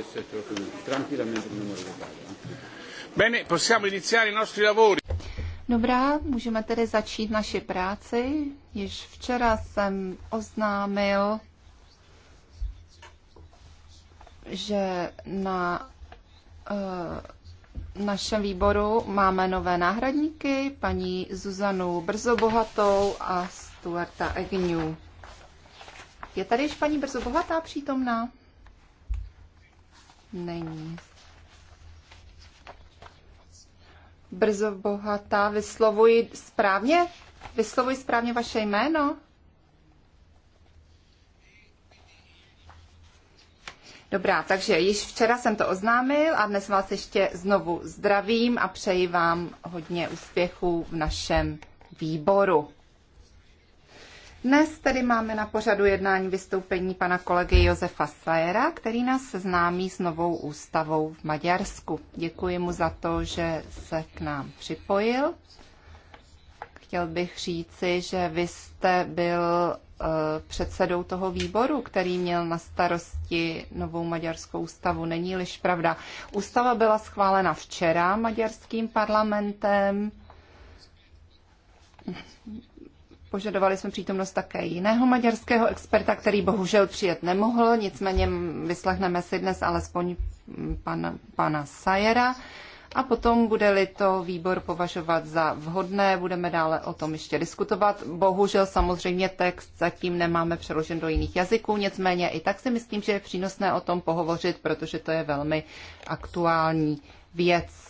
essere tranquillamente numero Bene, possiamo iniziare i nostri lavori. Dobrá, můžeme tedy začít naši práci. Již včera jsem oznámil, že na uh, našem výboru máme nové náhradníky, paní Zuzanu Brzobohatou a Stuarta Egňu. Je tady již paní Brzobohatá přítomná? není. Brzo bohatá, vyslovuji správně? Vyslovuji správně vaše jméno? Dobrá, takže již včera jsem to oznámil a dnes vás ještě znovu zdravím a přeji vám hodně úspěchů v našem výboru. Dnes tedy máme na pořadu jednání vystoupení pana kolegy Josefa Sajera, který nás seznámí s novou ústavou v Maďarsku. Děkuji mu za to, že se k nám připojil. Chtěl bych říci, že vy jste byl eh, předsedou toho výboru, který měl na starosti novou maďarskou ústavu. Není-liž pravda. Ústava byla schválena včera maďarským parlamentem Požadovali jsme přítomnost také jiného maďarského experta, který bohužel přijet nemohl, nicméně vyslechneme si dnes alespoň pana, pana Sajera. A potom, bude-li to výbor považovat za vhodné, budeme dále o tom ještě diskutovat. Bohužel samozřejmě text zatím nemáme přeložen do jiných jazyků, nicméně i tak si myslím, že je přínosné o tom pohovořit, protože to je velmi aktuální věc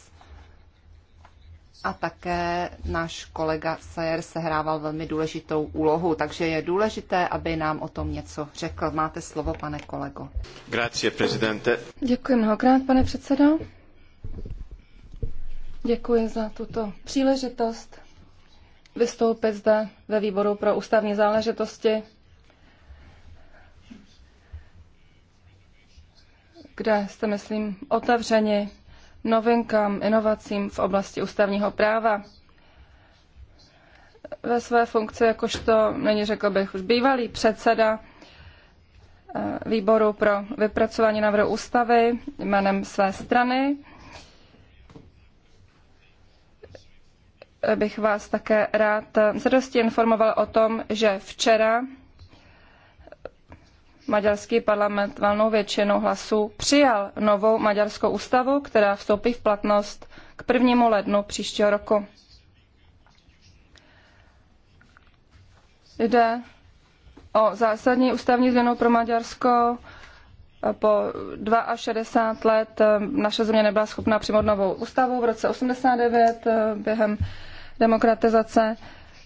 a také náš kolega Sayer sehrával velmi důležitou úlohu, takže je důležité, aby nám o tom něco řekl. Máte slovo, pane kolego. Grazie, prezidente. Děkuji mnohokrát, pane předsedo. Děkuji za tuto příležitost vystoupit zde ve výboru pro ústavní záležitosti, kde jste, myslím, otevřeni novinkám, inovacím v oblasti ústavního práva. Ve své funkci, jakožto, není řekl bych, už bývalý předseda eh, výboru pro vypracování návrhu ústavy jménem své strany, bych vás také rád s informoval o tom, že včera maďarský parlament valnou většinou hlasů přijal novou maďarskou ústavu, která vstoupí v platnost k prvnímu lednu příštího roku. Jde o zásadní ústavní změnu pro Maďarsko. Po 62 let eh, naše země nebyla schopna přijmout novou ústavu. V roce 89 eh, během demokratizace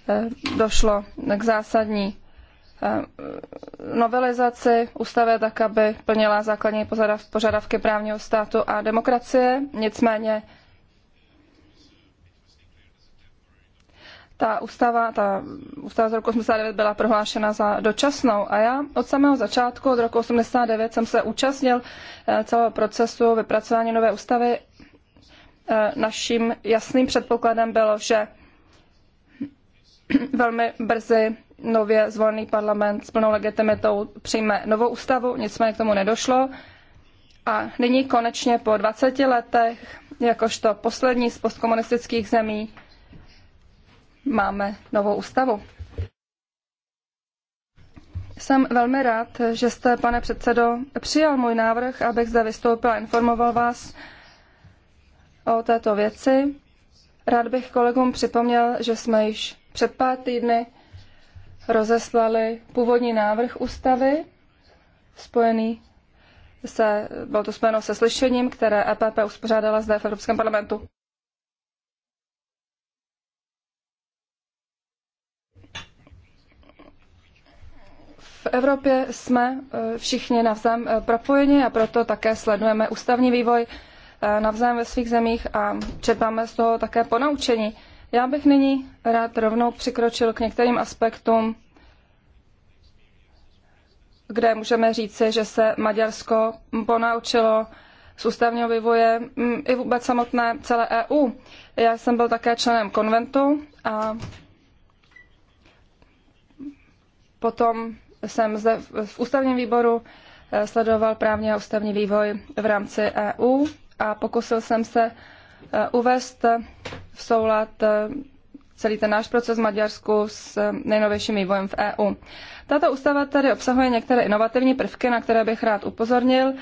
eh, došlo k zásadní Eh, novelizaci ústavy tak, aby plnila základní požadavky právního státu a demokracie. Nicméně ta ústava, ta ústava z roku 89 byla prohlášena za dočasnou a já od samého začátku, od roku 89 jsem se účastnil eh, celého procesu vypracování nové ústavy. Eh, naším jasným předpokladem bylo, že velmi brzy nově zvolený parlament s plnou legitimitou přijme novou ústavu, nicméně k tomu nedošlo. A nyní konečně po 20 letech, jakožto poslední z postkomunistických zemí, máme novou ústavu. Jsem velmi rád, že jste, pane předsedo, přijal můj návrh, abych zde vystoupil a informoval vás o této věci. Rád bych kolegům připomněl, že jsme již před pár týdny rozeslali původní návrh ústavy spojený se, bylo to spojeno se slyšením, které EPP uspořádala zde v Evropském parlamentu. V Evropě jsme e, všichni navzájem e, propojeni a proto také sledujeme ústavní vývoj e, navzájem ve svých zemích a čerpáme z toho také ponaučení. Já bych nyní rád rovnou přikročil k některým aspektům kde můžeme říci, že se Maďarsko ponaučilo z ústavního vývoje mm, i vůbec samotné celé EU. Já jsem byl také členem konventu a potom jsem zde v ústavním výboru eh, sledoval právně a ústavní vývoj v rámci EU a pokusil jsem se eh, uvést v soulad eh, celý ten náš proces v Maďarsku s nejnovějším vývojem v EU. Tato ústava tady obsahuje některé inovativní prvky, na které bych rád upozornil.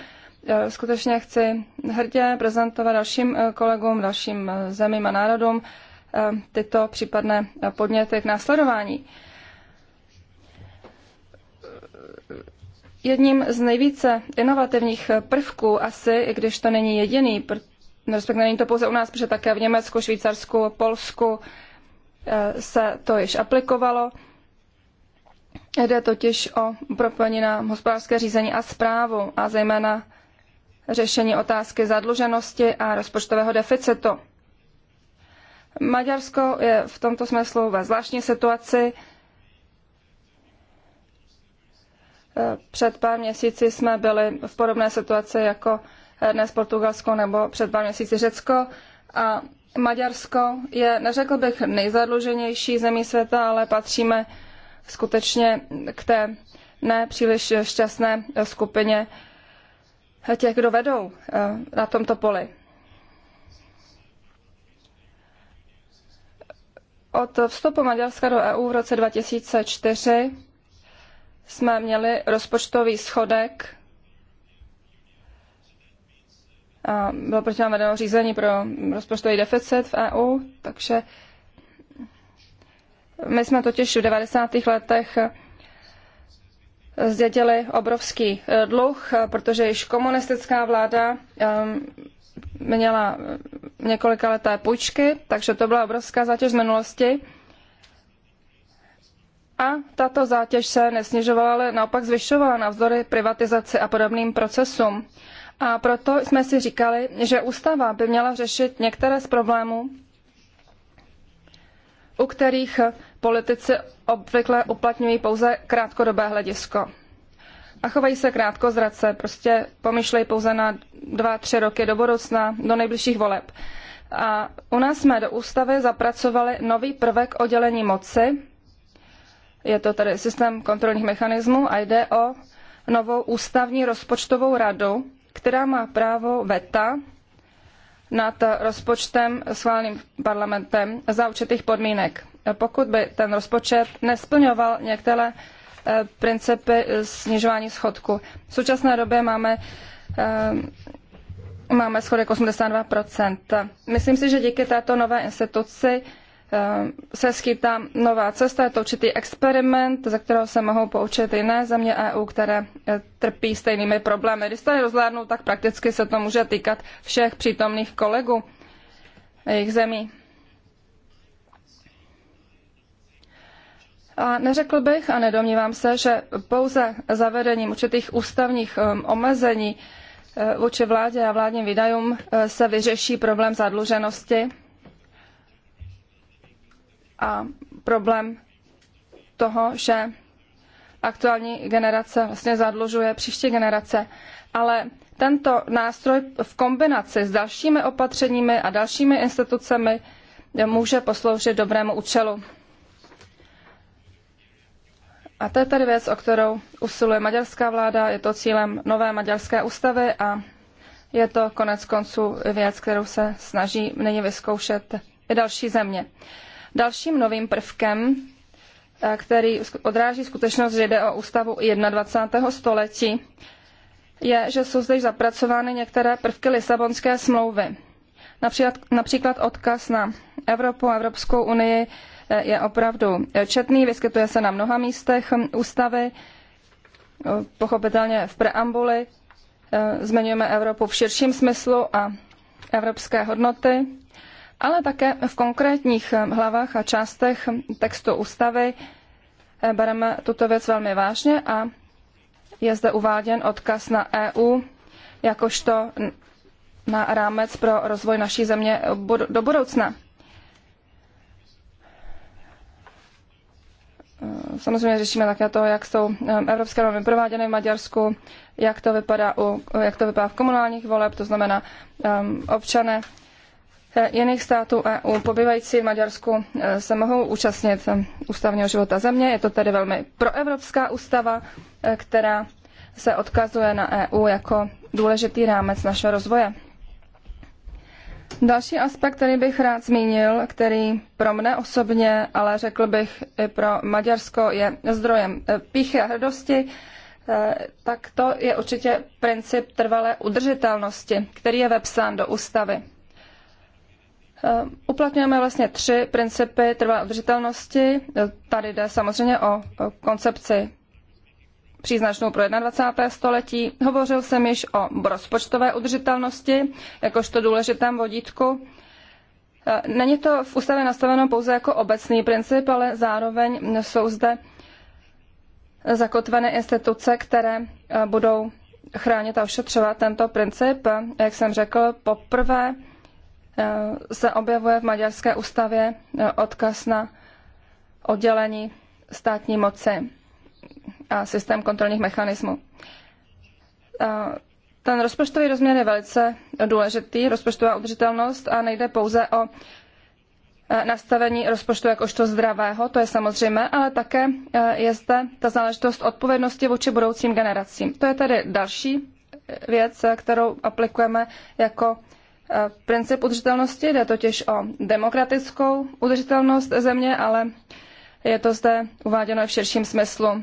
E, skutečně chci hrdě prezentovat dalším e, kolegům, dalším e, zemím a národům tyto případné podněty k následování. Jedním z nejvíce inovativních prvků asi, i když to není jediný, respektive není to pouze u nás, protože také v Německu, Švýcarsku, Polsku, Eh, se to již aplikovalo. Jde totiž o propojení na hospodářské řízení a zprávu a zejména řešení otázky zadluženosti a rozpočtového deficitu. Maďarsko je v tomto smyslu ve zvláštní situaci. Eh, před pár měsíci jsme byli v podobné situaci jako dnes Portugalsko nebo před pár měsíci Řecko a Maďarsko je, neřekl bych, nejzadluženější zemí světa, ale patříme skutečně k té nepříliš šťastné skupině těch, kdo vedou eh, na tomto poli. Od vstupu Maďarska do EU v roce 2004 jsme měli rozpočtový schodek bylo proti nám vedeno řízení pro rozpočtový deficit v EU, takže my jsme totiž v 90. letech zdědili obrovský e, dluh, e, protože již komunistická vláda e, měla několika leté půjčky, takže to byla obrovská zátěž z minulosti. A tato zátěž se nesnižovala, ale naopak zvyšovala navzdory privatizaci a podobným procesům. A proto jsme si říkali, že ústava by měla řešit některé z problémů, u kterých politici obvykle uplatňují pouze krátkodobé hledisko. A chovají se krátko zrace, prostě pomyšlejí pouze na dva, tři roky do budoucna, do nejbližších voleb. A u nás jsme do ústavy zapracovali nový prvek oddělení moci. Je to tedy systém kontrolních mechanismů a jde o novou ústavní rozpočtovou radu, která má právo veta nad rozpočtem schváleným parlamentem za určitých podmínek. Pokud by ten rozpočet nesplňoval některé eh, principy eh, snižování schodku. V současné době máme, eh, máme schodek 82%. Myslím si, že díky této nové instituci Eh, se skýtá nová cesta, je to určitý experiment, ze kterého se mohou poučit jiné země EU, které eh, trpí stejnými problémy. Když se tady rozhlédnu, tak prakticky se to může týkat všech přítomných kolegů jejich zemí. A neřekl bych a nedomnívám se, že pouze zavedením určitých ústavních eh, omezení vůči vládě a vládním výdajům se vyřeší problém zadluženosti a problém toho, že aktuální generace vlastně zadlužuje příští generace. Ale tento nástroj v kombinaci s dalšími opatřeními a dalšími institucemi může posloužit dobrému účelu. A to je tady věc, o kterou usiluje maďarská vláda, je to cílem nové maďarské ústavy a je to konec konců věc, kterou se snaží nyní vyzkoušet i další země. Dalším novým prvkem, eh, který odráží skutečnost, že jde o ústavu 21. století, je, že jsou zde zapracovány některé prvky Lisabonské smlouvy. Například, například odkaz na Evropu a Evropskou unii eh, je opravdu eh, četný, vyskytuje se na mnoha místech hm, ústavy, pochopitelně v preambuli. Zmiňujeme Evropu v širším smyslu a evropské hodnoty ale také v konkrétních eh, hlavách a částech textu ústavy eh, bereme tuto věc velmi vážně a je zde uváděn odkaz na EU jakožto na rámec pro rozvoj naší země eh, do budoucna. Samozřejmě řešíme také to, jak jsou evropské normy prováděny v Maďarsku, jak to vypadá, u, jak to vypadá v komunálních voleb, to znamená um, občané Eh, jiných států EU pobývající v Maďarsku eh, se mohou účastnit eh, ústavního života země. Je to tedy velmi proevropská ústava, která se odkazuje na EU jako důležitý rámec našeho rozvoje. Další aspekt, který bych rád zmínil, který pro mne osobně, ale řekl bych i pro Maďarsko, je zdrojem píchy a hrdosti, tak to je určitě princip trvalé udržitelnosti, který je vepsán do ústavy. Eh, uplatňujeme vlastně tři principy trvalé udržitelnosti. Tady jde samozřejmě o koncepci příznačnou pro 21. století. Hovořil jsem již o rozpočtové udržitelnosti, jakožto důležitém vodítku. Eh, není to v ústavě nastaveno pouze jako obecný princip, ale zároveň jsou zde zakotvené instituce, které eh, budou chránit a ošetřovat tento princip. Jak jsem řekl, poprvé Eh, se objevuje v maďarské ústavě eh, odkaz na oddělení státní moci a systém kontrolních mechanismů. Eh, ten rozpočtový rozměr je velice důležitý, rozpočtová udržitelnost a nejde pouze o nastavení rozpočtu jakožto zdravého, to je samozřejmé, ale také je zde ta záležitost odpovědnosti vůči budoucím generacím. To je tedy další věc, kterou aplikujeme jako Eh, princip udržitelnosti jde totiž o demokratickou udržitelnost země, ale je to zde uváděno i v širším smyslu.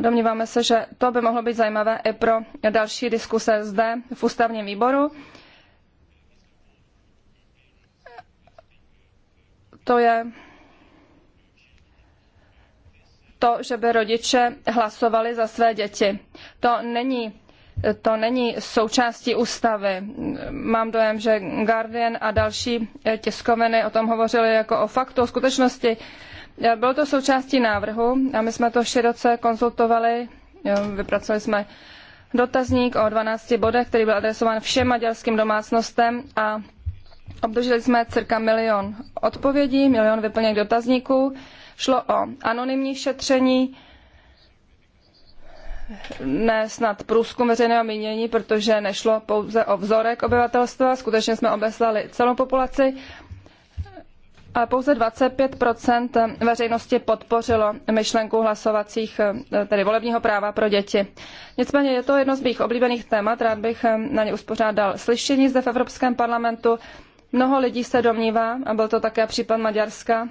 Domníváme se, že to by mohlo být zajímavé i pro další diskuse zde v ústavním výboru. To je to, že by rodiče hlasovali za své děti. To není to není součástí ústavy. Mám dojem, že Guardian a další eh, tiskoviny o tom hovořili jako o faktu, o skutečnosti. Eh, Bylo to součástí návrhu a my jsme to široce konzultovali. Eh, Vypracovali jsme dotazník o 12 bodech, který byl adresován všem maďarským domácnostem a obdrželi jsme cirka milion odpovědí, milion vyplněných dotazníků. Šlo o anonymní šetření, ne snad průzkum veřejného mínění, protože nešlo pouze o vzorek obyvatelstva, skutečně jsme obeslali celou populaci, ale pouze 25 veřejnosti podpořilo myšlenku hlasovacích, tedy volebního práva pro děti. Nicméně je to jedno z mých oblíbených témat, rád bych na ně uspořádal slyšení zde v Evropském parlamentu. Mnoho lidí se domnívá, a byl to také případ Maďarska,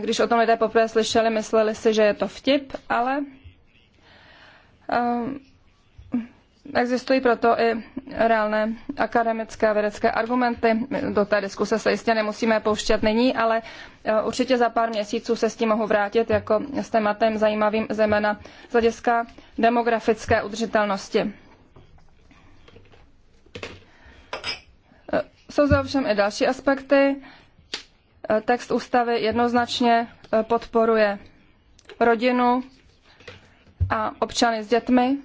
když o tom lidé poprvé slyšeli, mysleli si, že je to vtip, ale Ehm, existují proto i reálné akademické a vědecké argumenty. Do té diskuse se jistě nemusíme pouštět nyní, ale eh, určitě za pár měsíců se s tím mohu vrátit jako s tématem zajímavým zejména z hlediska demografické udržitelnosti. Eh, jsou zde ovšem i další aspekty. Eh, text ústavy jednoznačně podporuje rodinu, a občany s dětmi.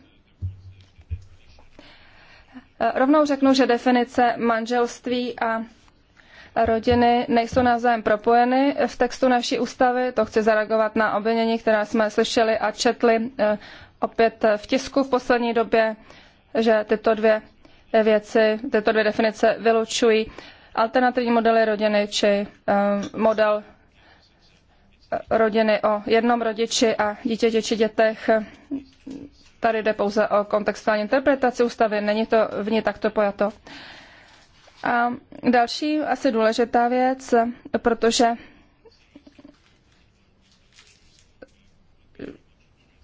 Rovnou řeknu, že definice manželství a rodiny nejsou navzájem propojeny. V textu naší ústavy, to chci zareagovat na obvinění, která jsme slyšeli a četli eh, opět v tisku v poslední době, že tyto dvě věci, tyto dvě definice vylučují alternativní modely rodiny či eh, model rodiny o jednom rodiči a dítěti či dětech. Tady jde pouze o kontextuální interpretaci ústavy, není to v ní takto pojato. A další asi důležitá věc, protože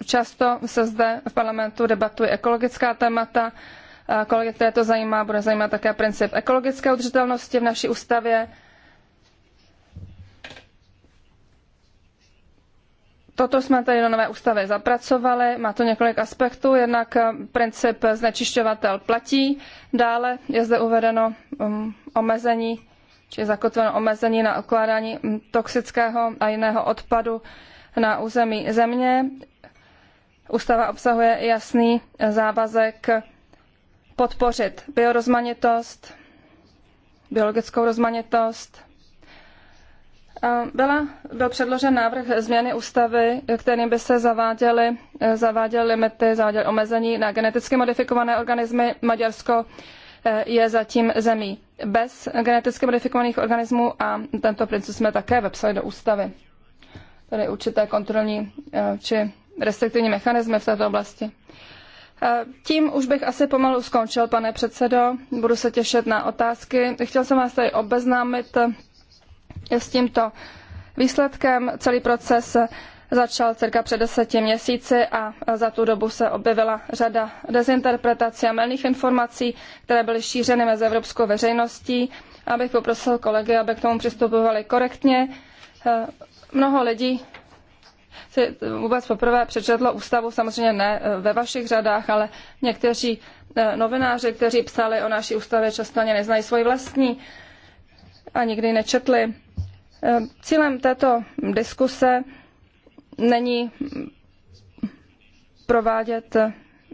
často se zde v parlamentu debatují ekologická témata, kolegy, které to zajímá, bude zajímat také princip ekologické udržitelnosti v naší ústavě. Toto jsme tady do nové ústavy zapracovali, má to několik aspektů, jednak eh, princip znečišťovatel platí, dále je zde uvedeno um, omezení, či zakotveno omezení na ukládání mm, toxického a jiného odpadu na území země. Ústava obsahuje jasný eh, závazek podpořit biorozmanitost, biologickou rozmanitost, byla, byl předložen návrh změny ústavy, kterým by se zaváděly, eh, zaváděly limity, zaváděly omezení na geneticky modifikované organismy. Maďarsko eh, je zatím zemí bez geneticky modifikovaných organismů a tento princip jsme také vepsali do ústavy. Tady určité kontrolní eh, či restriktivní mechanismy v této oblasti. Tím už bych asi pomalu skončil, pane předsedo. Budu se těšit na otázky. Chtěl jsem vás tady obeznámit s tímto výsledkem celý proces začal cirka před deseti měsíci a za tu dobu se objevila řada dezinterpretací a mylných informací, které byly šířeny mezi evropskou veřejností. Abych poprosil kolegy, aby k tomu přistupovali korektně. Mnoho lidí si vůbec poprvé přečetlo ústavu, samozřejmě ne ve vašich řadách, ale někteří eh, novináři, kteří psali o naší ústavě, často ani neznají svoji vlastní a nikdy nečetli Cílem této diskuse není provádět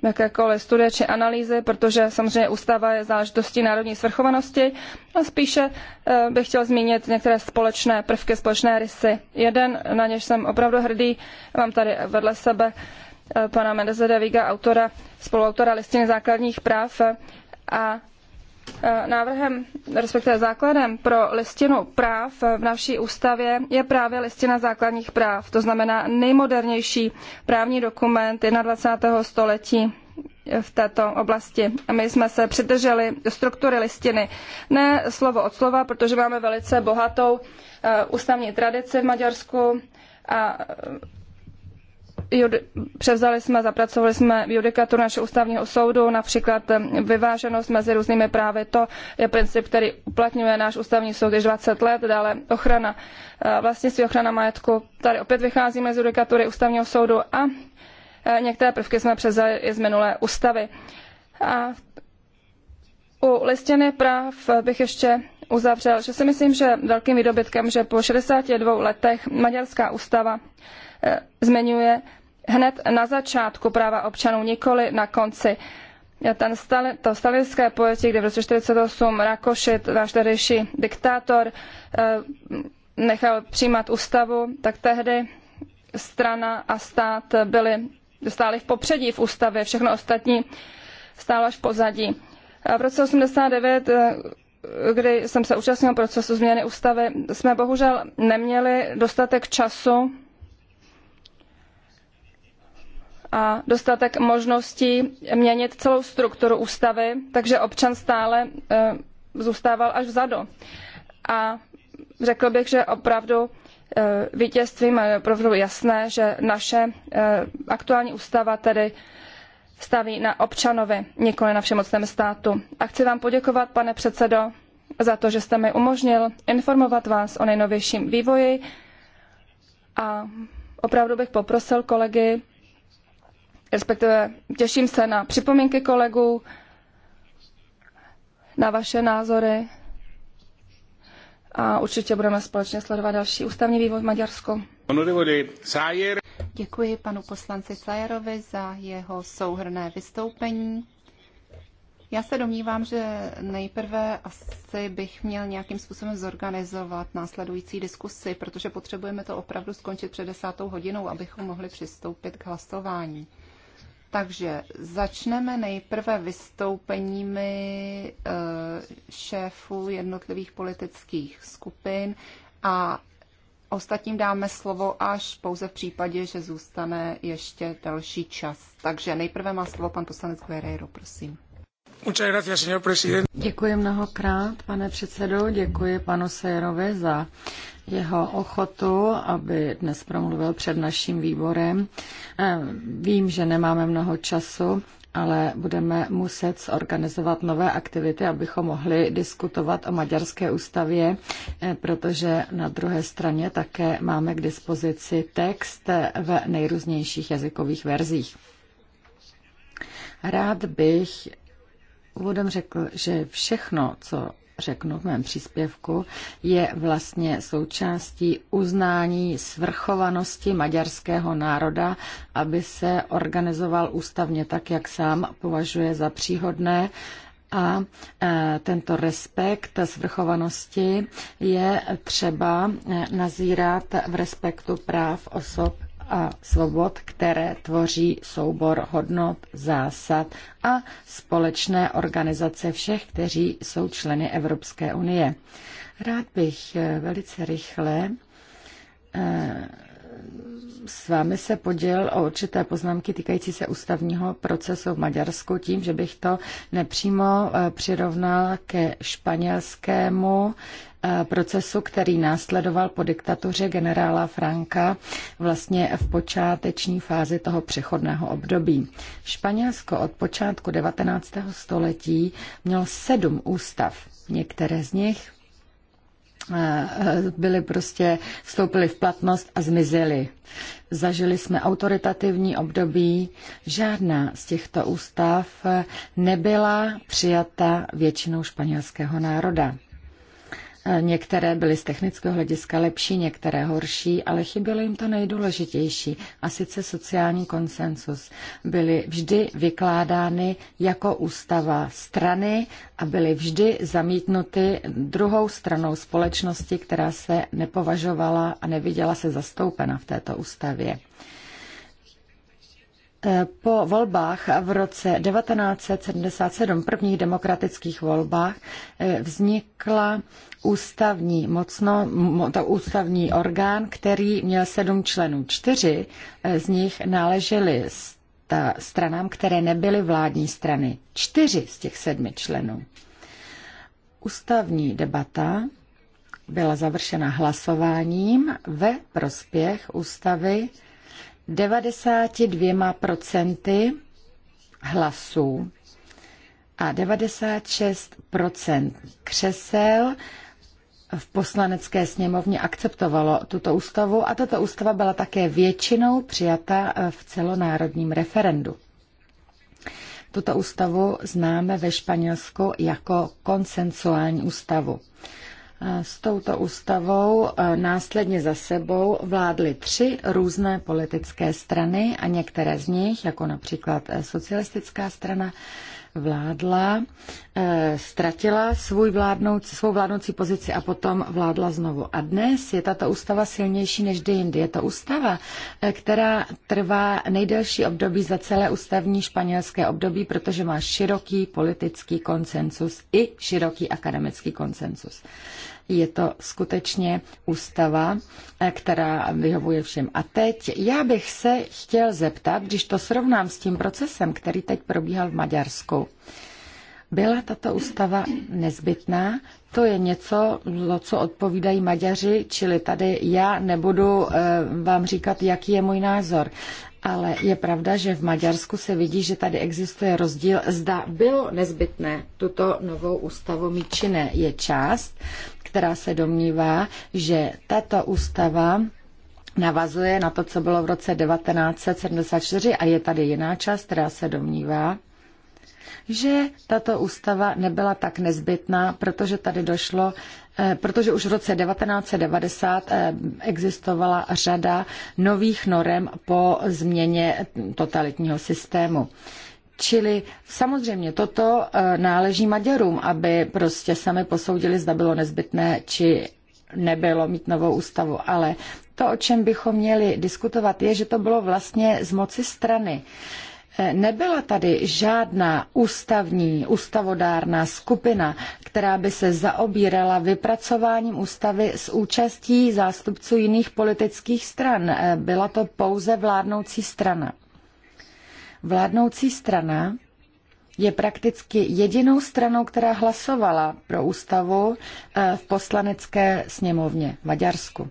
jakékoliv studie či analýzy, protože samozřejmě ústava je záležitostí národní svrchovanosti, a spíše eh, bych chtěl zmínit některé společné prvky, společné rysy. Jeden, na něž jsem opravdu hrdý, mám tady vedle sebe eh, pana Mendeze de Viga, autora, spoluautora listiny základních práv eh, a Eh, návrhem, respektive základem pro listinu práv v naší ústavě je právě listina základních práv, to znamená nejmodernější právní dokument 21. století eh, v této oblasti. my jsme se přidrželi struktury listiny. Ne slovo od slova, protože máme velice bohatou eh, ústavní tradici v Maďarsku a převzali jsme, zapracovali jsme judikaturu našeho ústavního soudu, například eh, vyváženost mezi různými právy. To je princip, který uplatňuje náš ústavní soud již 20 let. Dále ochrana eh, vlastnictví, ochrana majetku. Tady opět vycházíme z judikatury ústavního soudu a eh, některé prvky jsme převzali i z minulé ústavy. A u listiny práv bych ještě uzavřel, že si myslím, že velkým výdobytkem, že po 62 letech maďarská ústava zmiňuje hned na začátku práva občanů, nikoli na konci. Ten stali, to stalinské pojetí, kdy v roce 1948 Rakošit, náš tehdejší diktátor, eh, nechal přijímat ústavu, tak tehdy strana a stát byly stály v popředí v ústavě, všechno ostatní stálo až v pozadí. A v roce 89, eh, kdy jsem se účastnil procesu změny ústavy, jsme bohužel neměli dostatek času a dostatek možností měnit celou strukturu ústavy, takže občan stále e, zůstával až vzadu. A řekl bych, že opravdu e, vítězstvím je opravdu jasné, že naše e, aktuální ústava tedy staví na občanovi, nikoli na všemocném státu. A chci vám poděkovat, pane předsedo, za to, že jste mi umožnil informovat vás o nejnovějším vývoji a opravdu bych poprosil kolegy, respektive těším se na připomínky kolegů, na vaše názory a určitě budeme společně sledovat další ústavní vývoj v Maďarsku. Děkuji panu poslanci Cajerovi za jeho souhrné vystoupení. Já se domnívám, že nejprve asi bych měl nějakým způsobem zorganizovat následující diskusy, protože potřebujeme to opravdu skončit před desátou hodinou, abychom mohli přistoupit k hlasování. Takže začneme nejprve vystoupeními eh, šéfů jednotlivých politických skupin a ostatním dáme slovo až pouze v případě, že zůstane ještě další čas. Takže nejprve má slovo pan poslanec Guerreiro, prosím. Děkuji mnohokrát, pane předsedo, děkuji panu Sejerovi za jeho ochotu, aby dnes promluvil před naším výborem. Eh, vím, že nemáme mnoho času, ale budeme muset zorganizovat nové aktivity, abychom mohli diskutovat o maďarské ústavě, eh, protože na druhé straně také máme k dispozici text eh, v nejrůznějších jazykových verzích. Rád bych úvodem řekl, že všechno, co řeknu v mém příspěvku, je vlastně součástí uznání svrchovanosti maďarského národa, aby se organizoval ústavně tak, jak sám považuje za příhodné. A e, tento respekt svrchovanosti je třeba e, nazírat v respektu práv osob a svobod, které tvoří soubor hodnot, zásad a společné organizace všech, kteří jsou členy Evropské unie. Rád bych eh, velice rychle eh, s vámi se podělil o určité poznámky týkající se ústavního procesu v Maďarsku tím, že bych to nepřímo eh, přirovnal ke španělskému Eh, procesu, který následoval po diktatuře generála Franka vlastně v počáteční fázi toho přechodného období. Španělsko od počátku 19. století mělo sedm ústav. Některé z nich eh, byly prostě, vstoupily v platnost a zmizely. Zažili jsme autoritativní období. Žádná z těchto ústav nebyla přijata většinou španělského národa. Některé byly z technického hlediska lepší, některé horší, ale chybělo jim to nejdůležitější, a sice sociální konsensus. Byly vždy vykládány jako ústava strany a byly vždy zamítnuty druhou stranou společnosti, která se nepovažovala a neviděla se zastoupena v této ústavě. Eh, po volbách v roce 1977, prvních demokratických volbách, eh, vznikla ústavní, mocno, to ústavní orgán, který měl sedm členů. Čtyři eh, z nich náleželi stranám, které nebyly vládní strany. Čtyři z těch sedmi členů. Ústavní debata byla završena hlasováním ve prospěch ústavy 92% hlasů a 96% křesel v poslanecké sněmovně akceptovalo tuto ústavu a tato ústava byla také většinou přijata eh, v celonárodním referendu. Tuto ústavu známe ve Španělsku jako konsensuální ústavu. S touto ústavou e, následně za sebou vládly tři různé politické strany a některé z nich, jako například e, socialistická strana, vládla, eh, ztratila svůj vládnout, svou vládnoucí pozici a potom vládla znovu. A dnes je tato ústava silnější než kdy jindy. Je to ústava, eh, která trvá nejdelší období za celé ústavní španělské období, protože má široký politický konsensus i široký akademický konsensus. Je to skutečně ústava, eh, která vyhovuje všem. A teď já bych se chtěl zeptat, když to srovnám s tím procesem, který teď probíhal v Maďarsku. Byla tato ústava nezbytná? To je něco, za co odpovídají Maďaři, čili tady já nebudu eh, vám říkat, jaký je můj názor. Ale je pravda, že v Maďarsku se vidí, že tady existuje rozdíl, zda bylo nezbytné tuto novou ústavu mít či ne. Je část, která se domnívá, že tato ústava navazuje na to, co bylo v roce 1974 a je tady jiná část, která se domnívá, že tato ústava nebyla tak nezbytná, protože tady došlo Eh, protože už v roce 1990 eh, existovala řada nových norem po změně totalitního systému. Čili samozřejmě toto eh, náleží Maďarům, aby prostě sami posoudili, zda bylo nezbytné, či nebylo mít novou ústavu. Ale to, o čem bychom měli diskutovat, je, že to bylo vlastně z moci strany. Uh, Nebyla tady žádná ústavní, ústavodárná skupina, která by se zaobírala vypracováním ústavy s účastí zástupců jiných politických stran. Byla to pouze vládnoucí strana. Vládnoucí strana je prakticky jedinou stranou, která hlasovala pro ústavu eh, v poslanecké sněmovně v Maďarsku.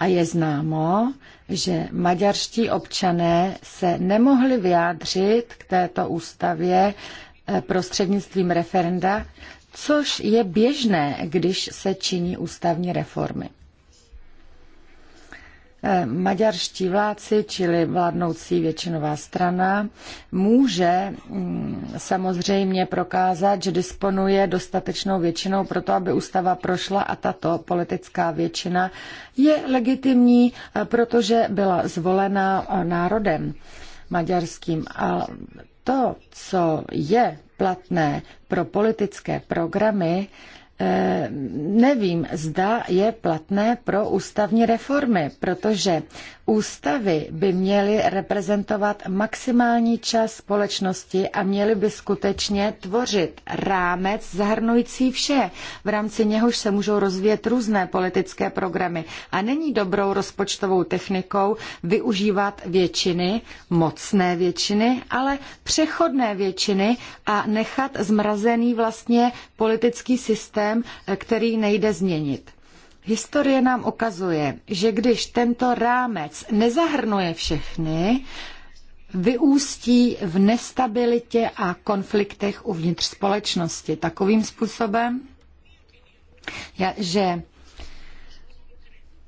A je známo, že maďarští občané se nemohli vyjádřit k této ústavě eh, prostřednictvím referenda, což je běžné, když se činí ústavní reformy. Eh, maďarští vládci, čili vládnoucí většinová strana, může mm, samozřejmě prokázat, že disponuje dostatečnou většinou pro to, aby ústava prošla a tato politická většina je legitimní, eh, protože byla zvolena eh, národem maďarským. A to, co je platné pro politické programy, Eh, nevím, zda je platné pro ústavní reformy, protože Ústavy by měly reprezentovat maximální čas společnosti a měly by skutečně tvořit rámec zahrnující vše. V rámci něhož se můžou rozvíjet různé politické programy. A není dobrou rozpočtovou technikou využívat většiny, mocné většiny, ale přechodné většiny a nechat zmrazený vlastně politický systém, který nejde změnit. Historie nám ukazuje, že když tento rámec nezahrnuje všechny, vyústí v nestabilitě a konfliktech uvnitř společnosti takovým způsobem, že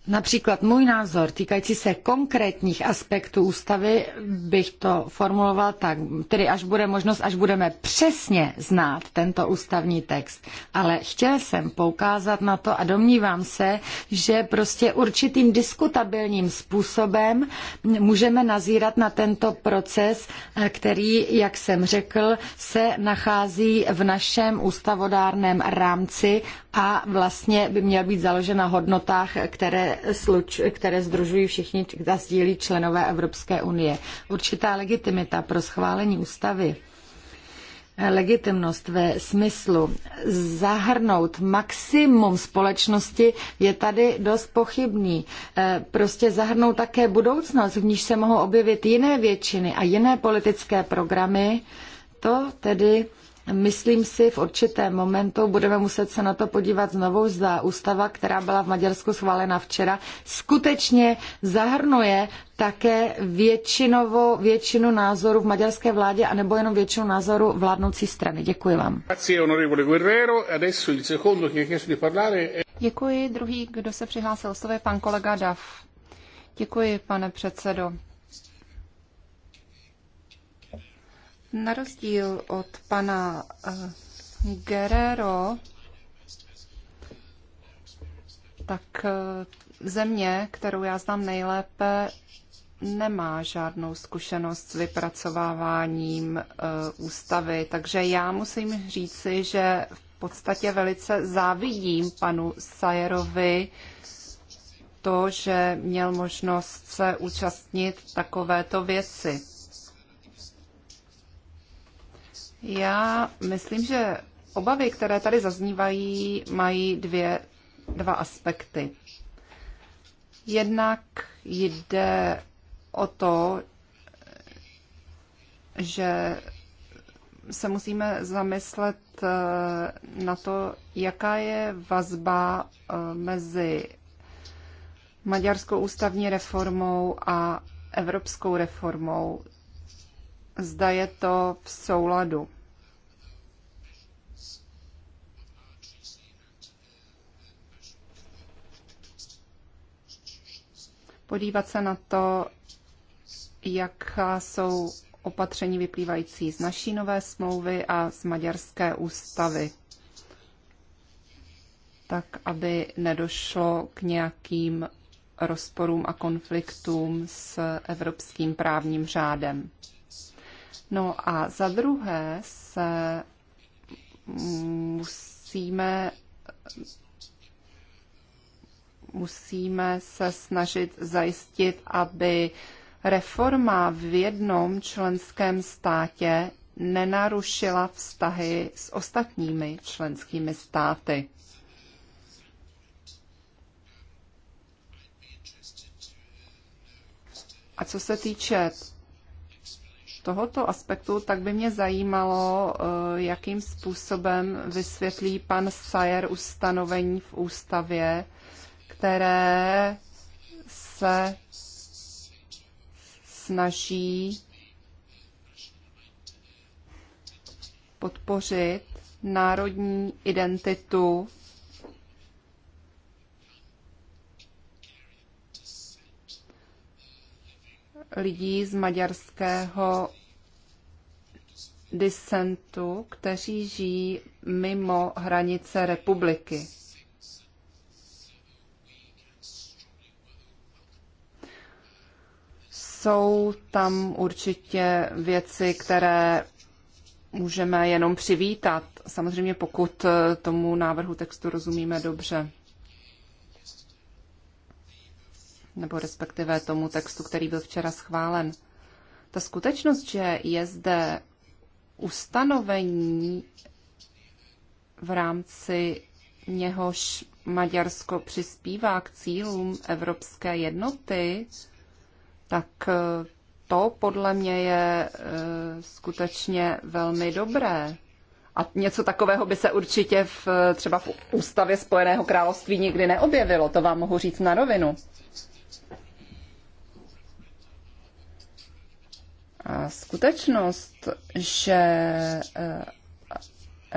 Například můj názor týkající se konkrétních aspektů ústavy bych to formuloval tak, tedy až bude možnost, až budeme přesně znát tento ústavní text. Ale chtěl jsem poukázat na to a domnívám se, že prostě určitým diskutabilním způsobem můžeme nazírat na tento proces, který, jak jsem řekl, se nachází v našem ústavodárném rámci a vlastně by měl být založen na hodnotách, které které, sluč, které združují všichni a sdílí členové Evropské unie. Určitá legitimita pro schválení ústavy legitimnost ve smyslu zahrnout maximum společnosti je tady dost pochybný. Eh, prostě zahrnout také budoucnost, v níž se mohou objevit jiné většiny a jiné politické programy, to tedy Myslím si, v určitém momentu budeme muset se na to podívat znovu, zda ústava, která byla v Maďarsku schválena včera, skutečně zahrnuje také většinovo, většinu názorů v maďarské vládě, anebo jenom většinu názorů vládnoucí strany. Děkuji vám. Děkuji. Druhý, kdo se přihlásil, je pan kolega Dav. Děkuji, pane předsedo. Na rozdíl od pana eh, Guerrero, tak eh, země, kterou já znám nejlépe, nemá žádnou zkušenost s vypracováváním eh, ústavy, takže já musím říci, že v podstatě velice závidím panu Sajerovi to, že měl možnost se účastnit takovéto věci. Já myslím, že obavy, které tady zaznívají, mají dvě, dva aspekty. Jednak jde o to, že se musíme zamyslet eh, na to, jaká je vazba eh, mezi maďarskou ústavní reformou a evropskou reformou, zda je to v souladu. Podívat se na to, jaká jsou opatření vyplývající z naší nové smlouvy a z maďarské ústavy, tak aby nedošlo k nějakým rozporům a konfliktům s evropským právním řádem. No a za druhé se musíme musíme se snažit zajistit, aby reforma v jednom členském státě nenarušila vztahy s ostatními členskými státy. A co se týče tohoto aspektu, tak by mě zajímalo, eh, jakým způsobem vysvětlí pan Sayer ustanovení v ústavě, které se snaží podpořit národní identitu lidí z maďarského disentu, kteří žijí mimo hranice republiky. Jsou tam určitě věci, které můžeme jenom přivítat. Samozřejmě pokud tomu návrhu textu rozumíme dobře. nebo respektive tomu textu, který byl včera schválen. Ta skutečnost, že je zde ustanovení, v rámci něhož Maďarsko přispívá k cílům evropské jednoty, tak eh, to podle mě je eh, skutečně velmi dobré. A něco takového by se určitě v, eh, třeba v ústavě Spojeného království nikdy neobjevilo, to vám mohu říct na rovinu. A skutečnost, že eh,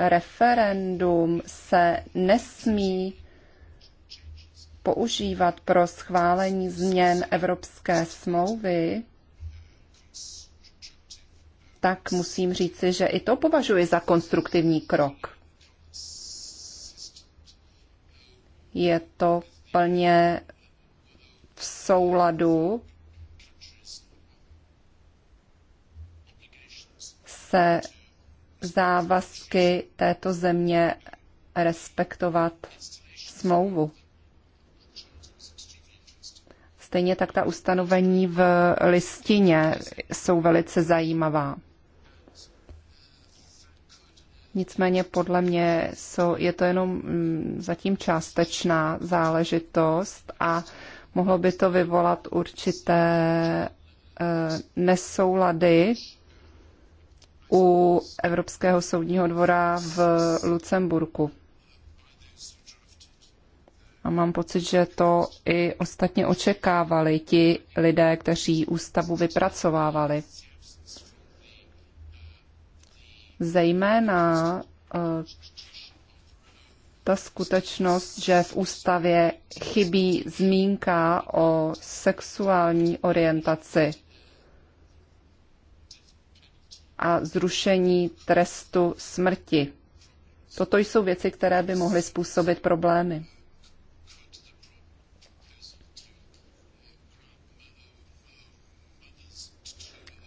referendum se nesmí používat pro schválení změn Evropské smlouvy, tak musím říci, že i to považuji za konstruktivní krok. Je to plně v souladu se závazky této země respektovat smlouvu. Stejně tak ta ustanovení v listině jsou velice zajímavá. Nicméně podle mě jsou, je to jenom mm, zatím částečná záležitost a mohlo by to vyvolat určité eh, nesoulady u Evropského soudního dvora v Lucemburku. A mám pocit, že to i ostatně očekávali ti lidé, kteří ústavu vypracovávali. Zejména eh, ta skutečnost, že v ústavě chybí zmínka o sexuální orientaci a zrušení trestu smrti. Toto jsou věci, které by mohly způsobit problémy.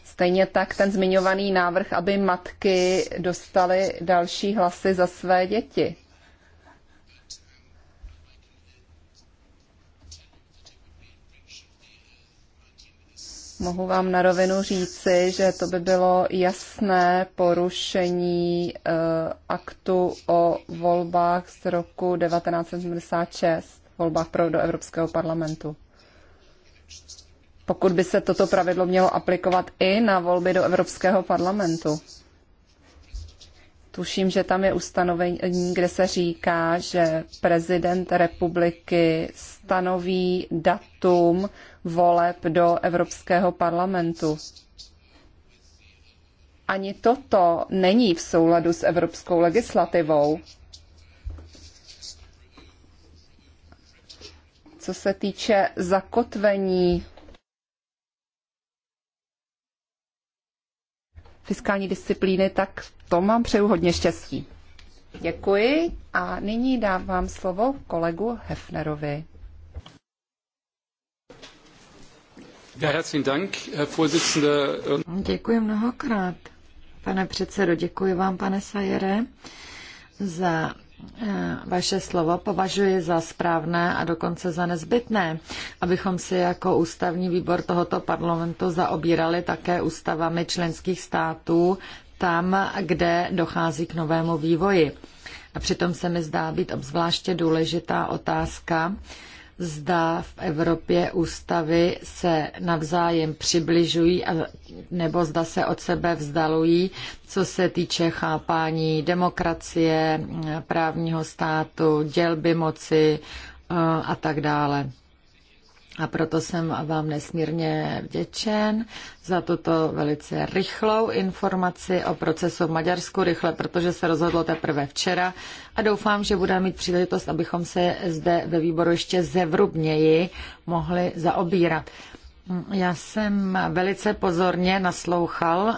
Stejně tak ten zmiňovaný návrh, aby matky dostaly další hlasy za své děti. mohu vám na rovinu říci, že to by bylo jasné porušení eh, aktu o volbách z roku 1976, volbách pro do Evropského parlamentu. Pokud by se toto pravidlo mělo aplikovat i na volby do Evropského parlamentu. Tuším, že tam je ustanovení, kde se říká, že prezident republiky stanoví datum voleb do Evropského parlamentu. Ani toto není v souladu s evropskou legislativou. Co se týče zakotvení fiskální disciplíny, tak to mám přeju hodně štěstí. Děkuji a nyní dávám slovo kolegu Hefnerovi. Děkuji mnohokrát, pane předsedo. Děkuji vám, pane Sajere, za eh, vaše slovo považuji za správné a dokonce za nezbytné, abychom si jako ústavní výbor tohoto parlamentu zaobírali také ústavami členských států tam, kde dochází k novému vývoji. A přitom se mi zdá být obzvláště důležitá otázka, zda v Evropě ústavy se navzájem přibližují nebo zda se od sebe vzdalují, co se týče chápání demokracie, právního státu, dělby moci e, a tak dále. A proto jsem vám nesmírně vděčen za tuto velice rychlou informaci o procesu v Maďarsku, rychle, protože se rozhodlo teprve včera. A doufám, že budeme mít příležitost, abychom se zde ve výboru ještě zevrubněji mohli zaobírat. Já jsem velice pozorně naslouchal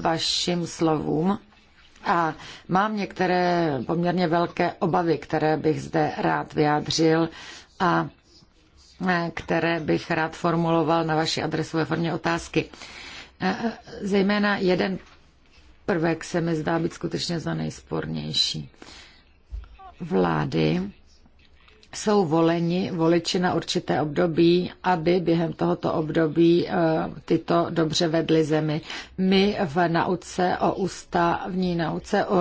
vašim slovům a mám některé poměrně velké obavy, které bych zde rád vyjádřil. A Eh, které bych rád formuloval na vaši adresu ve formě otázky. Eh, zejména jeden prvek se mi zdá být skutečně za nejspornější. Vlády jsou voleni voliči na určité období, aby během tohoto období eh, tyto dobře vedly zemi. My v nauce o ústavní nauce o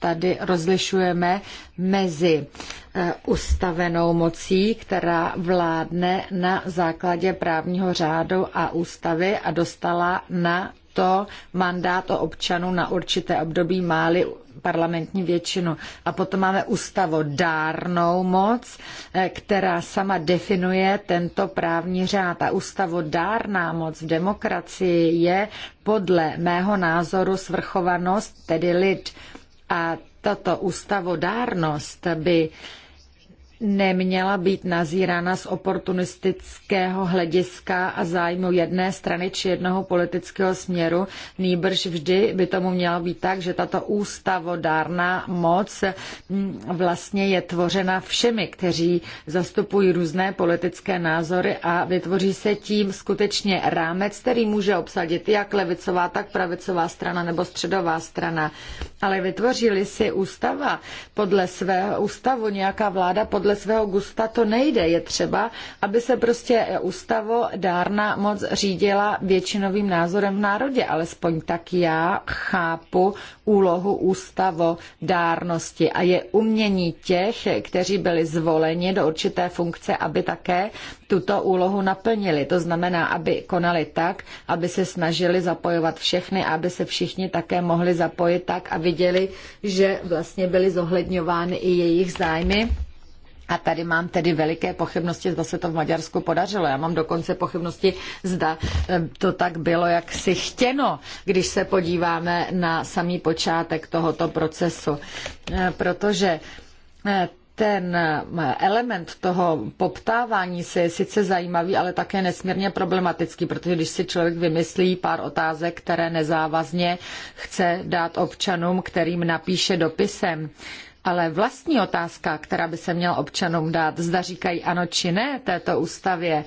tady rozlišujeme mezi eh, ustavenou mocí, která vládne na základě právního řádu a ústavy a dostala na to mandát o občanů na určité období máli parlamentní většinu. A potom máme ústavodárnou moc, eh, která sama definuje tento právní řád. A ústavodárná moc v demokracii je podle mého názoru svrchovanost, tedy lid a tato ústavodárnost by neměla být nazírána z oportunistického hlediska a zájmu jedné strany či jednoho politického směru. Nýbrž vždy by tomu mělo být tak, že tato ústavodárná moc hm, vlastně je tvořena všemi, kteří zastupují různé politické názory a vytvoří se tím skutečně rámec, který může obsadit jak levicová, tak pravicová strana nebo středová strana. Ale vytvoří-li si ústava podle svého ústavu nějaká vláda podle podle svého gusta, to nejde. Je třeba, aby se prostě ústavodárná moc řídila většinovým názorem v národě. Alespoň tak já chápu úlohu ústavodárnosti a je umění těch, kteří byli zvoleni do určité funkce, aby také tuto úlohu naplnili. To znamená, aby konali tak, aby se snažili zapojovat všechny, aby se všichni také mohli zapojit tak a viděli, že vlastně byly zohledňovány i jejich zájmy a tady mám tedy veliké pochybnosti, zda se to v Maďarsku podařilo. Já mám dokonce pochybnosti, zda eh, to tak bylo jak si chtěno, když se podíváme na samý počátek tohoto procesu. Eh, protože eh, ten element toho poptávání se je sice zajímavý, ale také nesmírně problematický, protože když si člověk vymyslí pár otázek, které nezávazně chce dát občanům, kterým napíše dopisem, ale vlastní otázka, která by se měla občanům dát, zda říkají ano či ne této ústavě,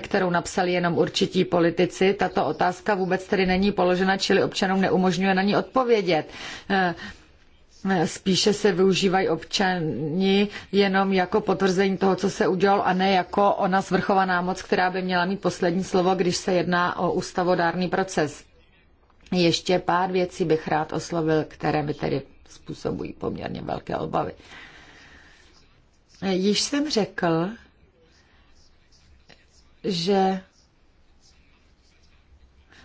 kterou napsali jenom určití politici, tato otázka vůbec tedy není položena, čili občanům neumožňuje na ní odpovědět eh, spíše se využívají občani jenom jako potvrzení toho, co se udělalo a ne jako ona svrchovaná moc, která by měla mít poslední slovo, když se jedná o ústavodárný proces. Ještě pár věcí bych rád oslovil, které mi tedy způsobují poměrně velké obavy. Již jsem řekl, že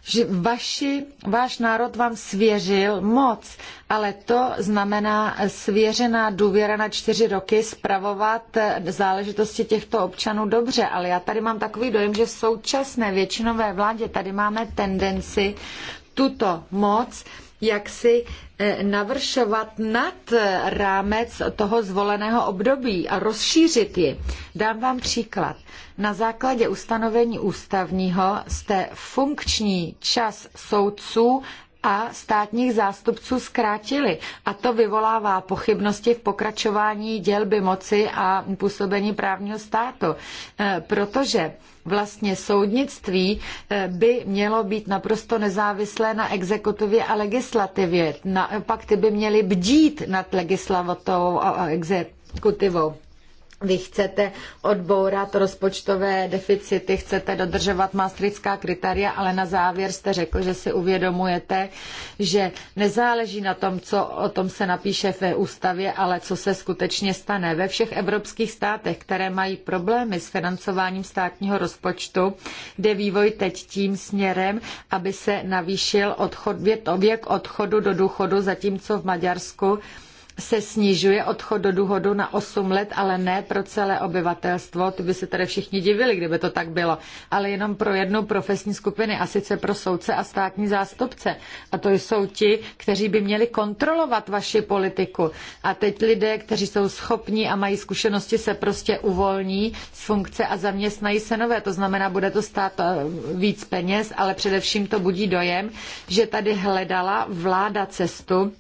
že vaši, váš národ vám svěřil moc, ale to znamená svěřená důvěra na čtyři roky spravovat záležitosti těchto občanů dobře. Ale já tady mám takový dojem, že v současné většinové vládě tady máme tendenci tuto moc jaksi e, navršovat nad rámec toho zvoleného období a rozšířit ji. Dám vám příklad. Na základě ustanovení ústavního jste funkční čas soudců a státních zástupců zkrátili. A to vyvolává pochybnosti v pokračování dělby moci a působení právního státu. E, protože vlastně soudnictví e, by mělo být naprosto nezávislé na exekutivě a legislativě. Naopak ty by měly bdít nad legislativou a exekutivou. Vy chcete odbourat rozpočtové deficity, chcete dodržovat maastrichtská kritéria, ale na závěr jste řekl, že si uvědomujete, že nezáleží na tom, co o tom se napíše ve ústavě, ale co se skutečně stane. Ve všech evropských státech, které mají problémy s financováním státního rozpočtu, jde vývoj teď tím směrem, aby se navýšil odchod, věk odchodu do důchodu, zatímco v Maďarsku se snižuje odchod do důchodu na 8 let, ale ne pro celé obyvatelstvo. Ty by se tady všichni divili, kdyby to tak bylo. Ale jenom pro jednu profesní skupiny, a sice pro soudce a státní zástupce. A to jsou ti, kteří by měli kontrolovat vaši politiku. A teď lidé, kteří jsou schopní a mají zkušenosti, se prostě uvolní z funkce a zaměstnají se nové. To znamená, bude to stát eh, víc peněz, ale především to budí dojem, že tady hledala vláda cestu,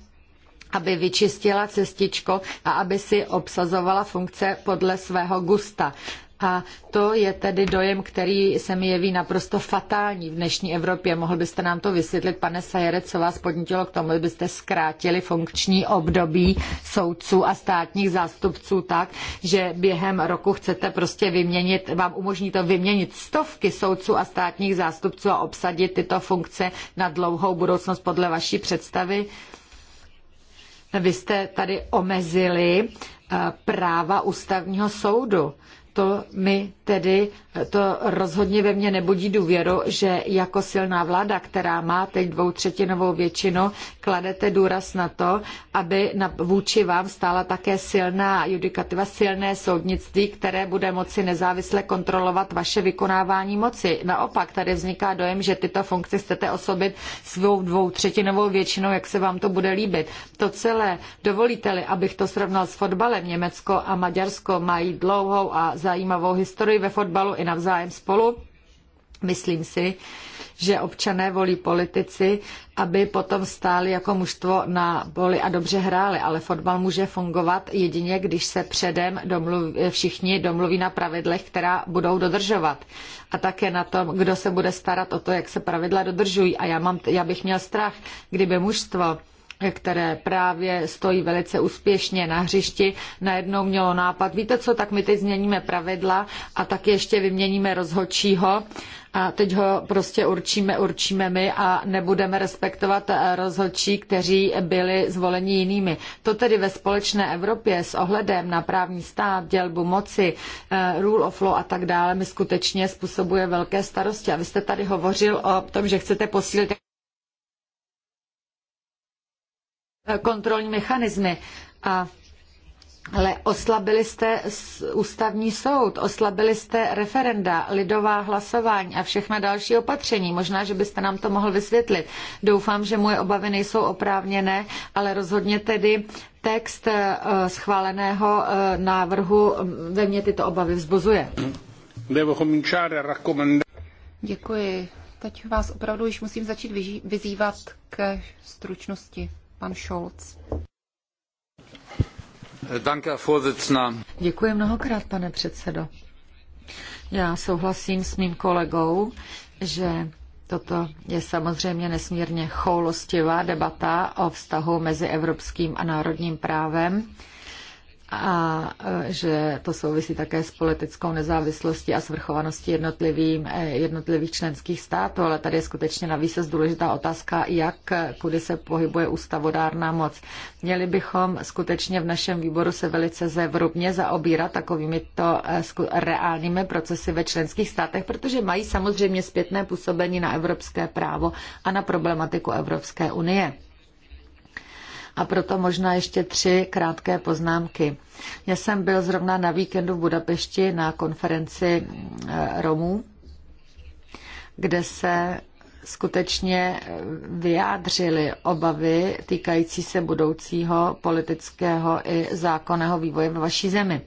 aby vyčistila cestičko a aby si obsazovala funkce podle svého gusta. A to je tedy dojem, který se mi jeví naprosto fatální v dnešní Evropě. Mohl byste nám to vysvětlit, pane Sajere, co vás podnítilo k tomu, byste zkrátili funkční období soudců a státních zástupců tak, že během roku chcete prostě vyměnit, vám umožní to vyměnit stovky soudců a státních zástupců a obsadit tyto funkce na dlouhou budoucnost podle vaší představy? Vy jste tady omezili eh, práva ústavního soudu. To mi tedy to rozhodně ve mně nebudí důvěru, že jako silná vláda, která má teď dvoutřetinovou většinu, kladete důraz na to, aby na, vůči vám stála také silná judikativa, silné soudnictví, které bude moci nezávisle kontrolovat vaše vykonávání moci. Naopak, tady vzniká dojem, že tyto funkce chcete osobit svou dvoutřetinovou většinou, jak se vám to bude líbit. To celé, dovolíte-li, abych to srovnal s fotbalem, Německo a Maďarsko mají dlouhou a zajímavou historii ve fotbalu i navzájem spolu. Myslím si, že občané volí politici, aby potom stáli jako mužstvo na boli a dobře hráli, ale fotbal může fungovat jedině, když se předem domluví, všichni domluví na pravidlech, která budou dodržovat. A také na tom, kdo se bude starat o to, jak se pravidla dodržují. A já, mám, já bych měl strach, kdyby mužstvo které právě stojí velice úspěšně na hřišti, najednou mělo nápad, víte co, tak my teď změníme pravidla a tak ještě vyměníme rozhodčího a teď ho prostě určíme, určíme my a nebudeme respektovat eh, rozhodčí, kteří byli zvoleni jinými. To tedy ve společné Evropě s ohledem na právní stát, dělbu moci, eh, rule of law a tak dále mi skutečně způsobuje velké starosti. A vy jste tady hovořil o tom, že chcete posílit Eh, kontrolní mechanismy. A ale oslabili jste ústavní soud, oslabili jste referenda, lidová hlasování a všechna další opatření. Možná, že byste nám to mohl vysvětlit. Doufám, že moje obavy nejsou oprávněné, ale rozhodně tedy text eh, schváleného eh, návrhu mm, ve mně tyto obavy vzbuzuje. Děkuji. Teď vás opravdu již musím začít vyzývat ke stručnosti. Děkuji mnohokrát, pane předsedo. Já souhlasím s mým kolegou, že Toto je samozřejmě nesmírně choulostivá debata o vztahu mezi evropským a národním právem a že to souvisí také s politickou nezávislostí a svrchovaností jednotlivým, eh, jednotlivých členských států, ale tady je skutečně navíc důležitá otázka, jak, kudy se pohybuje ústavodárná moc. Měli bychom skutečně v našem výboru se velice zevrubně zaobírat takovými to eh, reálnými procesy ve členských státech, protože mají samozřejmě zpětné působení na evropské právo a na problematiku Evropské unie. A proto možná ještě tři krátké poznámky. Já jsem byl zrovna na víkendu v Budapešti na konferenci eh, Romů, kde se skutečně eh, vyjádřili obavy týkající se budoucího politického i zákonného vývoje v vaší zemi.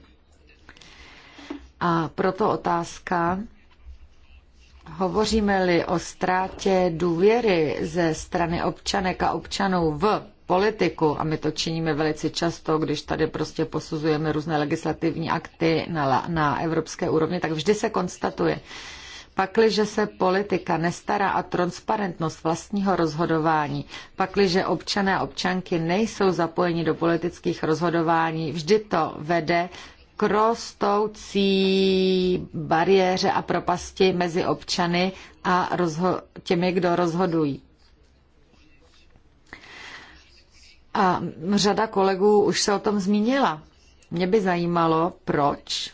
A proto otázka, hovoříme-li o ztrátě důvěry ze strany občanek a občanů v politiku, a my to činíme velice často, když tady prostě posuzujeme různé legislativní akty na, na evropské úrovni, tak vždy se konstatuje, Pakliže se politika nestará a transparentnost vlastního rozhodování, pakliže občané a občanky nejsou zapojeni do politických rozhodování, vždy to vede k rostoucí bariéře a propasti mezi občany a těmi, kdo rozhodují. A řada kolegů už se o tom zmínila. Mě by zajímalo, proč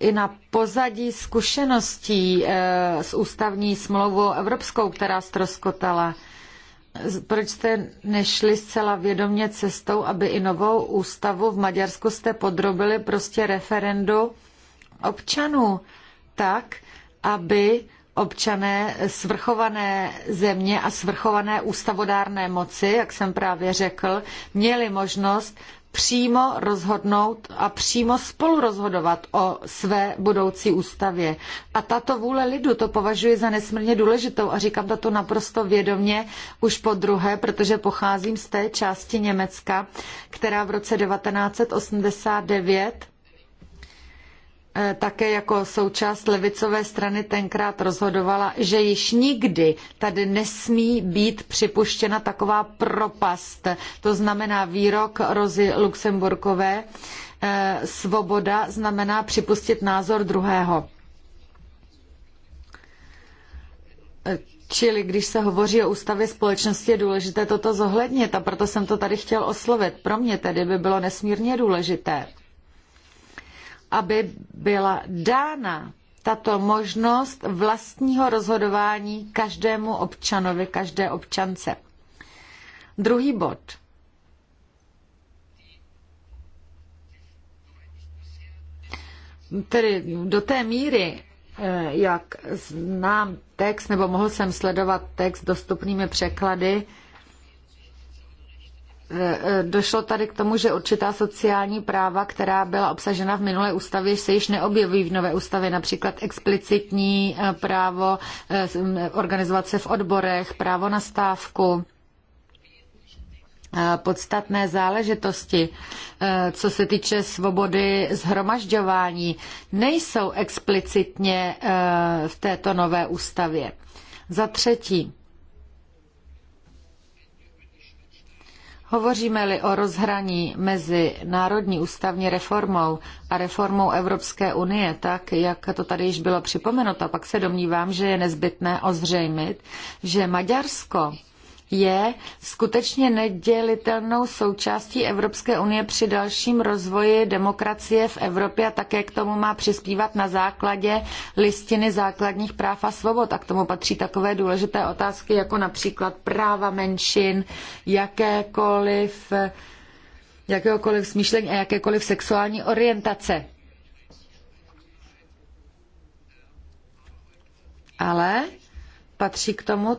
i na pozadí zkušeností eh, s ústavní smlouvou evropskou, která stroskotala, proč jste nešli zcela vědomě cestou, aby i novou ústavu v Maďarsku jste podrobili prostě referendu občanů tak, aby občané svrchované země a svrchované ústavodárné moci, jak jsem právě řekl, měli možnost přímo rozhodnout a přímo spolu rozhodovat o své budoucí ústavě. A tato vůle lidu, to považuji za nesmírně důležitou a říkám to naprosto vědomě už po druhé, protože pocházím z té části Německa, která v roce 1989 E, také jako součást levicové strany tenkrát rozhodovala, že již nikdy tady nesmí být připuštěna taková propast. To znamená výrok Rozy Luxemburkové, e, svoboda znamená připustit názor druhého. E, čili když se hovoří o ústavě společnosti, je důležité toto zohlednit a proto jsem to tady chtěl oslovit. Pro mě tedy by bylo nesmírně důležité, aby byla dána tato možnost vlastního rozhodování každému občanovi, každé občance. Druhý bod. Tedy do té míry, eh, jak znám text, nebo mohl jsem sledovat text dostupnými překlady, Eh, eh, došlo tady k tomu, že určitá sociální práva, která byla obsažena v minulé ústavě, se již neobjeví v nové ústavě, například explicitní eh, právo organizovat se v odborech, právo na stávku podstatné záležitosti, co se týče svobody zhromažďování, nejsou explicitně v této nové ústavě. Za třetí, Hovoříme-li o rozhraní mezi národní ústavní reformou a reformou Evropské unie, tak jak to tady již bylo připomenuto, pak se domnívám, že je nezbytné ozřejmit, že Maďarsko je skutečně nedělitelnou součástí Evropské unie při dalším rozvoji demokracie v Evropě a také k tomu má přispívat na základě listiny základních práv a svobod. A k tomu patří takové důležité otázky, jako například práva menšin, jakékoliv jakéhokoliv smýšlení a jakékoliv sexuální orientace. Ale patří k tomu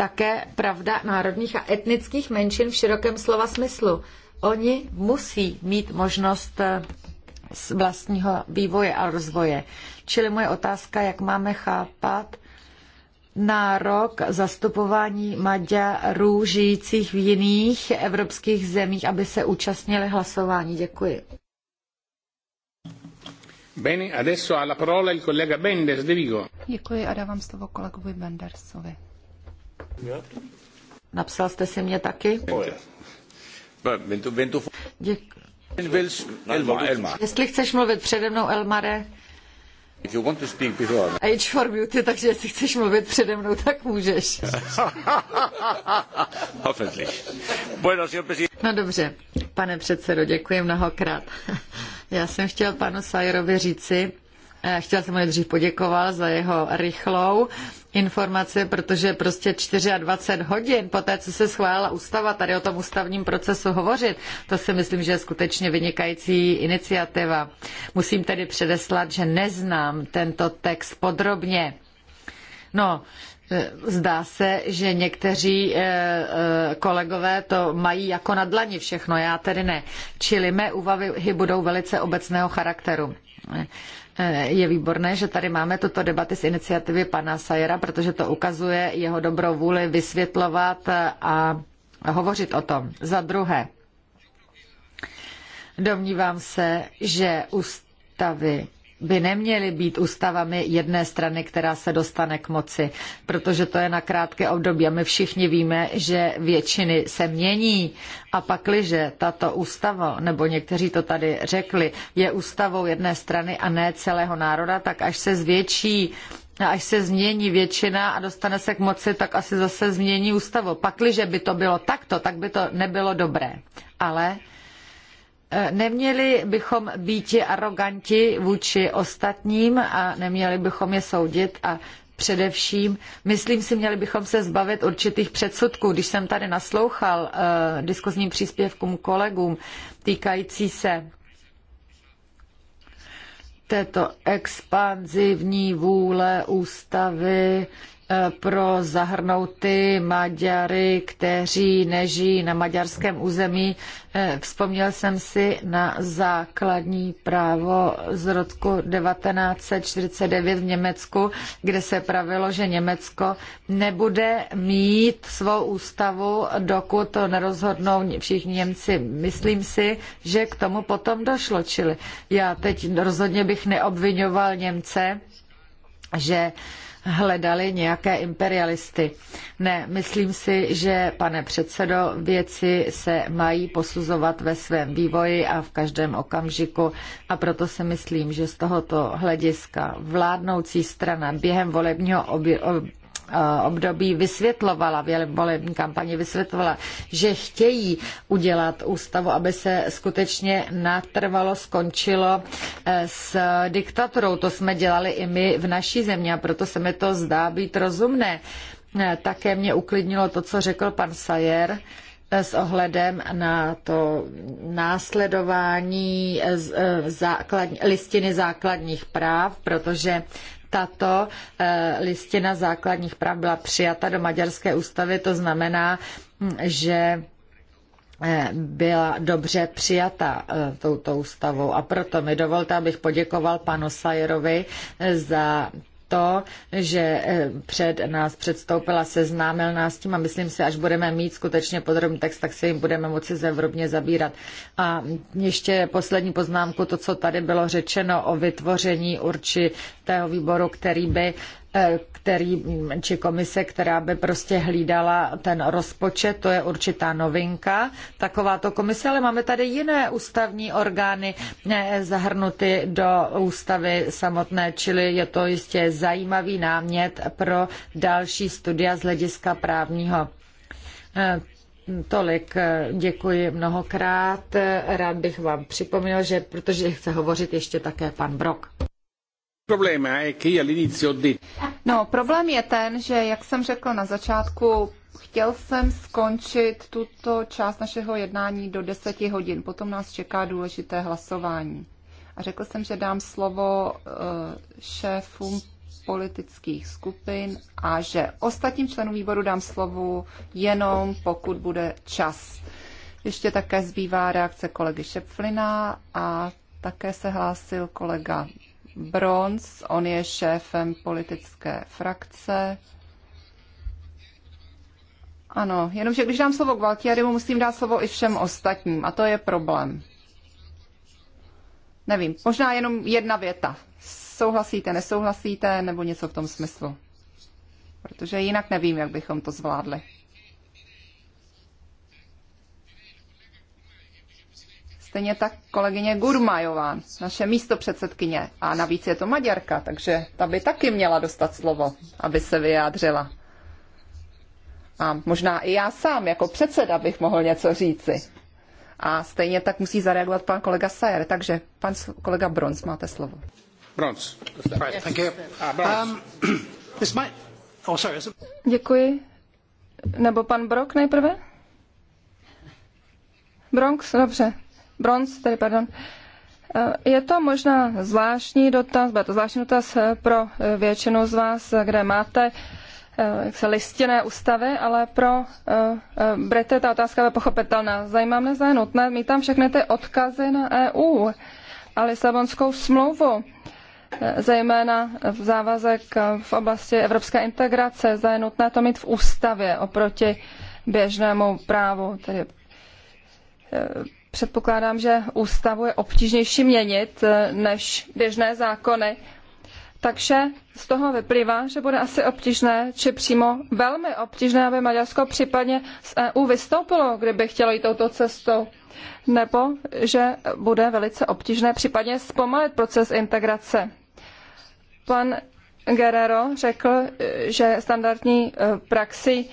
také pravda národních a etnických menšin v širokém slova smyslu. Oni musí mít možnost z eh, vlastního vývoje a rozvoje. Čili moje otázka, jak máme chápat nárok zastupování Maďarů žijících v jiných evropských zemích, aby se účastnili hlasování. Děkuji. Bene, adesso ha la parola il collega Benders de Vigo. Děkuji a dávám slovo kolegovi Bendersovi. Napsal jste si mě taky? Děkuji. Jestli chceš mluvit přede mnou, Elmare, If you want to speak before. Age for Beauty, takže jestli chceš mluvit přede mnou, tak můžeš. no dobře, pane předsedo, děkuji mnohokrát. Já jsem chtěl panu Sajerovi říci, Eh, chtěla jsem mu nejdřív poděkovat za jeho rychlou informaci, protože prostě 24 hodin po té, co se schválila ústava, tady o tom ústavním procesu hovořit, to si myslím, že je skutečně vynikající iniciativa. Musím tedy předeslat, že neznám tento text podrobně. No, eh, Zdá se, že někteří eh, kolegové to mají jako na dlani všechno, já tedy ne. Čili mé úvahy budou velice obecného charakteru. Eh, je výborné, že tady máme tuto debaty z iniciativy pana Sajera, protože to ukazuje jeho dobrou vůli vysvětlovat a hovořit o tom. Za druhé, domnívám se, že ústavy by neměly být ústavami jedné strany, která se dostane k moci, protože to je na krátké období a my všichni víme, že většiny se mění a pakliže tato ústava, nebo někteří to tady řekli, je ústavou jedné strany a ne celého národa, tak až se zvětší a až se změní většina a dostane se k moci, tak asi zase změní ústavu. Pakliže by to bylo takto, tak by to nebylo dobré. Ale Neměli bychom být aroganti vůči ostatním a neměli bychom je soudit a především, myslím si, měli bychom se zbavit určitých předsudků. Když jsem tady naslouchal uh, diskuzním příspěvkům kolegům týkající se této expanzivní vůle ústavy, pro zahrnouty, Maďary, kteří nežijí na maďarském území. Eh, vzpomněl jsem si na základní právo z roku 1949 v Německu, kde se pravilo, že Německo nebude mít svou ústavu, dokud to nerozhodnou všichni Němci. Myslím si, že k tomu potom došlo. Čili já teď rozhodně bych neobvinoval Němce, že hledali nějaké imperialisty. Ne, myslím si, že, pane předsedo, věci se mají posuzovat ve svém vývoji a v každém okamžiku a proto si myslím, že z tohoto hlediska vládnoucí strana během volebního obě, Eh, období vysvětlovala, v volební kampani vysvětlovala, že chtějí udělat ústavu, aby se skutečně natrvalo skončilo eh, s diktaturou. To jsme dělali i my v naší zemi a proto se mi to zdá být rozumné. Eh, také mě uklidnilo to, co řekl pan Sayer, s ohledem na to následování listiny základních práv, protože tato eh, listina základních práv byla přijata do maďarské ústavy, to znamená, hm, že eh, byla dobře přijata eh, touto ústavou. A proto mi dovolte, abych poděkoval panu Sajerovi za to, že eh, před nás předstoupila, seznámil nás s tím a myslím si, až budeme mít skutečně podrobný text, tak se jim budeme moci zevrubně zabírat. A ještě poslední poznámku, to, co tady bylo řečeno o vytvoření určitého výboru, který by eh, který, či komise, která by prostě hlídala ten rozpočet, to je určitá novinka, takováto komise, ale máme tady jiné ústavní orgány eh, zahrnuty do ústavy samotné, čili je to jistě zajímavý námět pro další studia z hlediska právního. Eh, tolik eh, děkuji mnohokrát. Rád bych vám připomněl, že protože chce hovořit ještě také pan Brok. No, problém je ten, že, jak jsem řekl na začátku, chtěl jsem skončit tuto část našeho jednání do deseti hodin. Potom nás čeká důležité hlasování. A řekl jsem, že dám slovo eh, šéfům politických skupin a že ostatním členům výboru dám slovo jenom pokud bude čas. Ještě také zbývá reakce kolegy Šepflina a také se hlásil kolega Bronz, on je šéfem politické frakce. Ano, jenomže když dám slovo Gualtierimu, musím dát slovo i všem ostatním a to je problém. Nevím, možná jenom jedna věta. Souhlasíte, nesouhlasíte, nebo něco v tom smyslu. Protože jinak nevím, jak bychom to zvládli. Stejně tak kolegyně Gurmajová, naše místo předsedkyně. A navíc je to Maďarka, takže ta by taky měla dostat slovo, aby se vyjádřila. A možná i já sám jako předseda bych mohl něco říci. A stejně tak musí zareagovat pan kolega Sayer. Takže pan kolega Bronz, máte slovo. Bronz. Ah, um, oh, sorry. Děkuji. Nebo pan Brok nejprve? Bronx, dobře bronz, tedy pardon. Eh, je to možná zvláštní dotaz, bude to zvláštní dotaz eh, pro eh, většinu z vás, kde máte listinné ústavy, ale pro Brity ta otázka je pochopitelná. Zajímá mne, zda je nutné mít tam všechny ty odkazy na EU a Lisabonskou smlouvu, zejména v závazek v oblasti evropské integrace, zda je nutné to mít v ústavě oproti běžnému právu, tedy Předpokládám, že ústavu je obtížnější měnit eh, než běžné zákony, takže z toho vyplývá, že bude asi obtížné, či přímo velmi obtížné, aby Maďarsko případně z EU vystoupilo, kdyby chtělo jít touto cestou, nebo že bude velice obtížné případně zpomalit proces integrace. Pan Guerrero řekl, eh, že standardní eh, praxi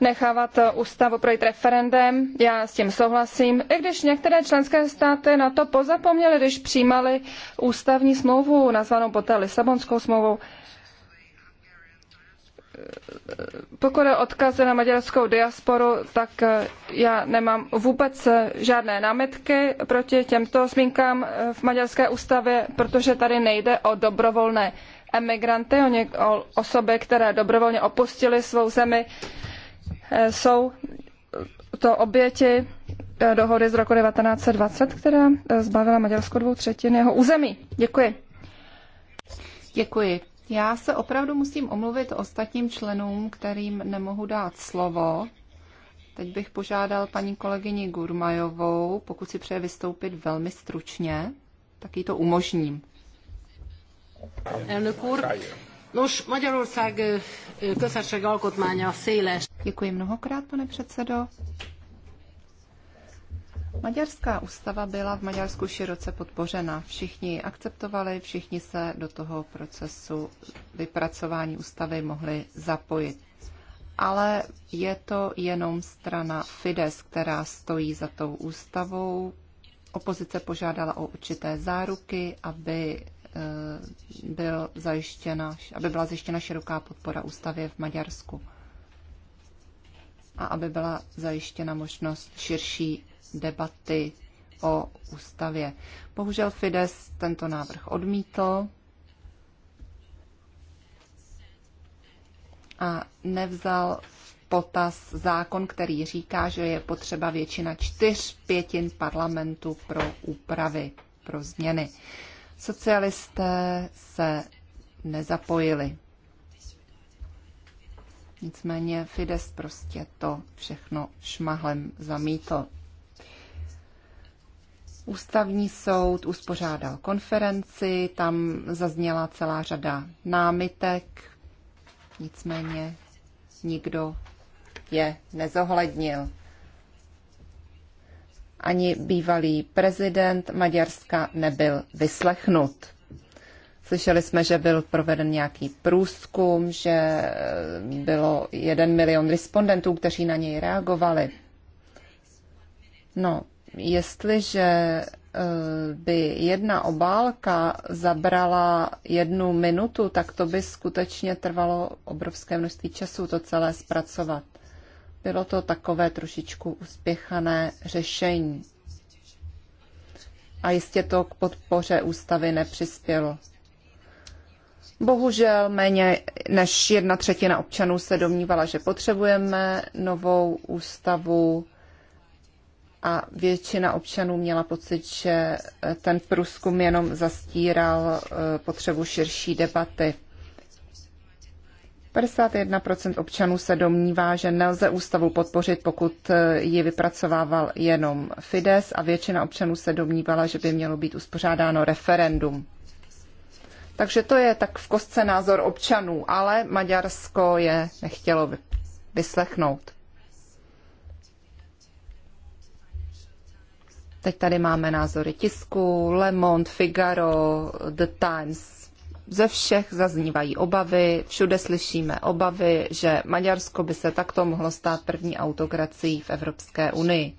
nechávat eh, ústavu projít referendem. Já s tím souhlasím. I když některé členské státy na to pozapomněly, když přijímali ústavní smlouvu, nazvanou poté Lisabonskou smlouvou. Eh, pokud je odkazy na maďarskou diasporu, tak eh, já nemám vůbec žádné námitky proti těmto zmínkám v maďarské ústavě, protože tady nejde o dobrovolné emigranty, o, něk- o osoby, které dobrovolně opustily svou zemi Eh, jsou to oběti eh, dohody z roku 1920, která eh, zbavila Maďarsko dvou třetin jeho území. Děkuji. Děkuji. Já se opravdu musím omluvit ostatním členům, kterým nemohu dát slovo. Teď bych požádal paní kolegyni Gurmajovou, pokud si přeje vystoupit velmi stručně, tak jí to umožním. Nos, Děkuji mnohokrát, pane předsedo. Maďarská ústava byla v Maďarsku široce podpořena. Všichni ji akceptovali, všichni se do toho procesu vypracování ústavy mohli zapojit. Ale je to jenom strana Fides, která stojí za tou ústavou. Opozice požádala o určité záruky, aby Eh, byl zajištěna, aby byla zajištěna široká podpora ústavě v Maďarsku a aby byla zajištěna možnost širší debaty o ústavě. Bohužel Fides tento návrh odmítl a nevzal v potaz zákon, který říká, že je potřeba většina čtyř pětin parlamentu pro úpravy, pro změny. Socialisté se nezapojili. Nicméně Fides prostě to všechno šmahlem zamítl. Ústavní soud uspořádal konferenci, tam zazněla celá řada námitek, nicméně nikdo je nezohlednil ani bývalý prezident Maďarska nebyl vyslechnut. Slyšeli jsme, že byl proveden nějaký průzkum, že eh, bylo jeden milion respondentů, kteří na něj reagovali. No, jestliže eh, by jedna obálka zabrala jednu minutu, tak to by skutečně trvalo obrovské množství času to celé zpracovat. Bylo to takové trošičku uspěchané řešení. A jistě to k podpoře ústavy nepřispělo. Bohužel méně než jedna třetina občanů se domnívala, že potřebujeme novou ústavu a většina občanů měla pocit, že ten průzkum jenom zastíral eh, potřebu širší debaty. 51% občanů se domnívá, že nelze ústavu podpořit, pokud eh, ji vypracovával jenom Fides a většina občanů se domnívala, že by mělo být uspořádáno referendum. Takže to je tak v kostce názor občanů, ale Maďarsko je nechtělo vyslechnout. Teď tady máme názory tisku, Le Monde, Figaro, The Times, ze všech zaznívají obavy, všude slyšíme obavy, že Maďarsko by se takto mohlo stát první autokracií v Evropské unii.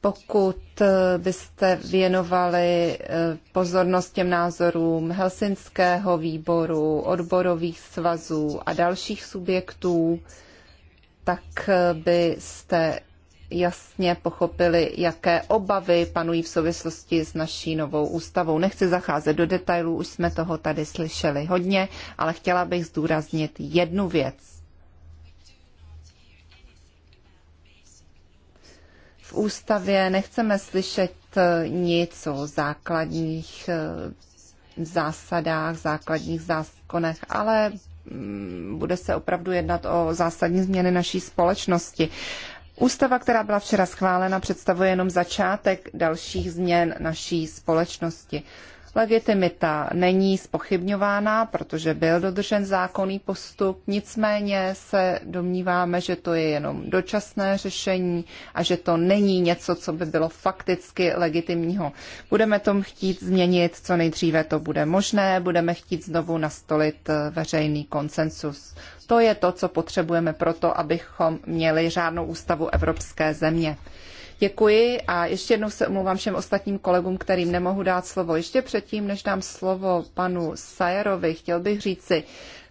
Pokud eh, byste věnovali eh, pozornost těm názorům Helsinského výboru, odborových svazů a dalších subjektů, tak eh, byste jasně pochopili, jaké obavy panují v souvislosti s naší novou ústavou. Nechci zacházet do detailů, už jsme toho tady slyšeli hodně, ale chtěla bych zdůraznit jednu věc. V ústavě nechceme slyšet nic o základních eh, zásadách, základních zákonech, ale mm, bude se opravdu jednat o zásadní změny naší společnosti. Ústava, která byla včera schválena, představuje jenom začátek dalších změn naší společnosti. Legitimita není spochybňována, protože byl dodržen zákonný postup, nicméně se domníváme, že to je jenom dočasné řešení a že to není něco, co by bylo fakticky legitimního. Budeme tom chtít změnit, co nejdříve to bude možné, budeme chtít znovu nastolit veřejný konsensus. To je to, co potřebujeme proto, abychom měli řádnou ústavu evropské země. Děkuji a ještě jednou se omlouvám všem ostatním kolegům, kterým nemohu dát slovo. Ještě předtím, než dám slovo panu Sajerovi, chtěl bych říci,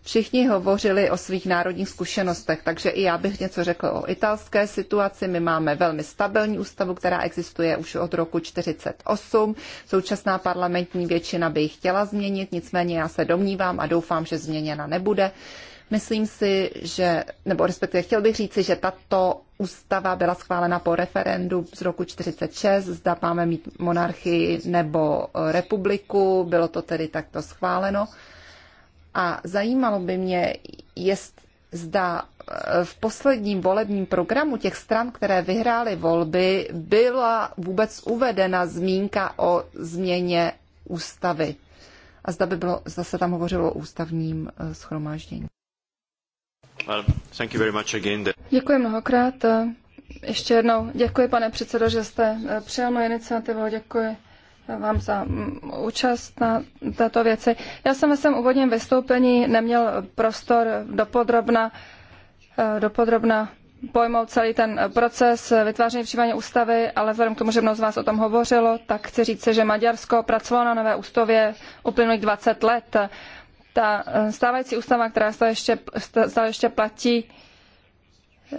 Všichni hovořili o svých národních zkušenostech, takže i já bych něco řekl o italské situaci. My máme velmi stabilní ústavu, která existuje už od roku 48. Současná parlamentní většina by ji chtěla změnit, nicméně já se domnívám a doufám, že změněna nebude, Myslím si, že, nebo respektive chtěl bych říci, že tato ústava byla schválena po referendu z roku 46, zda máme mít monarchii nebo eh, republiku, bylo to tedy takto schváleno. A zajímalo by mě, jest, zda eh, v posledním volebním programu těch stran, které vyhrály volby, byla vůbec uvedena zmínka o změně ústavy. A zda by bylo, zase tam hovořilo o ústavním eh, schromáždění. Děkuji mnohokrát. Ještě jednou děkuji, pane předsedo, že jste eh, přijal moje iniciativu. Děkuji eh, vám za mm, účast na této věci. Já jsem ve svém úvodním vystoupení neměl prostor dopodrobna, eh, dopodrobna pojmout celý ten proces vytváření přijímání ústavy, ale vzhledem k tomu, že mnoho z vás o tom hovořilo, tak chci říct, že Maďarsko pracovalo na nové ústavě uplynulých 20 let ta eh, stávající ústava, která stále ještě, stále ještě platí, eh,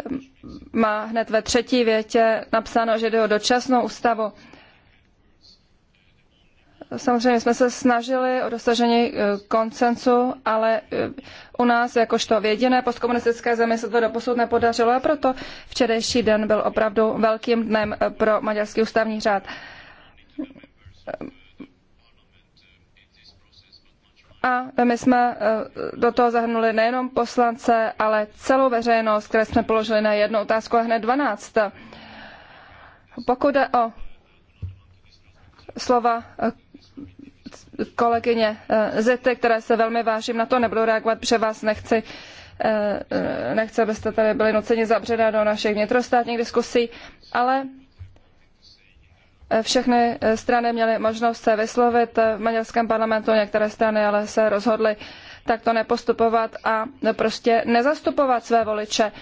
má hned ve třetí větě napsáno, že jde o dočasnou ústavu. Samozřejmě jsme se snažili o dosažení eh, koncensu, ale u nás, jakožto v jediné postkomunistické zemi, se to doposud nepodařilo a proto včerejší den byl opravdu velkým dnem pro maďarský ústavní řád. A my jsme eh, do toho zahrnuli nejenom poslance, ale celou veřejnost, které jsme položili na jednu otázku a hned 12. Pokud jde o slova eh, kolegyně eh, Zety, které se velmi vážím, na to nebudu reagovat, protože vás nechci, nechci abyste tady byli nuceni zabředat do našich vnitrostátních diskusí, ale všechny eh, strany měly možnost se vyslovit eh, v maďarském parlamentu, některé strany ale se rozhodly takto nepostupovat a prostě nezastupovat své voliče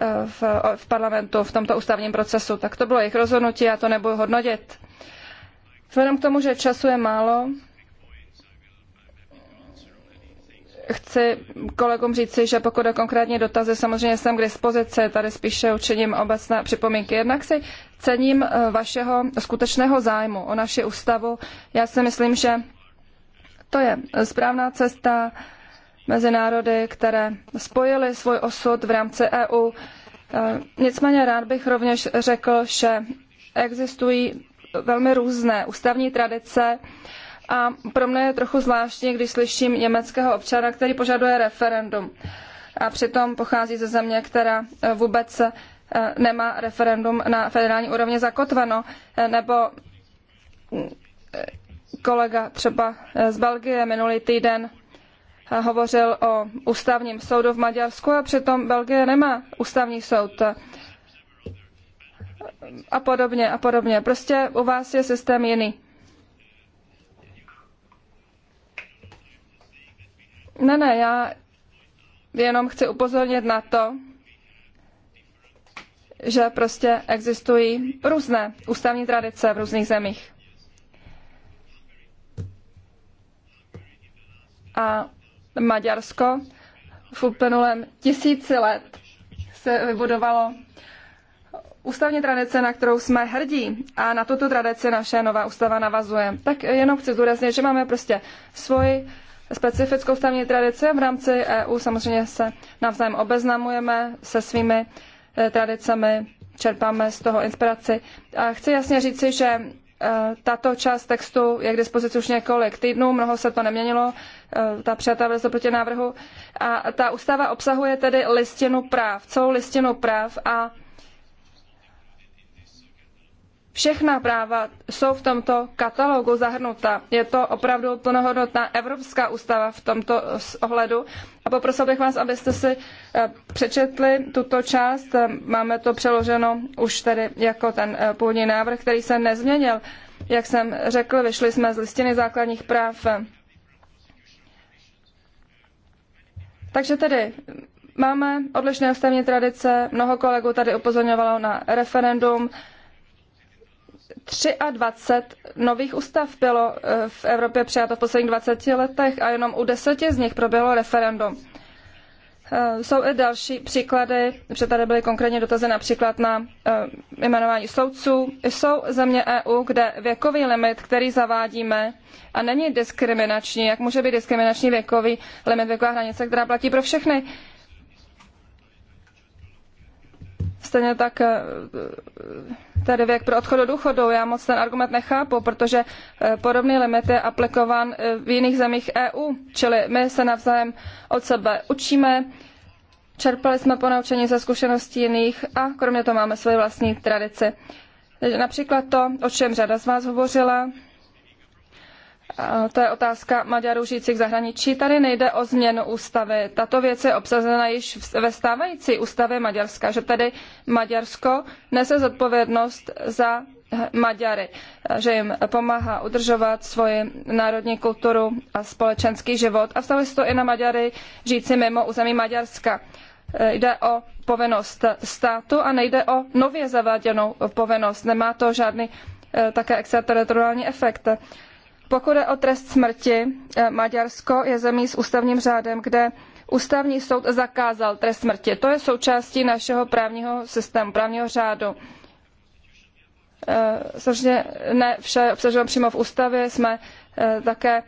eh, v, v parlamentu v tomto ústavním procesu. Tak to bylo jejich rozhodnutí, já to nebudu hodnotit. Vzhledem k tomu, že času je málo, chci kolegům říci, že pokud o konkrétní dotazy, samozřejmě jsem k dispozici, tady spíše učiním obecné připomínky. Jednak si cením eh, vašeho skutečného zájmu o naši ústavu. Já si myslím, že to je správná cesta mezi národy, které spojily svůj osud v rámci EU. Eh, nicméně rád bych rovněž řekl, že existují velmi různé ústavní tradice a pro mě je trochu zvláštní, když slyším německého občana, který požaduje referendum a přitom pochází ze země, která vůbec Eh, nemá referendum na federální úrovni zakotveno, eh, nebo mm, eh, kolega třeba z Belgie minulý týden hovořil o ústavním soudu v Maďarsku a přitom Belgie nemá ústavní soud a podobně a podobně. Prostě u vás je systém jiný. Ne, ne, já jenom chci upozornit na to, že prostě existují různé ústavní tradice v různých zemích. A Maďarsko v uplynulém tisíci let se vybudovalo ústavní tradice, na kterou jsme hrdí a na tuto tradici naše nová ústava navazuje. Tak jenom chci zdůraznit, že máme prostě svoji specifickou ústavní tradici v rámci EU. Samozřejmě se navzájem obeznamujeme se svými Eh, tradicemi, čerpáme z toho inspiraci. A chci jasně říci, že eh, tato část textu je k dispozici už několik týdnů, mnoho se to neměnilo, eh, ta přijatá verze proti návrhu. A ta ústava obsahuje tedy listinu práv, celou listinu práv a Všechna práva jsou v tomto katalogu zahrnuta. Je to opravdu plnohodnotná Evropská ústava v tomto ohledu. A poprosil bych vás, abyste si eh, přečetli tuto část. Máme to přeloženo už tedy jako ten eh, původní návrh, který se nezměnil. Jak jsem řekl, vyšli jsme z listiny základních práv. Takže tedy máme odlišné ústavní tradice. Mnoho kolegů tady upozorňovalo na referendum. 23 nových ústav bylo eh, v Evropě přijato v posledních 20 letech a jenom u deseti z nich proběhlo referendum. Eh, jsou i další příklady, protože tady byly konkrétně dotazy například na eh, jmenování soudců. Jsou země EU, kde věkový limit, který zavádíme, a není diskriminační, jak může být diskriminační věkový limit, věková hranice, která platí pro všechny, Stejně tak eh, tady věk pro odchod do důchodu. Já moc ten argument nechápu, protože eh, podobný limit je aplikován eh, v jiných zemích EU, čili my se navzájem od sebe učíme, čerpali jsme ponaučení ze zkušeností jiných a kromě toho máme svoji vlastní tradici. Například to, o čem řada z vás hovořila, to je otázka Maďarů žijících v zahraničí. Tady nejde o změnu ústavy. Tato věc je obsazena již ve stávající ústavě Maďarska, že tedy Maďarsko nese zodpovědnost za Maďary, že jim pomáhá udržovat svoji národní kulturu a společenský život a vztahuje se to i na Maďary žijící mimo území Maďarska. E, jde o povinnost státu a nejde o nově zaváděnou povinnost. Nemá to žádný e, také extrateritoriální efekt. Pokud je o trest smrti, eh, Maďarsko je zemí s ústavním řádem, kde ústavní soud zakázal trest smrti. To je součástí našeho právního systému, právního řádu. Eh, samozřejmě ne vše obsaženo přímo v ústavě, jsme eh, také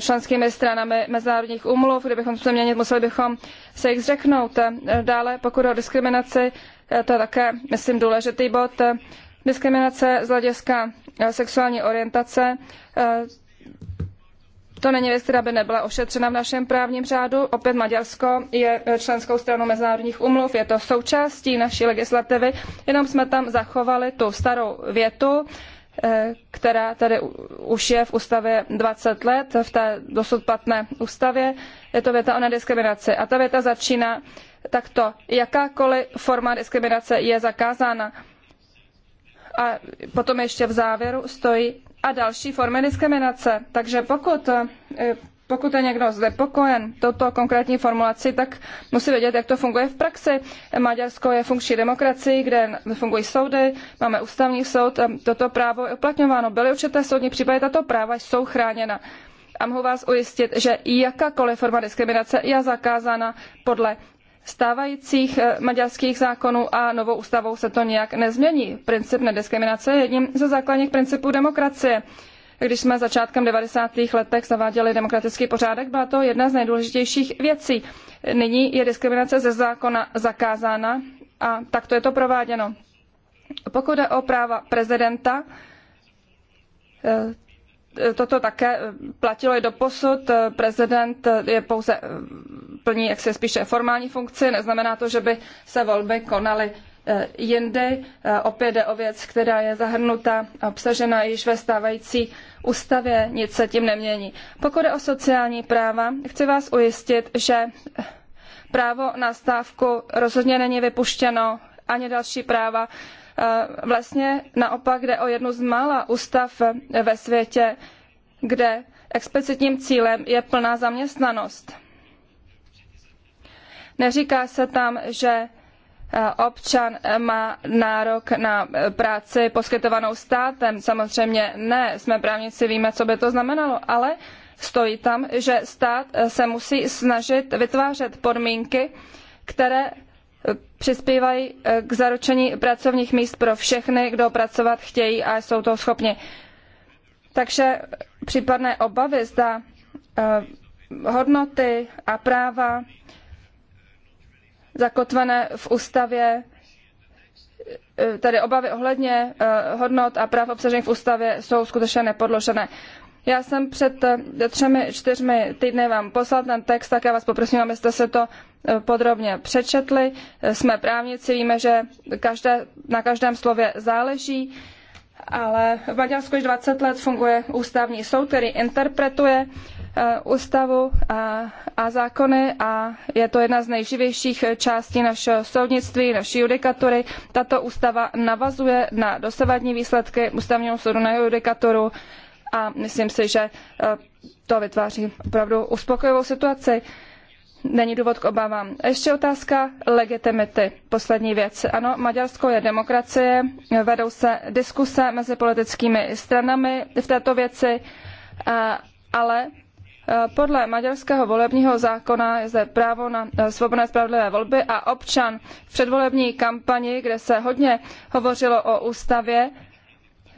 členskými stranami mezinárodních úmluv, kdybychom to měnit, museli bychom se jich zřeknout. Dále, pokud o diskriminaci, to je také, myslím, důležitý bod. Diskriminace z hlediska sexuální orientace, to není věc, která by nebyla ošetřena v našem právním řádu. Opět Maďarsko je e, členskou stranou mezinárodních umluv, je to součástí naší legislativy, jenom jsme tam zachovali tu starou větu, e, která tady už je v ústavě 20 let, v té dosud platné ústavě. Je to věta o nediskriminaci. A ta věta začíná takto. Jakákoliv forma diskriminace je zakázána. A potom ještě v závěru stojí, a další formy diskriminace. Takže pokud, eh, pokud je někdo znepokojen touto konkrétní formulací, tak musí vědět, jak to funguje v praxi. Maďarsko je funkční demokracií, kde fungují soudy, máme ústavní soud, eh, toto právo je uplatňováno. Byly určité soudní případy, tato práva jsou chráněna. A mohu vás ujistit, že jakákoliv forma diskriminace je zakázána podle stávajících eh, maďarských zákonů a novou ústavou se to nijak nezmění. Princip nediskriminace je jedním ze základních principů demokracie. Když jsme začátkem 90. letech zaváděli demokratický pořádek, byla to jedna z nejdůležitějších věcí. Nyní je diskriminace ze zákona zakázána a takto je to prováděno. Pokud jde o práva prezidenta, eh, toto také platilo i doposud. Prezident je pouze plní jaksi spíše formální funkci, neznamená to, že by se volby konaly eh, jindy. Eh, opět jde o věc, která je zahrnuta a obsažena již ve stávající ústavě, nic se tím nemění. Pokud je o sociální práva, chci vás ujistit, že právo na stávku rozhodně není vypuštěno, ani další práva Eh, vlastně naopak jde o jednu z mála ústav ve světě, kde explicitním cílem je plná zaměstnanost. Neříká se tam, že eh, občan má nárok na eh, práci poskytovanou státem. Samozřejmě ne, jsme právníci, víme, co by to znamenalo, ale stojí tam, že stát se musí snažit vytvářet podmínky, které přispívají eh, k zaručení pracovních míst pro všechny, kdo pracovat chtějí a jsou toho schopni. Takže případné obavy, zda eh, hodnoty a práva zakotvené v ústavě, eh, tedy obavy ohledně hodnot a práv obsažených v ústavě jsou skutečně nepodložené. Já jsem před eh, třemi, čtyřmi týdny vám poslal ten text, tak já vás poprosím, abyste se to eh, podrobně přečetli. Eh, jsme právníci, víme, že každé, na každém slově záleží, ale v Maďarsku již 20 let funguje ústavní soud, který interpretuje ústavu a, a zákony a je to jedna z nejživějších částí našeho soudnictví, naší judikatury. Tato ústava navazuje na dosavadní výsledky ústavního soudu na judikaturu a myslím si, že eh, to vytváří opravdu uspokojivou situaci. Není důvod k obavám. Ještě otázka legitimity. Poslední věc. Ano, Maďarsko je demokracie, vedou se diskuse mezi politickými stranami v této věci, eh, ale eh, podle maďarského volebního zákona je zde právo na svobodné spravedlivé volby a občan v předvolební kampani, kde se hodně hovořilo o ústavě,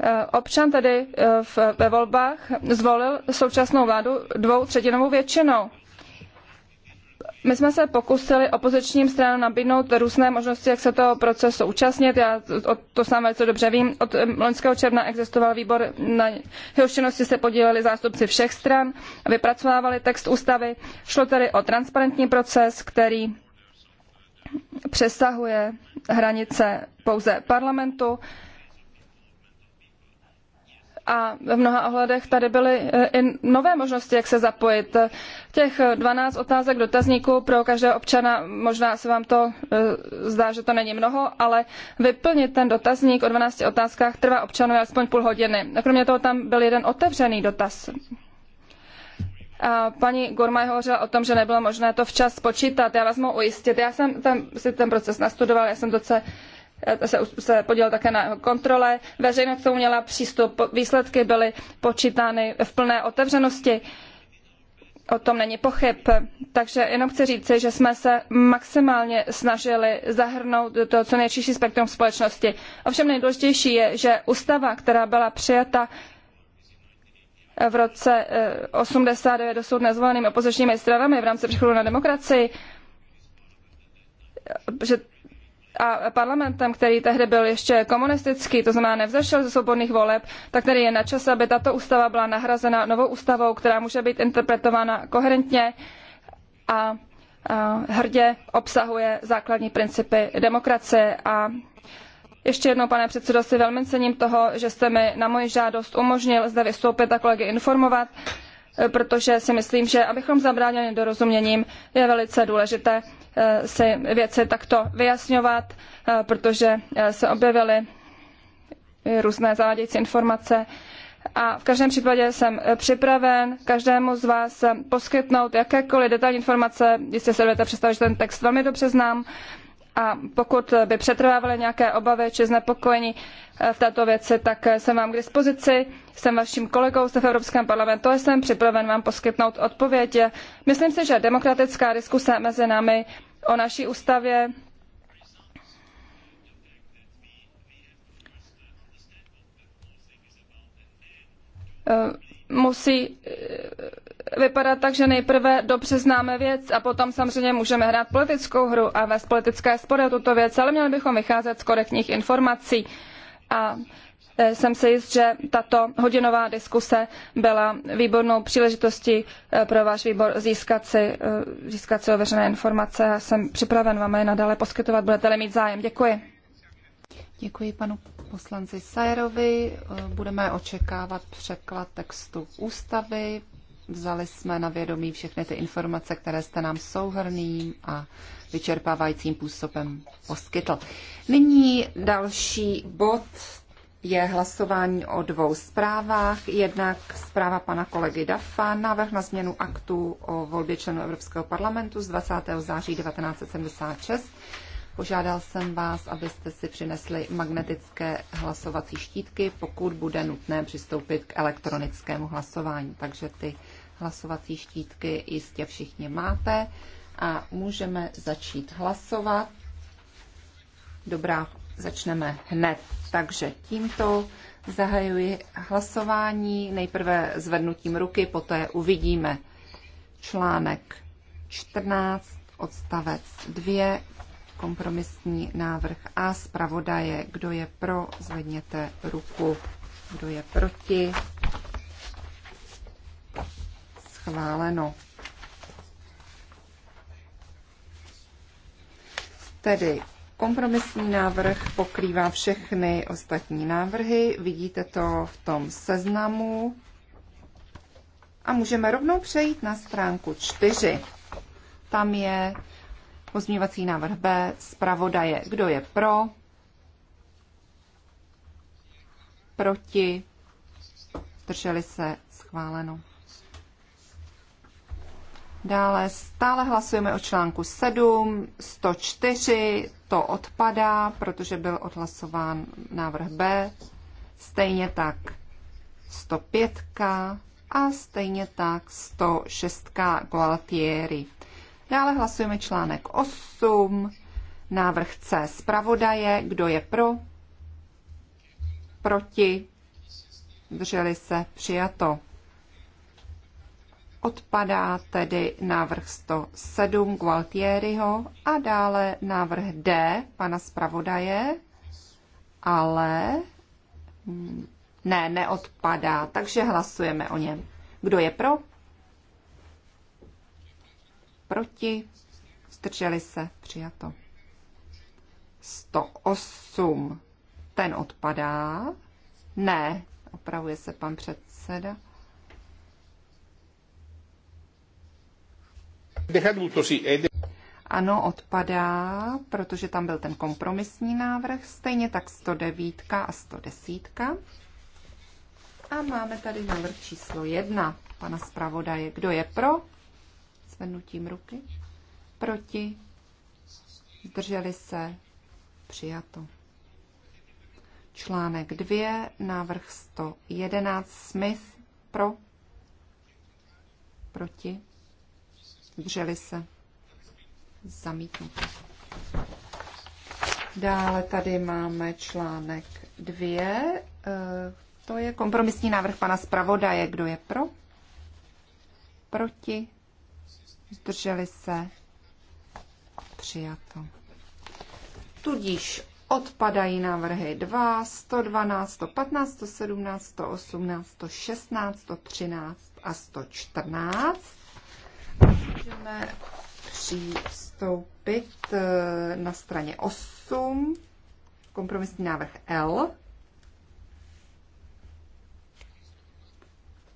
Eh, občan tedy eh, v, ve volbách zvolil současnou vládu dvou třetinovou většinou. My jsme se pokusili opozičním stranám nabídnout různé možnosti, jak se toho procesu účastnit. Já to, to sám velice dobře vím. Od eh, loňského června existoval výbor, na jehož činnosti se podíleli zástupci všech stran, vypracovávali text ústavy. Šlo tedy o transparentní proces, který přesahuje hranice pouze parlamentu a v mnoha ohledech tady byly e, i nové možnosti, jak se zapojit. Těch 12 otázek dotazníků pro každého občana, možná se vám to e, zdá, že to není mnoho, ale vyplnit ten dotazník o 12 otázkách trvá občanovi alespoň půl hodiny. A kromě toho tam byl jeden otevřený dotaz. A paní Gormaj hovořila o tom, že nebylo možné to včas spočítat. Já vás mohu ujistit, já jsem tam, si ten proces nastudoval, já jsem docela Eh, se, se podílel také na kontrole. Veřejnost k tomu měla přístup, výsledky byly počítány v plné otevřenosti. O tom není pochyb. Takže jenom chci říci, že jsme se maximálně snažili zahrnout do toho co nejširší spektrum společnosti. Ovšem nejdůležitější je, že ústava, která byla přijata v roce 89 eh, dosud nezvolenými opozičními stranami v rámci přechodu na demokracii, že a parlamentem, který tehdy byl ještě komunistický, to znamená nevzešel ze svobodných voleb, tak tedy je na čas, aby tato ústava byla nahrazena novou ústavou, která může být interpretována koherentně a, a hrdě obsahuje základní principy demokracie a ještě jednou, pane předsedo, si velmi cením toho, že jste mi na moji žádost umožnil zde vystoupit a kolegy informovat, protože si myslím, že abychom zabránili dorozuměním, je velice důležité, Eh, si věci takto vyjasňovat, eh, protože eh, se objevily různé zavádějící informace. A v každém případě jsem připraven každému z vás poskytnout jakékoliv detailní informace. Jistě se budete představit, že ten text velmi dobře znám a pokud by přetrvávaly nějaké obavy či znepokojení eh, v této věci, tak eh, jsem vám k dispozici, jsem vaším kolegou, jste v Evropském parlamentu a jsem připraven vám poskytnout odpověď. Myslím si, že demokratická diskuse mezi námi o naší ústavě eh, musí vypadat tak, že nejprve dobře známe věc a potom samozřejmě můžeme hrát politickou hru a vést politické spory o tuto věc, ale měli bychom vycházet z korektních informací. A e, jsem si jist, že tato hodinová diskuse byla výbornou příležitostí e, pro váš výbor získat si, e, získat si ověřené informace a jsem připraven vám je nadále poskytovat, budete-li mít zájem. Děkuji. Děkuji panu poslanci Sajerovi. Budeme očekávat překlad textu ústavy Vzali jsme na vědomí všechny ty informace, které jste nám souhrným a vyčerpávajícím působem poskytl. Nyní další bod je hlasování o dvou zprávách. Jednak zpráva pana kolegy Dafa, návrh na změnu aktu o volbě členů Evropského parlamentu z 20. září 1976. Požádal jsem vás, abyste si přinesli magnetické hlasovací štítky, pokud bude nutné přistoupit k elektronickému hlasování. Takže ty Hlasovací štítky jistě všichni máte a můžeme začít hlasovat. Dobrá, začneme hned. Takže tímto zahajuji hlasování. Nejprve zvednutím ruky, poté uvidíme článek 14, odstavec 2, kompromisní návrh A zpravodaje. Kdo je pro, zvedněte ruku. Kdo je proti? schváleno. Tedy kompromisní návrh pokrývá všechny ostatní návrhy, vidíte to v tom seznamu. A můžeme rovnou přejít na stránku 4. Tam je pozměňovací návrh B zpravodaje. Kdo je pro? Proti? Drželi se schváleno. Dále stále hlasujeme o článku 7, 104, to odpadá, protože byl odhlasován návrh B. Stejně tak 105 a stejně tak 106 Gualtieri. Dále hlasujeme článek 8, návrh C zpravodaje, kdo je pro, proti, drželi se, přijato. Odpadá tedy návrh 107 Gualtieriho a dále návrh D pana zpravodaje, ale hm, ne, neodpadá, takže hlasujeme o něm. Kdo je pro? Proti? Zdrželi se? Přijato. 108. Ten odpadá. Ne, opravuje se pan předseda. Ano, odpadá, protože tam byl ten kompromisní návrh, stejně tak 109 a 110. A máme tady návrh číslo 1 pana zpravodaje. Kdo je pro? Zvednutím ruky. Proti? Zdrželi se? Přijato. Článek 2, návrh 111, Smith pro, proti, zdrželi se, zamítnuto. Dále tady máme článek 2, eh, to je kompromisní návrh pana zpravodaje, kdo je pro, proti, zdrželi se, přijato. Tudíž odpadají návrhy 2, 112, 115, 117, 118, 116, 113 a 114. Můžeme přistoupit eh, na straně 8, kompromisní návrh L.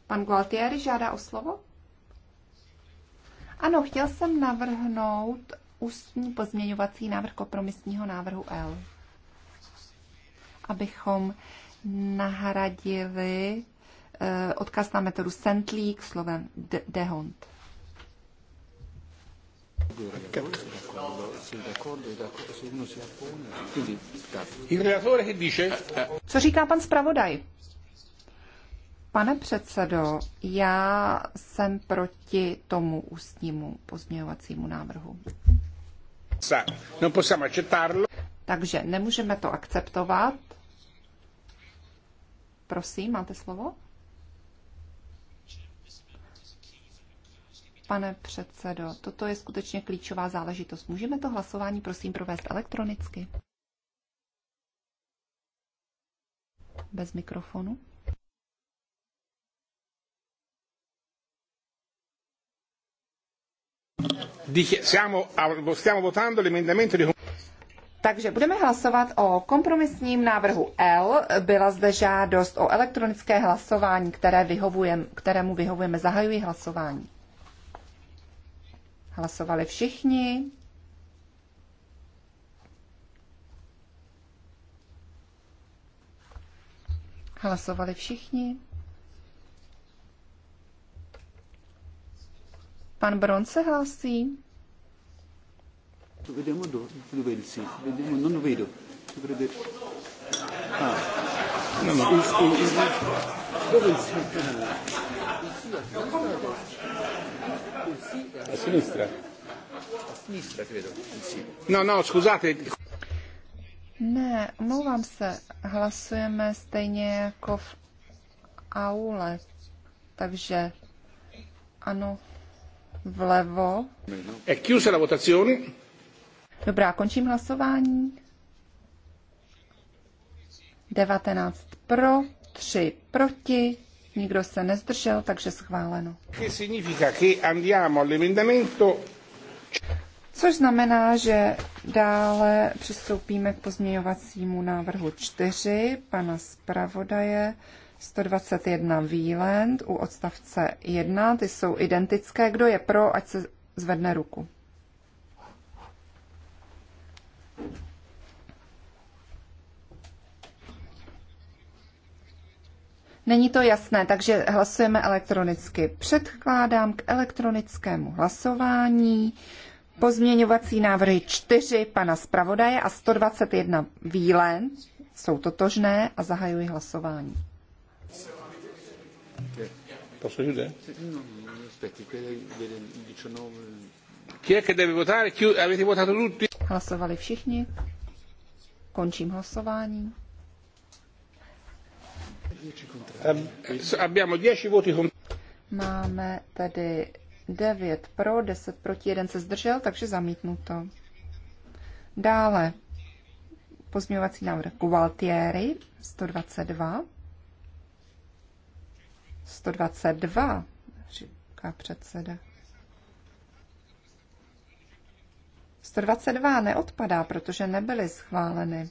Pan Gualtieri žádá o slovo? Ano, chtěl jsem navrhnout ústní pozměňovací návrh kompromisního návrhu L, abychom nahradili eh, odkaz na metodu Sentlík slovem dehont. De co říká pan zpravodaj? Pane předsedo, já jsem proti tomu ústnímu pozměňovacímu návrhu. No, Takže nemůžeme to akceptovat. Prosím, máte slovo? pane předsedo. Toto je skutečně klíčová záležitost. Můžeme to hlasování prosím provést elektronicky? Bez mikrofonu. Takže budeme hlasovat o kompromisním návrhu L. Byla zde žádost o elektronické hlasování, které vyhovujeme, kterému vyhovujeme. Zahajuji hlasování. Hlasovali všichni. Hlasovali všichni. Pan Bron se hlásí. Vediamo dove il sì, vediamo, non vedo. Dovrebbe... Ah. No, no. Il, il, Do dove Do sì? A sinistra? A sinistra, credo. No, no, scusate. Ne, omlouvám se. Hlasujeme stejně jako v aule. Takže ano, vlevo. E chiusa la votazione. Dobrá, končím hlasování. 19 pro, 3 proti, Nikdo se nezdržel, takže schváleno. Což znamená, že dále přistoupíme k pozměňovacímu návrhu 4 pana zpravodaje 121 Výland u odstavce 1. Ty jsou identické. Kdo je pro, ať se zvedne ruku. Není to jasné, takže hlasujeme elektronicky. Předkládám k elektronickému hlasování pozměňovací návrhy 4 pana zpravodaje a 121 výlen. Jsou totožné a zahajuji hlasování. Hlasovali všichni. Končím hlasování. Ehm, Máme tady 9 pro, 10 proti, 1 se zdržel, takže zamítnuto. Dále pozměňovací návrh Gualtieri 122. 122, říká předseda. 122 neodpadá, protože nebyly schváleny.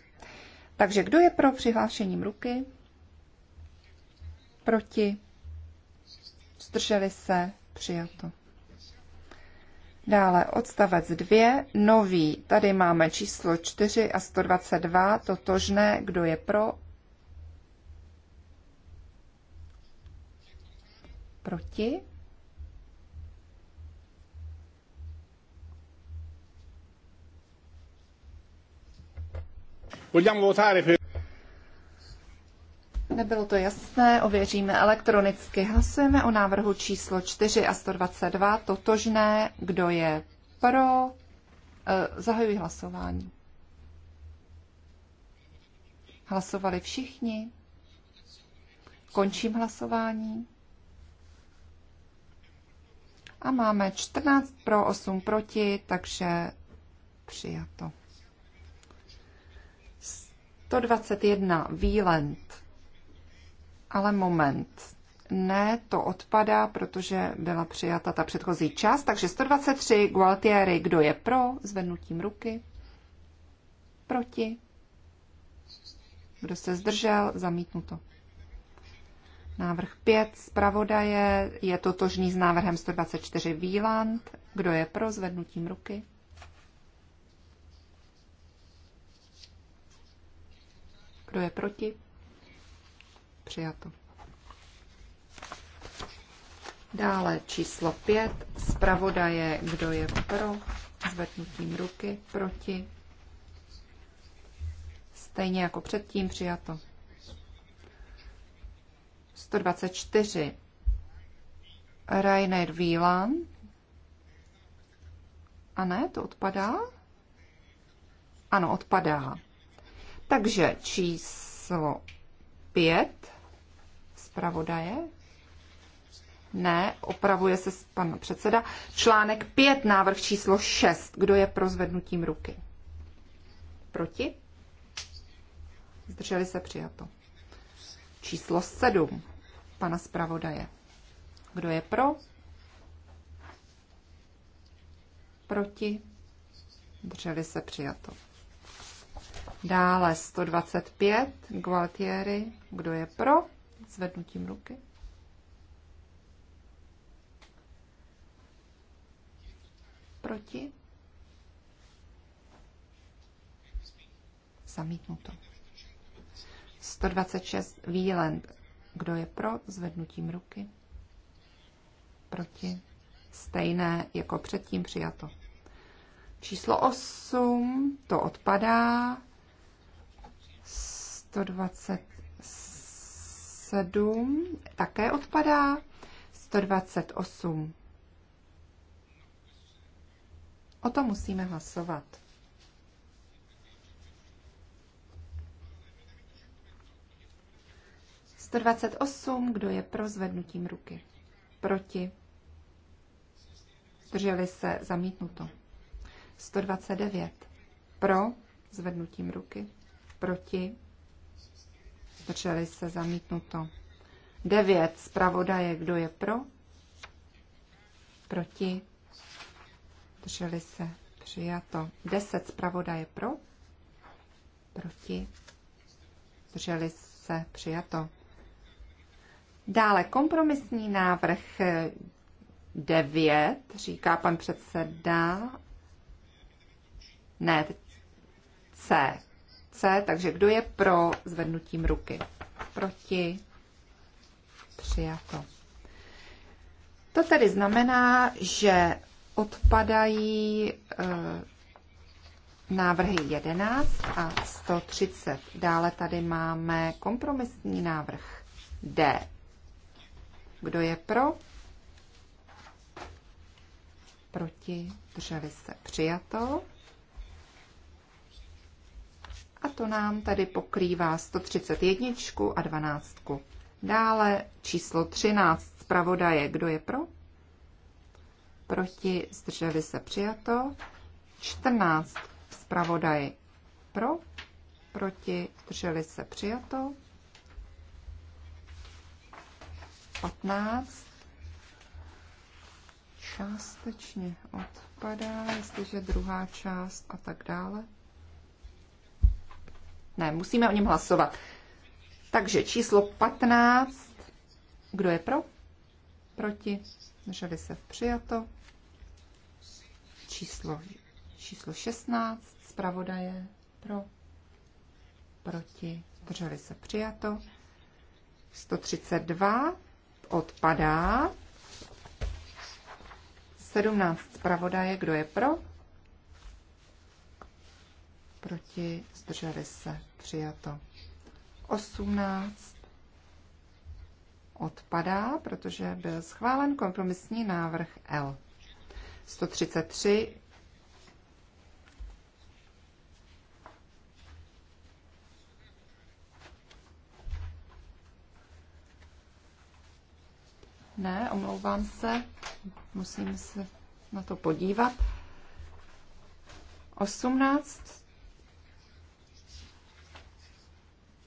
Takže kdo je pro přihlášením ruky? Proti? Zdrželi se? Přijato. Dále odstavec 2, nový. Tady máme číslo 4 a 122, totožné. Kdo je pro? Proti? Vogliamo votare per... Nebylo to jasné, ověříme elektronicky. Hlasujeme o návrhu číslo 4 a 122, totožné. Kdo je pro? Eh, zahajuji hlasování. Hlasovali všichni? Končím hlasování. A máme 14 pro, 8 proti, takže přijato. 121 Výlent ale moment. Ne, to odpadá, protože byla přijata ta předchozí část. Takže 123 Gualtieri, kdo je pro, zvednutím ruky. Proti. Kdo se zdržel, zamítnuto. Návrh 5 zpravodaje je totožný s návrhem 124 Výland. Kdo je pro, zvednutím ruky. Kdo je proti? Přijato. Dále číslo 5. je kdo je pro, zvednutím ruky, proti. Stejně jako předtím přijato. 124. Rainer Wieland. A ne, to odpadá? Ano, odpadá. Takže číslo 5 zpravodaje? Ne, opravuje se pan předseda. Článek 5, návrh číslo 6. Kdo je pro zvednutím ruky? Proti? Zdrželi se přijato. Číslo 7, pana zpravodaje. Kdo je pro? Proti? Zdrželi se přijato. Dále 125, Gualtieri. Kdo je pro? zvednutím ruky. Proti? Zamítnuto. 126 Wieland. Kdo je pro? Zvednutím ruky. Proti? Stejné jako předtím přijato. Číslo 8, to odpadá. 120 127 také odpadá. 128. O tom musíme hlasovat. Sto dvacet osm, kdo je pro zvednutím ruky? Proti? Drželi se zamítnuto. 129. Pro zvednutím ruky. Proti zdrželi se zamítnuto. 9 zpravodaje, kdo je pro, proti, zdrželi se přijato. 10 zpravodaje pro, proti, zdrželi se přijato. Dále kompromisní návrh 9, eh, říká pan předseda, ne, C. C, takže kdo je pro zvednutím ruky? Proti? Přijato. To tedy znamená, že odpadají e, návrhy 11 a 130. Dále tady máme kompromisní návrh D. Kdo je pro? Proti? Drželi se přijato a to nám tady pokrývá 131 a 12. Dále číslo 13 zpravodaje. Kdo je pro? Proti zdrželi se přijato. 14 zpravodaje pro. Proti zdrželi se přijato. 15 částečně odpadá, jestliže druhá část a tak dále. Ne, musíme o něm hlasovat. Takže číslo 15. Kdo je pro? Proti? Drželi se přijato. Číslo, číslo 16. Zpravodaje pro? Proti? Drželi se přijato. 132 odpadá. 17 zpravodaje, kdo je pro? proti, zdrželi se, přijato. 18 odpadá, protože byl schválen kompromisní návrh L. 133 Ne, omlouvám se, musím se na to podívat. 18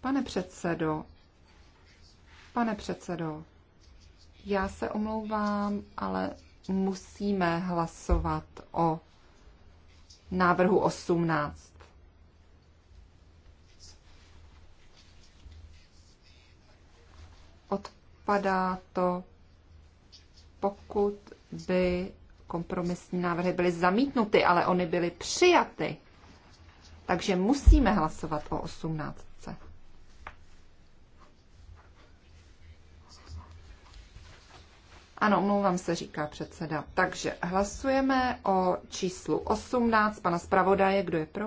Pane předsedo, pane předsedo, já se omlouvám, ale musíme hlasovat o návrhu 18. Odpadá to, pokud by kompromisní návrhy byly zamítnuty, ale ony byly přijaty. Takže musíme hlasovat o 18. Ano, mluvám se, říká předseda. Takže hlasujeme o číslu 18 pana zpravodaje. Kdo je pro?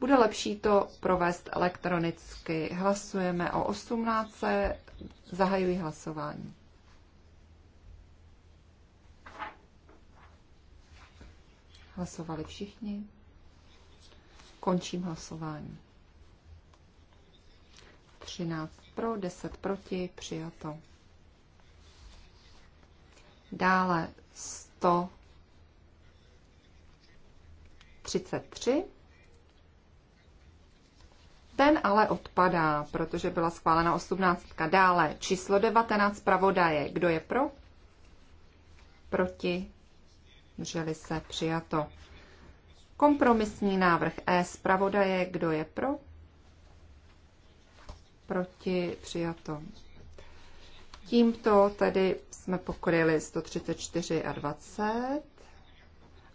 Bude lepší to provést elektronicky. Hlasujeme o 18. Zahajuji hlasování. Hlasovali všichni. Končím hlasování. 13 pro, 10 proti, přijato. Dále 133. Ten ale odpadá, protože byla schválena 18. Dále číslo 19 pravodaje. Kdo je pro? Proti? Drželi se přijato. Kompromisní návrh E zpravodaje, kdo je pro? Proti přijato. Tímto tedy jsme pokryli 134 a 20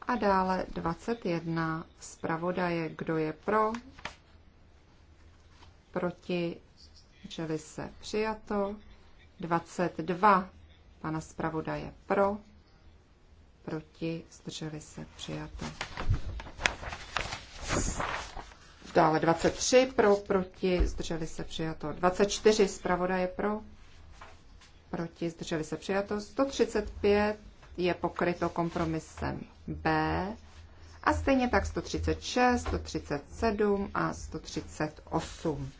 a dále 21 zpravodaje, kdo je pro, proti, drželi se přijato, 22 pana zpravodaje pro, proti, zdrželi se, přijato. Dále 23 pro, proti, zdrželi se, přijato. 24 zpravodaje pro, proti, zdrželi se, přijato. 135 je pokryto kompromisem B a stejně tak 136, 137 a 138.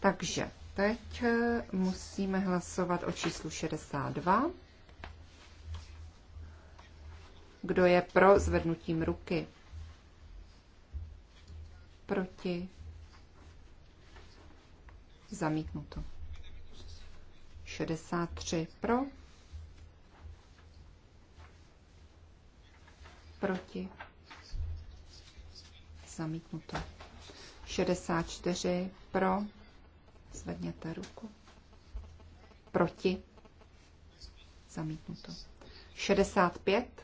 Takže teď musíme hlasovat o číslu 62. Kdo je pro zvednutím ruky? Proti? Zamítnuto. 63 pro? Proti? Zamítnuto. 64 pro? Zvedněte ruku. Proti? Zamítnuto. 65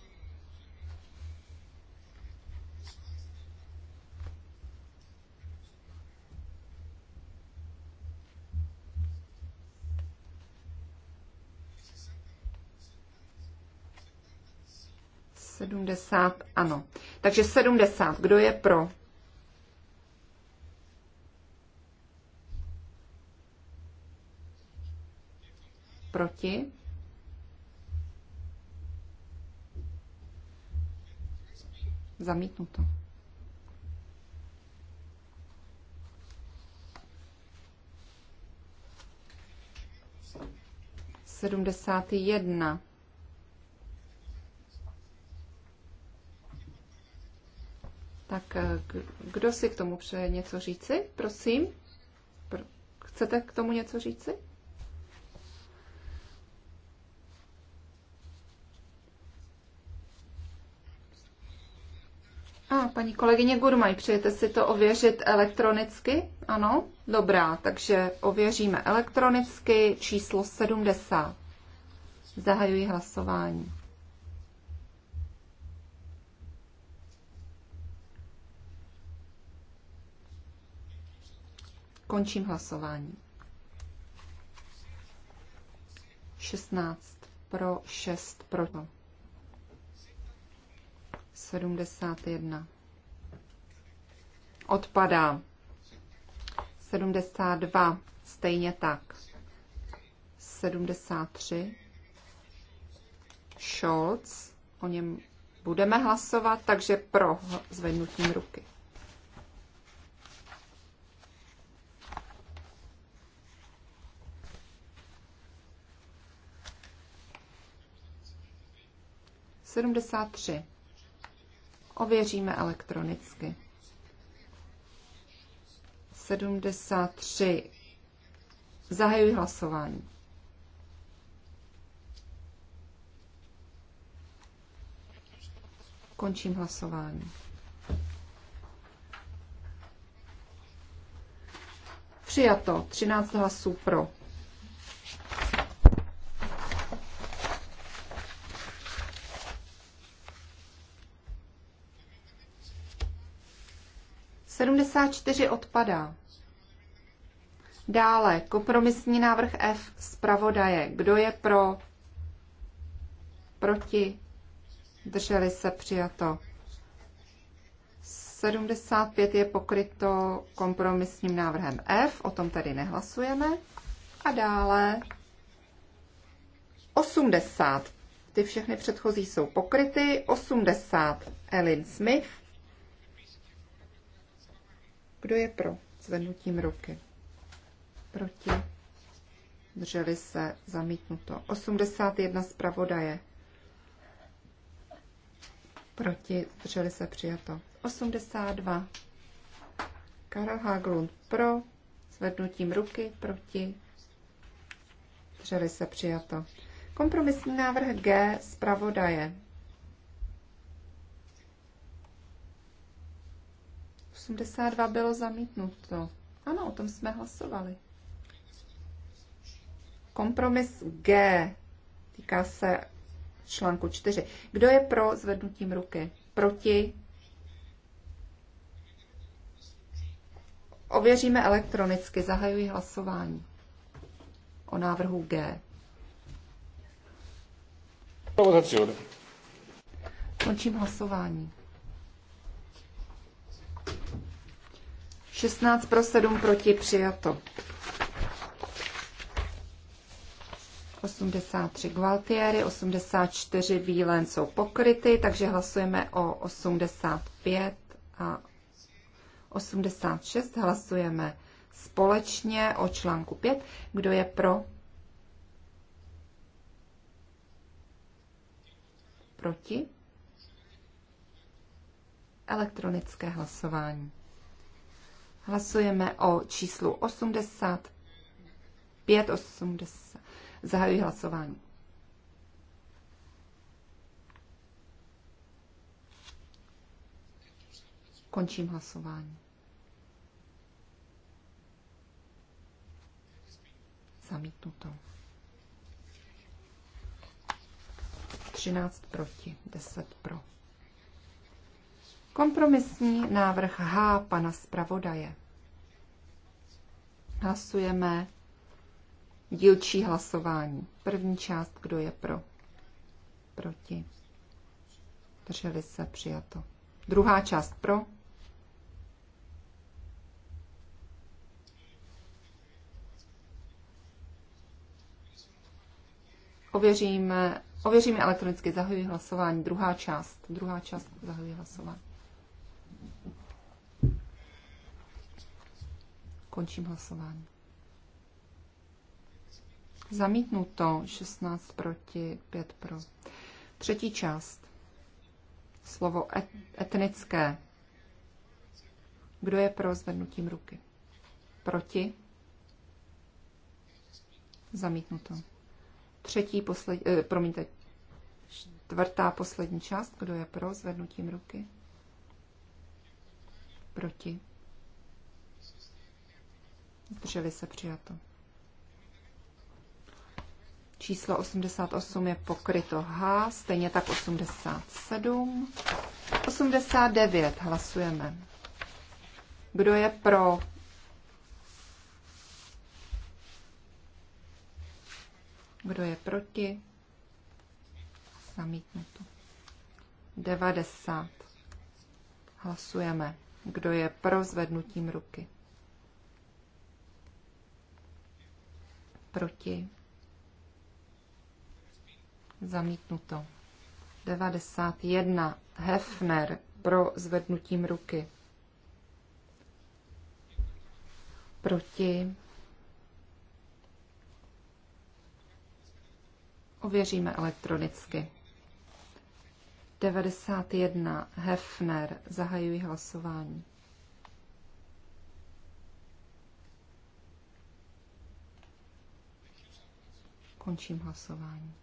70, ano. Takže 70, kdo je pro? Proti? Zamítnuto. Sedmdesátý jedna. Tak eh, kdo si k tomu přeje něco říci, prosím? Chcete k tomu něco říci? A paní kolegyně Gurmaj, přejete si to ověřit elektronicky? Ano? Dobrá, takže ověříme elektronicky číslo 70. Zahajuji hlasování. Končím hlasování. 16 pro, 6 pro. 71. Odpadá. 72. Stejně tak. 73. Scholz. O něm budeme hlasovat, takže pro zvednutím ruky. 73. Ověříme elektronicky. 73. Zahajuji hlasování. Končím hlasování. Přijato 13 hlasů pro. 74 odpadá. Dále kompromisní návrh F zpravodaje. Kdo je pro? Proti? Drželi se přijato. 75 je pokryto kompromisním návrhem F, o tom tedy nehlasujeme. A dále 80. Ty všechny předchozí jsou pokryty. 80 Elin Smith kdo je pro? Zvednutím ruky. Proti? Drželi se zamítnuto. 81 zpravodaje. Proti? Drželi se přijato. 82. Karel Haglund pro. Zvednutím ruky. Proti? Drželi se přijato. Kompromisní návrh G zpravodaje. 82 bylo zamítnuto. Ano, o tom jsme hlasovali. Kompromis G týká se článku 4. Kdo je pro zvednutím ruky? Proti? Ověříme elektronicky. Zahajuji hlasování o návrhu G. Končím hlasování. 16 pro 7 proti přijato. 83 Gualtieri, 84 Vílen jsou pokryty, takže hlasujeme o 85 a 86. Hlasujeme společně o článku 5. Kdo je pro? Proti? Elektronické hlasování. Hlasujeme o číslu 80. 5, 80. Zahajuji hlasování. Končím hlasování. Zamítnuto. 13 proti, 10 pro. Kompromisní návrh H pana zpravodaje. Hlasujeme dílčí hlasování. První část, kdo je pro? Proti. Drželi se, přijato. Druhá část pro. Ověříme, ověříme elektronicky, zahajuji hlasování. Druhá část, druhá část, zahajuji hlasování. Končím hlasování. Zamítnuto 16 proti 5 pro. Třetí část. Slovo etnické. Kdo je pro zvednutím ruky? Proti? Zamítnuto. Třetí, poslední, eh, promiňte, čtvrtá, poslední část. Kdo je pro zvednutím ruky? Proti? drželi se přijato. Číslo 88 je pokryto H, stejně tak 87. 89 hlasujeme. Kdo je pro? Kdo je proti? to. 90. Hlasujeme. Kdo je pro zvednutím ruky? proti, zamítnuto. 91. Hefner pro zvednutím ruky. Proti. Ověříme elektronicky. 91. Hefner. Zahajuji hlasování. Končím hlasování.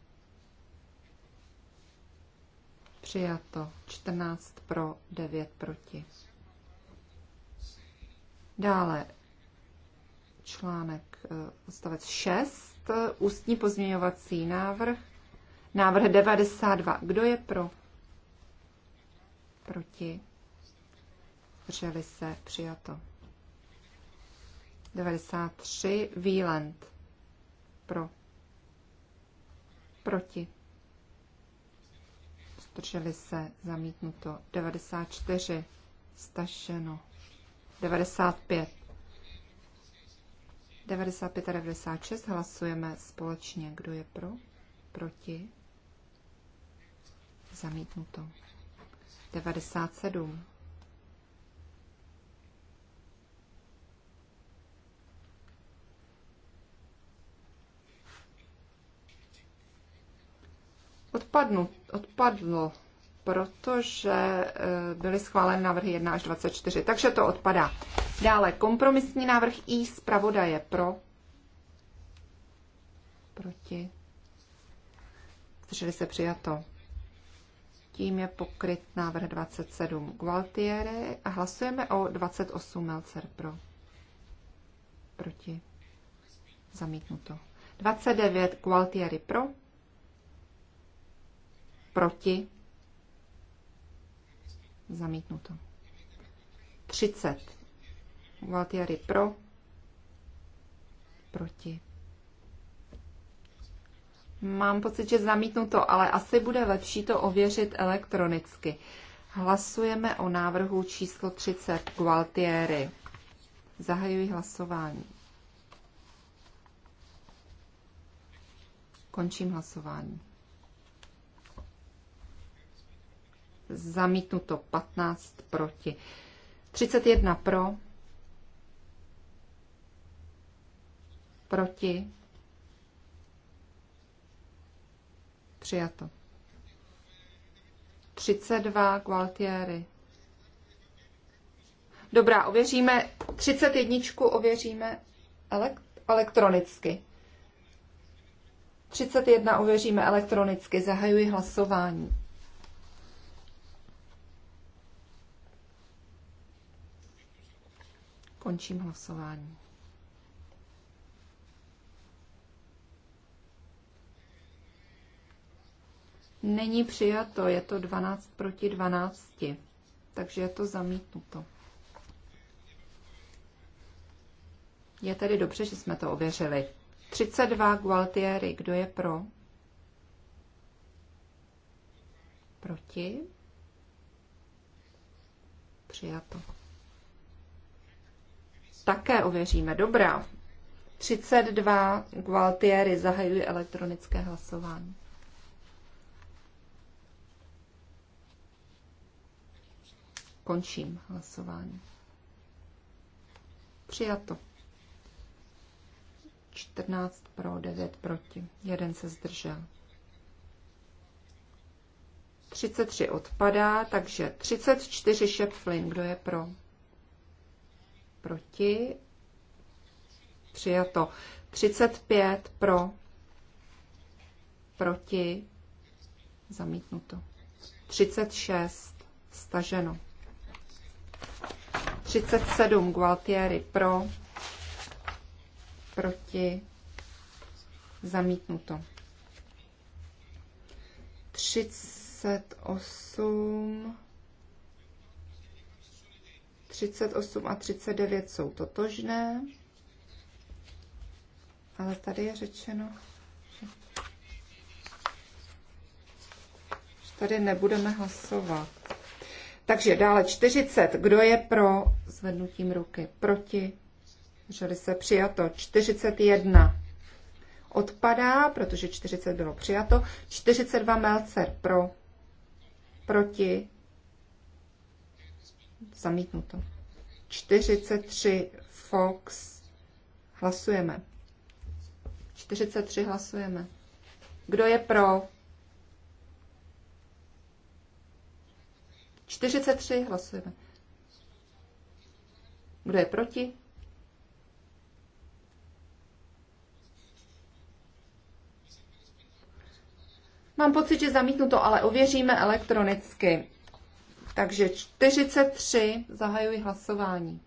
Přijato 14 pro, 9 proti. Dále článek eh, odstavec 6, ústní pozměňovací návrh, návrh 92. Kdo je pro? Proti. Řeli se, přijato. 93, Wieland. Pro. Proti. Zdrželi se. Zamítnuto. 94. Stašeno. 95. 95 a 96 hlasujeme společně. Kdo je pro? Proti? Zamítnuto. 97 odpadnu, odpadlo, protože eh, byly schváleny návrhy 1 až 24, takže to odpadá. Dále kompromisní návrh I zpravodaje pro, proti, zdrželi se přijato. Tím je pokryt návrh 27 Gualtieri a hlasujeme o 28 Melcer pro. Proti. Zamítnuto. 29 Gualtieri pro Proti? Zamítnuto. 30. Gualtieri pro? Proti? Mám pocit, že zamítnuto, ale asi bude lepší to ověřit elektronicky. Hlasujeme o návrhu číslo 30 Gualtieri. Zahajuji hlasování. Končím hlasování. zamítnuto 15 proti. 31 pro, proti, přijato. 32 Gualtieri. Dobrá, ověříme 31, ověříme elektronicky. 31 ověříme elektronicky, zahajuji hlasování. Končím hlasování. Není přijato, je to 12 proti 12, takže je to zamítnuto. Je tedy dobře, že jsme to ověřili. 32 Gualtieri, kdo je pro? Proti? Přijato také ověříme. Dobrá. 32 Gualtieri zahajuje elektronické hlasování. Končím hlasování. Přijato. 14 pro, 9 proti. Jeden se zdržel. 33 odpadá, takže 34 Šepflin. Kdo je pro? proti, přijato. 35 pro, proti, zamítnuto. 36 staženo. 37 Gualtieri pro, proti, zamítnuto. 38 38 a 39 jsou totožné, ale tady je řečeno, že tady nebudeme hlasovat. Takže dále 40. Kdo je pro zvednutím ruky? Proti? Drželi se přijato. 41 odpadá, protože 40 bylo přijato. 42 Melcer pro, proti, Zamítnuto. 43 Fox. Hlasujeme. 43 hlasujeme. Kdo je pro? 43 hlasujeme. Kdo je proti? Mám pocit, že zamítnu to, ale ověříme elektronicky. Takže 43 zahajuji hlasování.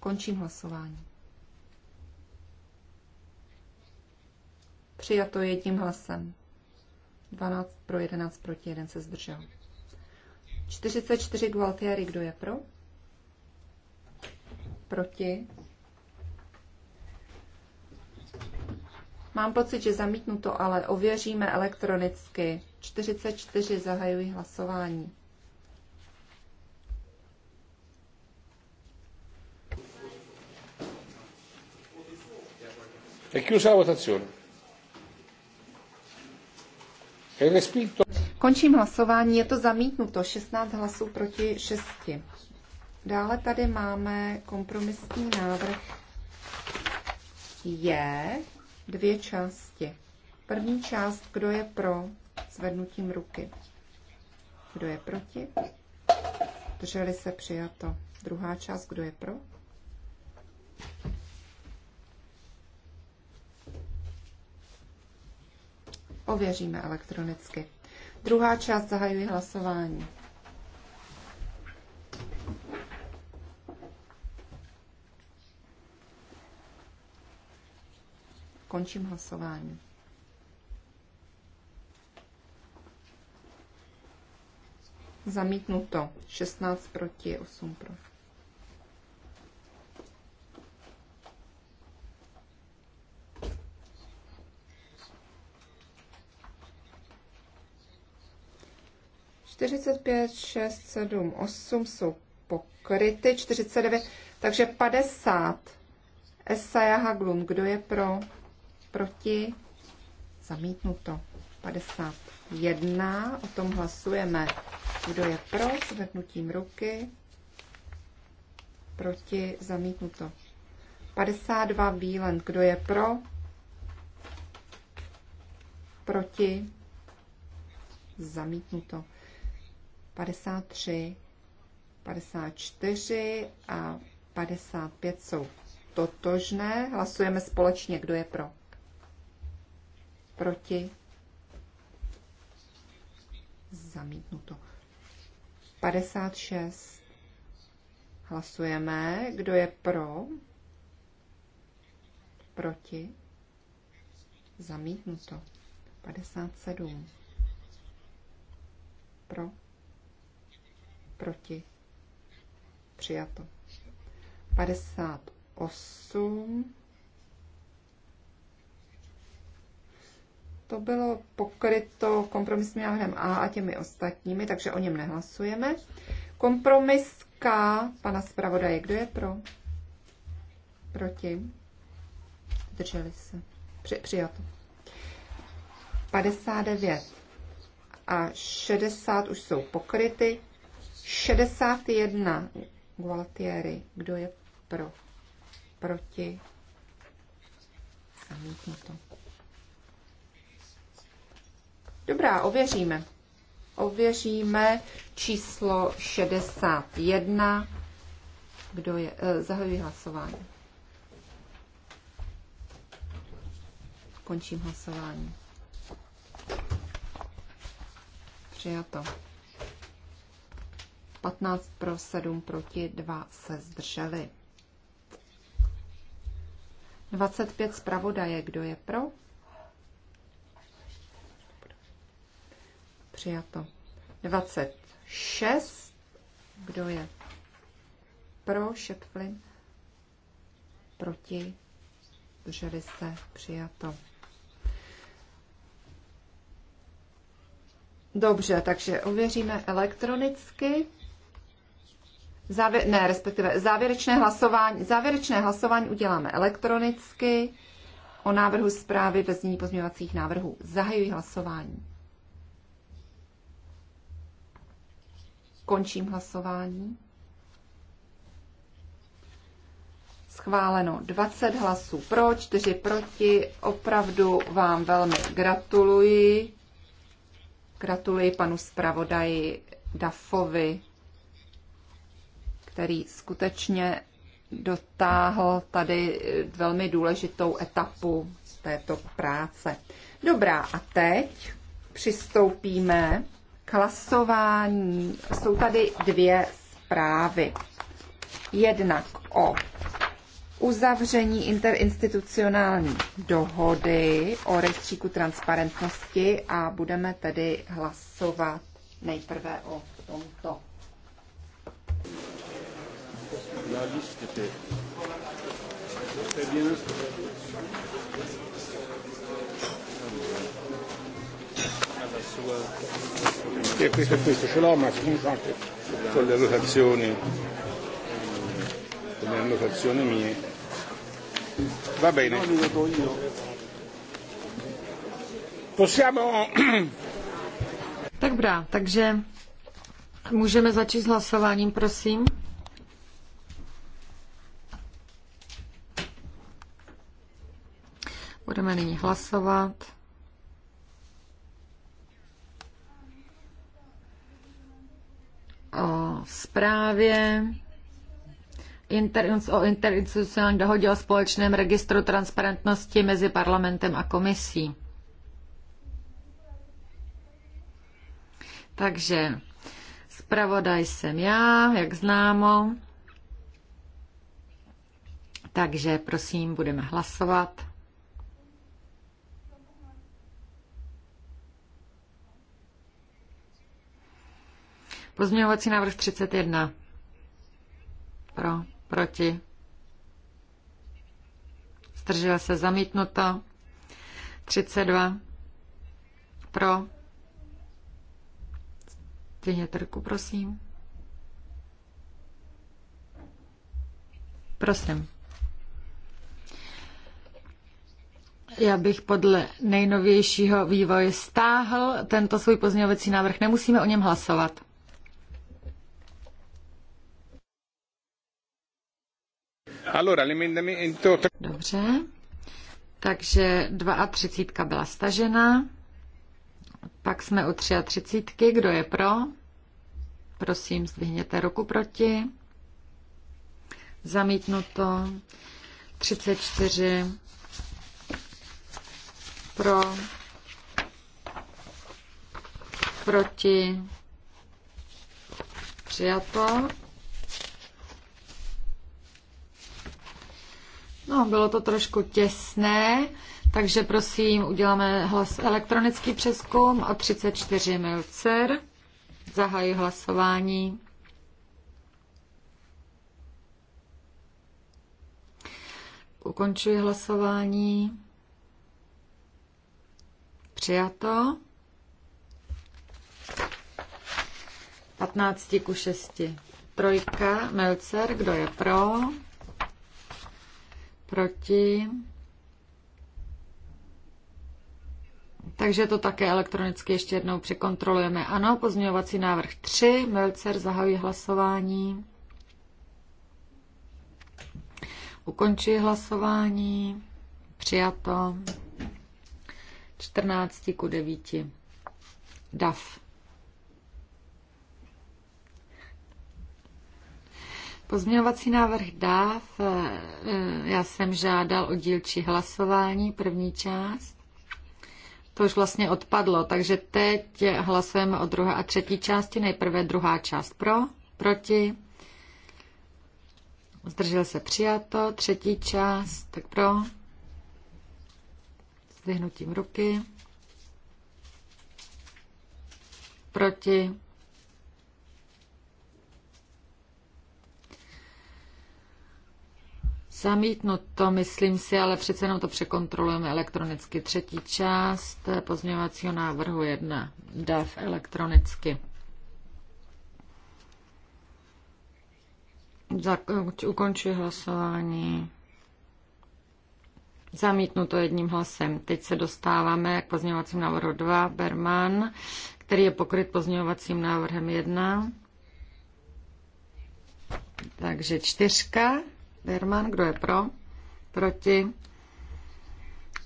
Končím hlasování. Přijato jedním hlasem. 12 pro, 11 proti, 1 se zdržel. 44 Gualtieri, kdo je pro? Proti? Mám pocit, že zamítnu to, ale ověříme elektronicky. 44 zahajuji hlasování. È chiusa la votazione. È respinto. Končím hlasování, je to zamítnuto, 16 hlasů proti 6. Dále tady máme kompromisní návrh je, dvě části. První část, kdo je pro, zvednutím ruky. Kdo je proti? Drželi se přijato. Druhá část, kdo je pro? Ověříme elektronicky. Druhá část zahajuje hlasování. Končím hlasování. Zamítnuto. 16 proti, 8 pro. Čtyřicet pět, šest, sedm, osm jsou pokryty, čtyřicet devět, takže padesát. Esaja Haglund, kdo je pro? proti, zamítnuto. 51, o tom hlasujeme. Kdo je pro, zvednutím ruky, proti, zamítnuto. 52, Bílen, kdo je pro, proti, zamítnuto. 53, 54 a 55 jsou totožné. Hlasujeme společně, kdo je pro proti, zamítnuto. 56. Hlasujeme, kdo je pro, proti, zamítnuto. 57. Pro, proti, přijato. 58 To bylo pokryto kompromisním návrhem A a těmi ostatními, takže o něm nehlasujeme. Kompromis K pana zpravodaje. Kdo je pro? Proti? Drželi se. Při, přijato. 59 a 60 už jsou pokryty. 61 Gualtieri. Kdo je pro? Proti? Zamítnuto. Dobrá, ověříme. Ověříme číslo 61. Kdo je? Eh, zahajuji hlasování. Končím hlasování. Přijato. 15 pro 7 proti 2 se zdrželi. 25 zpravodaje, kdo je pro? Přijato. 26. Kdo je pro Šepflin? Proti? Drželi se? Přijato. Dobře, takže ověříme elektronicky. Závě ne, respektive závěrečné hlasování, závěrečné hlasování uděláme elektronicky o návrhu zprávy ve znění pozměňovacích návrhů. Zahajuji hlasování. Končím hlasování. Schváleno 20 hlasů pro, 4 proti. Opravdu vám velmi gratuluji. Gratuluji panu zpravodaji Dafovi, který skutečně dotáhl tady velmi důležitou etapu této práce. Dobrá, a teď přistoupíme hlasování. Jsou tady dvě zprávy. Jednak o uzavření interinstitucionální dohody o rejstříku transparentnosti a budeme tedy hlasovat nejprve o tomto. you. E questo, questo ce l'ho, ma comunque anche con le annotazioni, con le annotazioni mie. Va bene. Possiamo... Tak Dobrá, takže můžeme začít s hlasováním, prosím. Budeme nyní hlasovat. o zprávě inter, o interinstitucionální dohodě o společném registru transparentnosti mezi parlamentem a komisí. Takže zpravodaj jsem já, jak známo. Takže prosím, budeme hlasovat. Pozměňovací návrh 31. Pro, proti. Zdržel se zamítnuto. 32. Pro. Stěně trku, prosím. Prosím. Já bych podle nejnovějšího vývoje stáhl tento svůj pozměňovací návrh. Nemusíme o něm hlasovat. Dobře. Takže 32 byla stažena. Pak jsme u 33. Kdo je pro? Prosím, zdvihněte ruku proti. Zamítnuto. 34 pro, proti, přijato. No, bylo to trošku těsné, takže prosím, uděláme hlas elektronický přeskum o 34 Milcer. Zahajuji hlasování. Ukončuji hlasování. Přijato. 15 ku 6. Trojka, Melcer, kdo je pro? Proti. Takže to také elektronicky ještě jednou překontrolujeme. Ano, pozměňovací návrh 3. Melcer zahajuje hlasování. Ukončí hlasování. Přijato. 14 ku 9. DAF. Pozměňovací návrh DAV, eh, eh, já jsem žádal o dílčí hlasování, první část. To už vlastně odpadlo, takže teď hlasujeme o druhé a třetí části. Nejprve druhá část pro, proti. Zdržel se přijato, třetí část, tak pro. Zdvihnutím ruky. Proti. Zamítnuto, myslím si, ale přece jenom to překontrolujeme elektronicky. Třetí část pozměňovacího návrhu 1. DAF elektronicky. Ukončuji hlasování. Zamítnuto jedním hlasem. Teď se dostáváme k pozměňovacím návrhu 2. Berman, který je pokryt pozměňovacím návrhem 1. Takže čtyřka Berman, kdo je pro? Proti?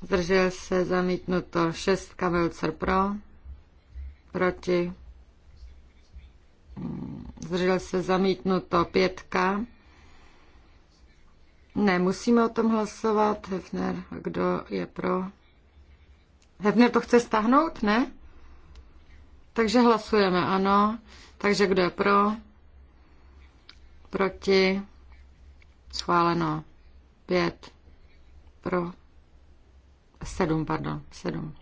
Zdržel se zamítnuto 6 Melcer pro, proti. Zdržel se zamítnuto pětka. Ne, musíme o tom hlasovat. Hefner, kdo je pro? Hefner to chce stáhnout, ne? Takže hlasujeme, ano. Takže kdo je pro? Proti. Schváleno. Pět. Pro. Sedm, pardon. Sedm.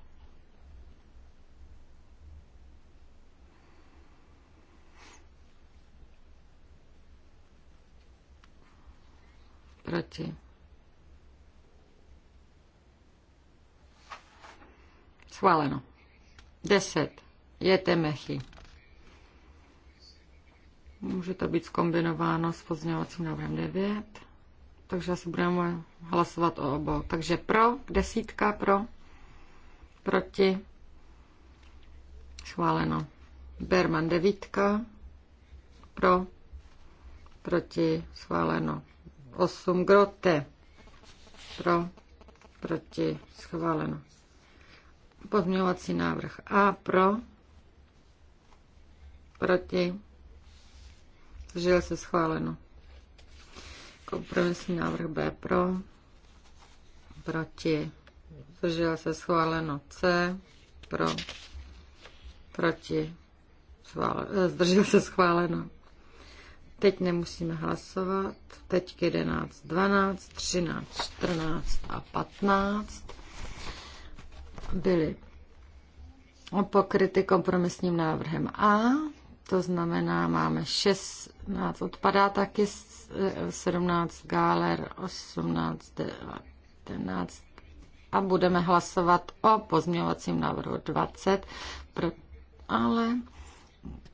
Proti. Schváleno. Deset. Jete mechy. Může to být skombinováno s pozměňovacím návrhem 9. Takže asi budeme hlasovat o obou. Takže pro, desítka pro, proti, schváleno. Berman devítka, pro, proti, schváleno. 8 grote, pro, proti, schváleno. Pozměňovací návrh A pro, proti, Zdržel se schváleno. Kompromisní návrh B pro. Proti. Zdržel se schváleno C. Pro. Proti. Eh, zdržel se schváleno. Teď nemusíme hlasovat. Teď 11, 12, 13, 14 a 15 byly pokryty kompromisním návrhem A. To znamená, máme 16, odpadá taky 17 eh, gáler, 18, 19 a budeme hlasovat o pozměňovacím návrhu 20, Pro, ale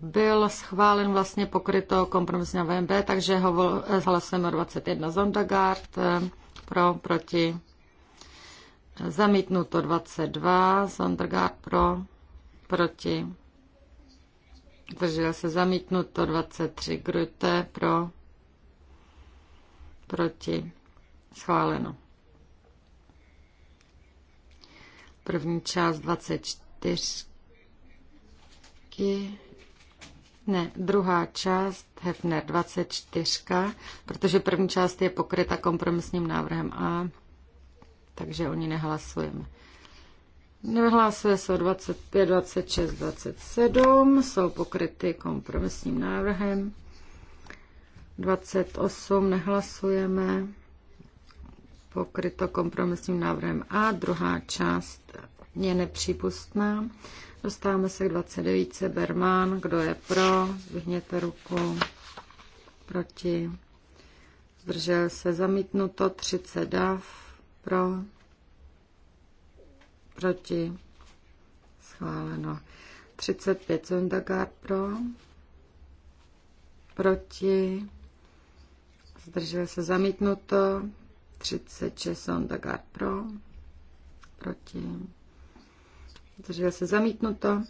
byl schválen vlastně pokryto kompromisní na VMB, takže ho eh, hlasujeme 21 Zondagard eh, pro, proti, zamítnuto 22 Zondagard pro, proti Zdržel se zamítnuto 23. Grute pro. Proti. Schváleno. První část 24. Ne, druhá část Hefner 24, protože první část je pokryta kompromisním návrhem A, takže o ní nehlasujeme. Nehlásuje se 25, 26, 27, jsou pokryty kompromisním návrhem. 28 nehlasujeme, pokryto kompromisním návrhem A. Druhá část je nepřípustná. Dostáváme se k 29. Berman, Kdo je pro? Zvihněte ruku. Proti. Zdržel se zamítnuto. 30 DAV. Pro proti, schváleno. 35 Sondagard pro, proti, zdržel se zamítnuto, 36 Sondagard pro, proti, zdržel se zamítnuto,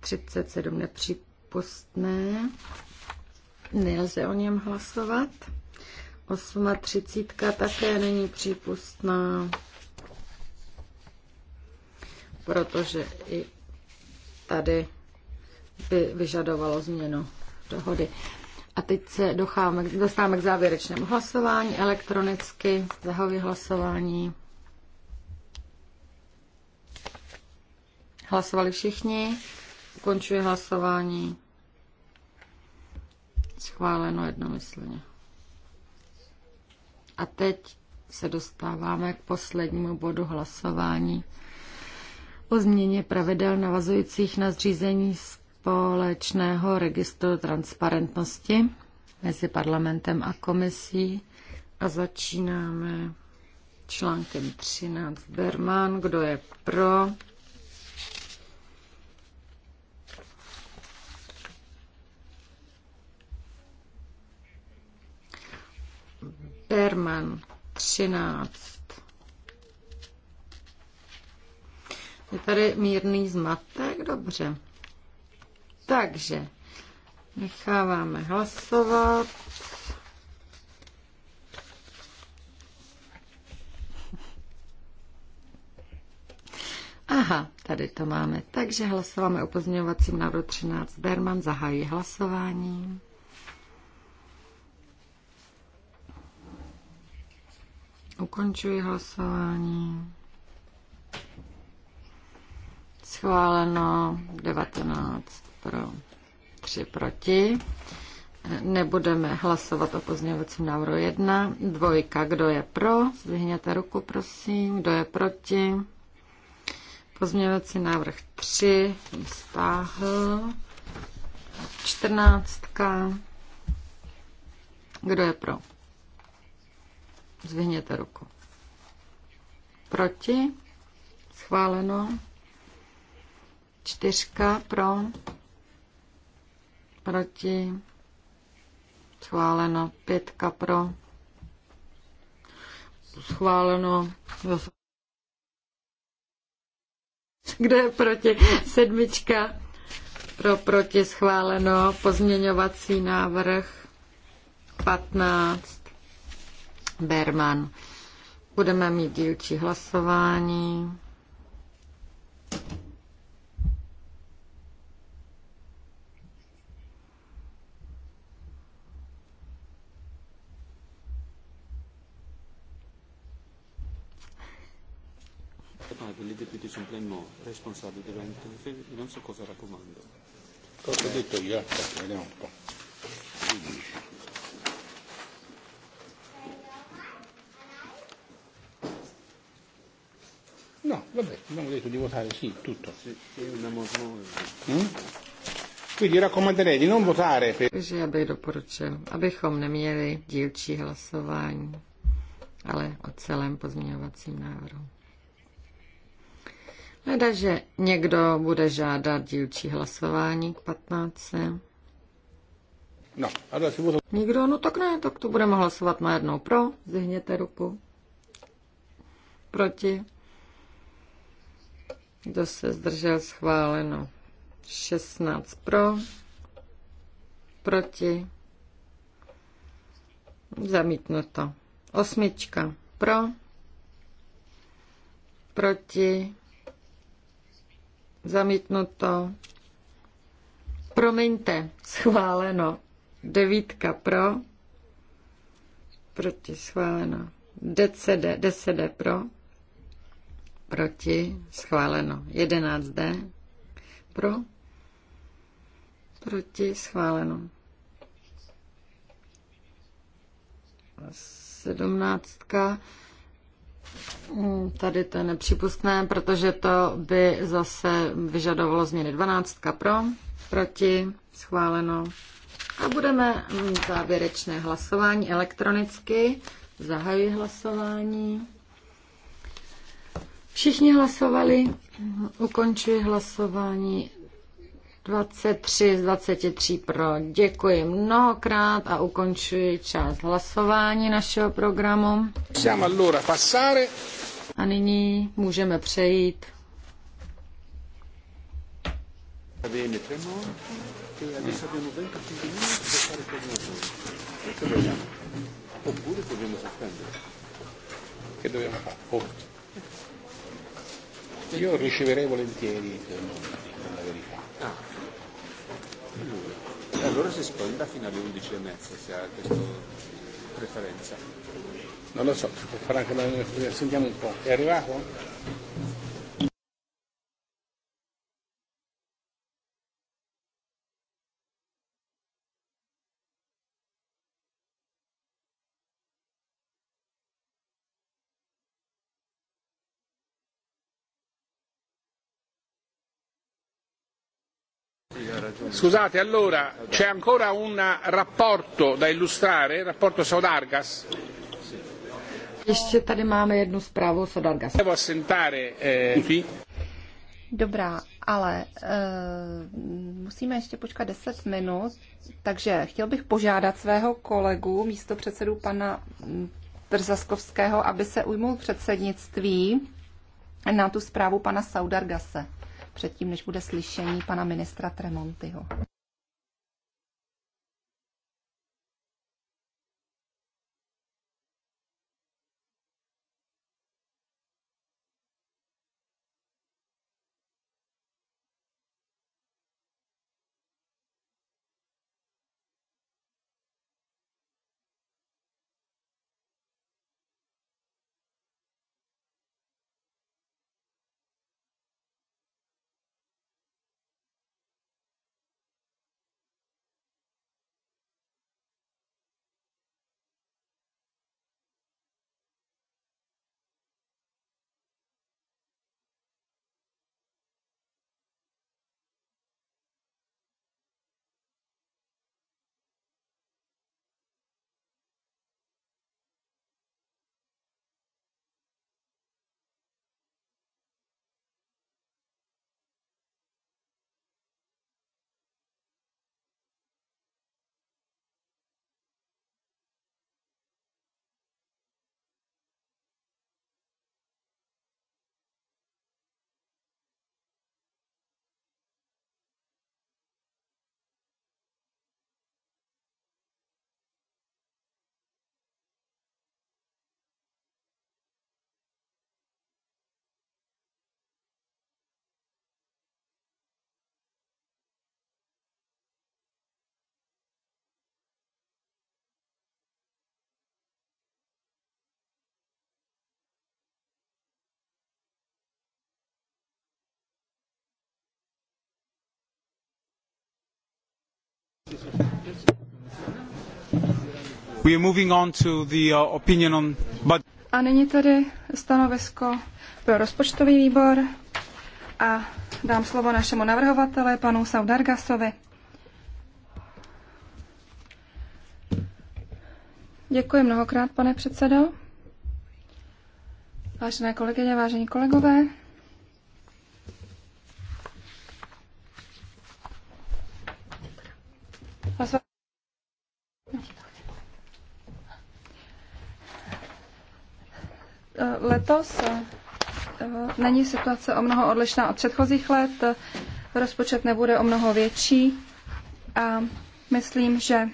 37 nepřípustné, nelze o něm hlasovat, 38 také není přípustná protože i tady by vyžadovalo změnu dohody. A teď se dostáváme k závěrečnému hlasování elektronicky. zahově hlasování. Hlasovali všichni. Ukončuji hlasování. Schváleno jednomyslně. A teď se dostáváme k poslednímu bodu hlasování o změně pravidel navazujících na zřízení společného registru transparentnosti mezi parlamentem a komisí a začínáme článkem 13 Berman. Kdo je pro? Berman 13. Je tady mírný zmatek, dobře. Takže necháváme hlasovat. Aha, tady to máme. Takže hlasováme o pozměňovacím návrhu 13. Berman zahájí hlasování. Ukončuji hlasování. Schváleno 19 pro 3 proti. Nebudeme hlasovat o pozměňovacím návrhu 1. Dvojka, kdo je pro? Zvihněte ruku, prosím. Kdo je proti? Pozměňovací návrh 3 stáhl. 14. Kdo je pro? Zvihněte ruku. Proti? Schváleno. Čtyřka pro, proti, schváleno. Pětka pro, schváleno. Kdo je proti? Sedmička pro, proti, schváleno. Pozměňovací návrh 15. Berman. Budeme mít dílčí hlasování. et les députés sont pleinement responsables de leur intervention, non so cosa raccomando. Cosa ho detto io? Aspetta, vediamo un po'. No, vabbè, abbiamo detto di votare sì, tutto. Sì, è una eh. mm? Quindi raccomanderei di non votare per... Takže já bych doporučil, abychom neměli dílčí hlasování, ale o celém pozměňovacím návrhu. Hleda, že někdo bude žádat dílčí hlasování k 15. No, Nikdo? No tak ne, tak to budeme hlasovat najednou pro. Zihněte ruku. Proti. Kdo se zdržel schváleno? 16 pro. Proti. Zamítnuto. Osmička pro. Proti. Zamítnuto. Promiňte, schváleno. Devítka pro. Proti, schváleno. DCD, DCD pro. Proti, schváleno. 11D pro. Proti, schváleno. 17. Mm, tady to je nepřípustné, protože to by zase vyžadovalo změny 12 pro, proti, schváleno. A budeme mm, závěrečné hlasování elektronicky. Zahajuji hlasování. Všichni hlasovali, ukončuji hlasování 23 z 23 pro. Děkuji mnohokrát a ukončuji část hlasování našeho programu. A nyní můžeme přejít Oh. Io riceverei volentieri la verità. Ah allora si sponda fino alle 11 e mezza se ha questa preferenza. Non lo so, si può fare anche la... sentiamo un po'. È arrivato? Scusate, allora c'è ancora un rapporto da illustrare, il rapporto Saudargas. Ještě tady máme jednu zprávu Sodargas. Devo assentare, eh, Dobrá, ale e, musíme ještě počkat 10 minut, takže chtěl bych požádat svého kolegu, místo předsedu pana Trzaskovského, aby se ujmul předsednictví na tu zprávu pana Saudargase předtím, než bude slyšení pana ministra Tremontyho. A nyní tedy stanovisko pro rozpočtový výbor a dám slovo našemu navrhovateli, panu Saudargasovi. Děkuji mnohokrát, pane předsedo. Vážené kolegyně, vážení kolegové, Eh, letos eh, není situace o mnoho odlišná od předchozích let. Rozpočet nebude o mnoho větší a myslím, že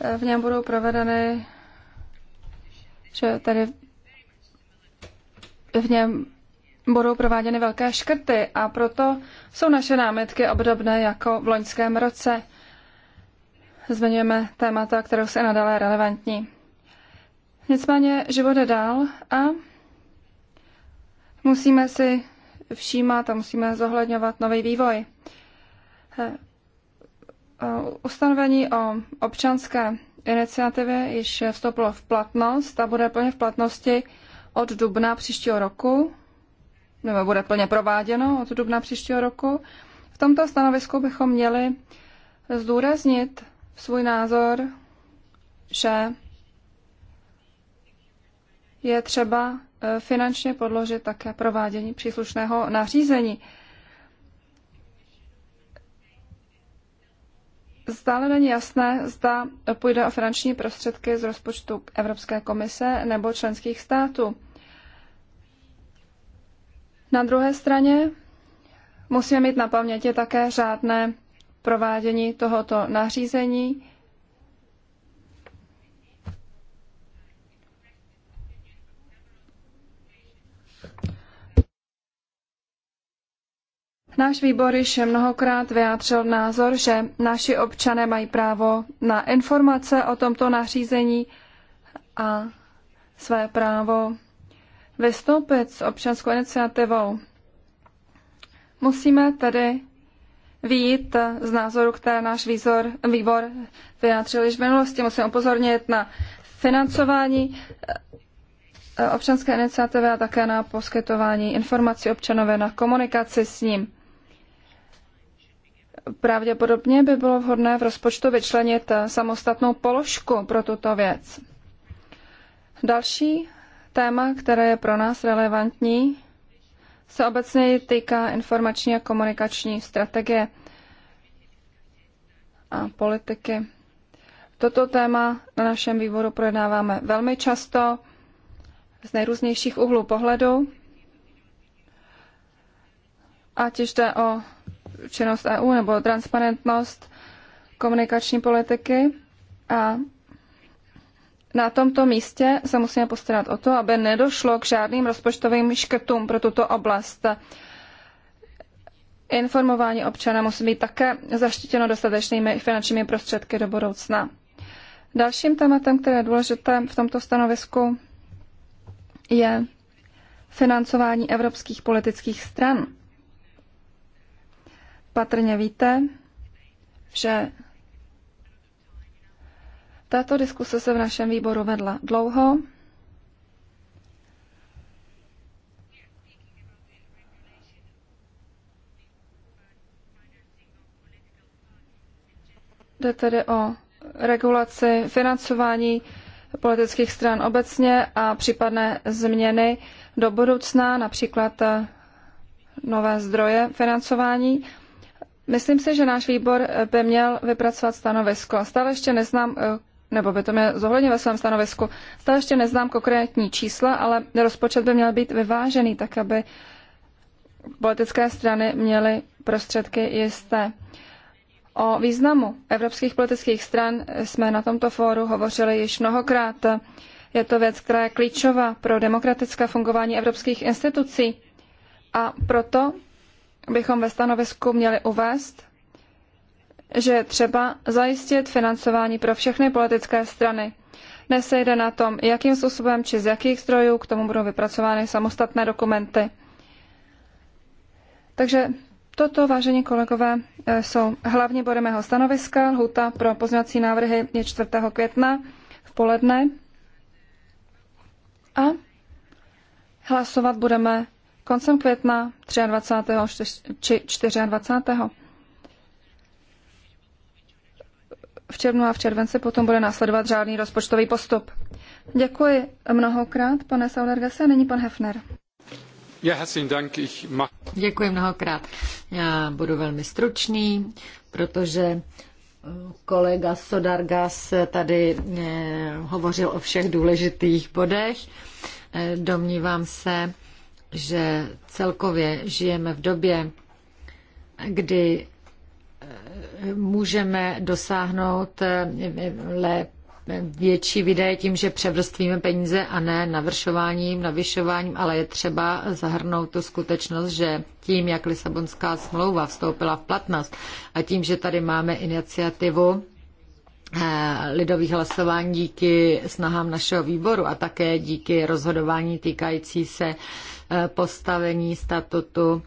eh, v něm budou provedeny, že tady v něm budou prováděny velké škrty a proto jsou naše námitky obdobné jako v loňském roce. Zmiňujeme témata, které se nadále relevantní. Nicméně život je dál a musíme si všímat a musíme zohledňovat nový vývoj. Eh, eh, ustanovení o občanské iniciativě již vstoupilo v platnost a bude plně v platnosti od dubna příštího roku, nebo bude plně prováděno od dubna příštího roku. V tomto stanovisku bychom měli zdůraznit svůj názor, že je třeba eh, finančně podložit také provádění příslušného nařízení. Zdále není jasné, zda půjde o finanční prostředky z rozpočtu Evropské komise nebo členských států. Na druhé straně musíme mít na paměti také řádné provádění tohoto nařízení Náš výbor již mnohokrát vyjádřil názor, že naši občané mají právo na informace o tomto nařízení a své právo vystoupit s občanskou iniciativou. Musíme tedy výjít z názoru, které náš výzor, výbor vyjádřil již v minulosti. Musíme upozornit na financování eh, občanské iniciativy a také na poskytování informací občanové na komunikaci s ním pravděpodobně by bylo vhodné v rozpočtu vyčlenit eh, samostatnou položku pro tuto věc. Další téma, které je pro nás relevantní, se obecně týká informační a komunikační strategie a politiky. Toto téma na našem výboru projednáváme velmi často z nejrůznějších úhlů pohledu, ať jde o činnost EU nebo transparentnost komunikační politiky a na tomto místě se musíme postarat o to, aby nedošlo k žádným rozpočtovým škrtům pro tuto oblast. Informování občana musí být také zaštítěno dostatečnými finančními prostředky do budoucna. Dalším tématem, které je důležité v tomto stanovisku, je financování evropských politických stran patrně víte, že tato diskuse se v našem výboru vedla dlouho. Jde tedy o regulaci financování politických stran obecně a případné změny do budoucna, například nové zdroje financování. Myslím si, že náš výbor eh, by měl vypracovat stanovisko. Stále ještě neznám, eh, nebo by to mě zohledně ve svém stanovisku, stále ještě neznám konkrétní čísla, ale rozpočet by měl být vyvážený, tak aby politické strany měly prostředky jisté. O významu evropských politických stran jsme na tomto fóru hovořili již mnohokrát. Je to věc, která je klíčová pro demokratické fungování evropských institucí. A proto bychom ve stanovisku měli uvést, že je třeba zajistit financování pro všechny politické strany. Nesejde na tom, jakým způsobem či z jakých zdrojů k tomu budou vypracovány samostatné dokumenty. Takže toto, vážení kolegové, eh, jsou hlavní body mého stanoviska. Lhuta pro pozměňovací návrhy je 4. května v poledne. A hlasovat budeme koncem května 23. či 24. V červnu a v červenci potom bude následovat řádný rozpočtový postup. Děkuji mnohokrát, pane Saulergase, a pan Hefner. Děkuji mnohokrát. Já budu velmi stručný, protože kolega Sodargas tady eh, hovořil o všech důležitých bodech. Eh, domnívám se, že celkově žijeme v době, kdy eh, můžeme dosáhnout eh, lépe větší výdaje tím, že převrstvíme peníze a ne navršováním, navyšováním, ale je třeba zahrnout tu skutečnost, že tím, jak Lisabonská smlouva vstoupila v platnost a tím, že tady máme iniciativu eh, lidových hlasování díky snahám našeho výboru a také díky rozhodování týkající se postavení statutu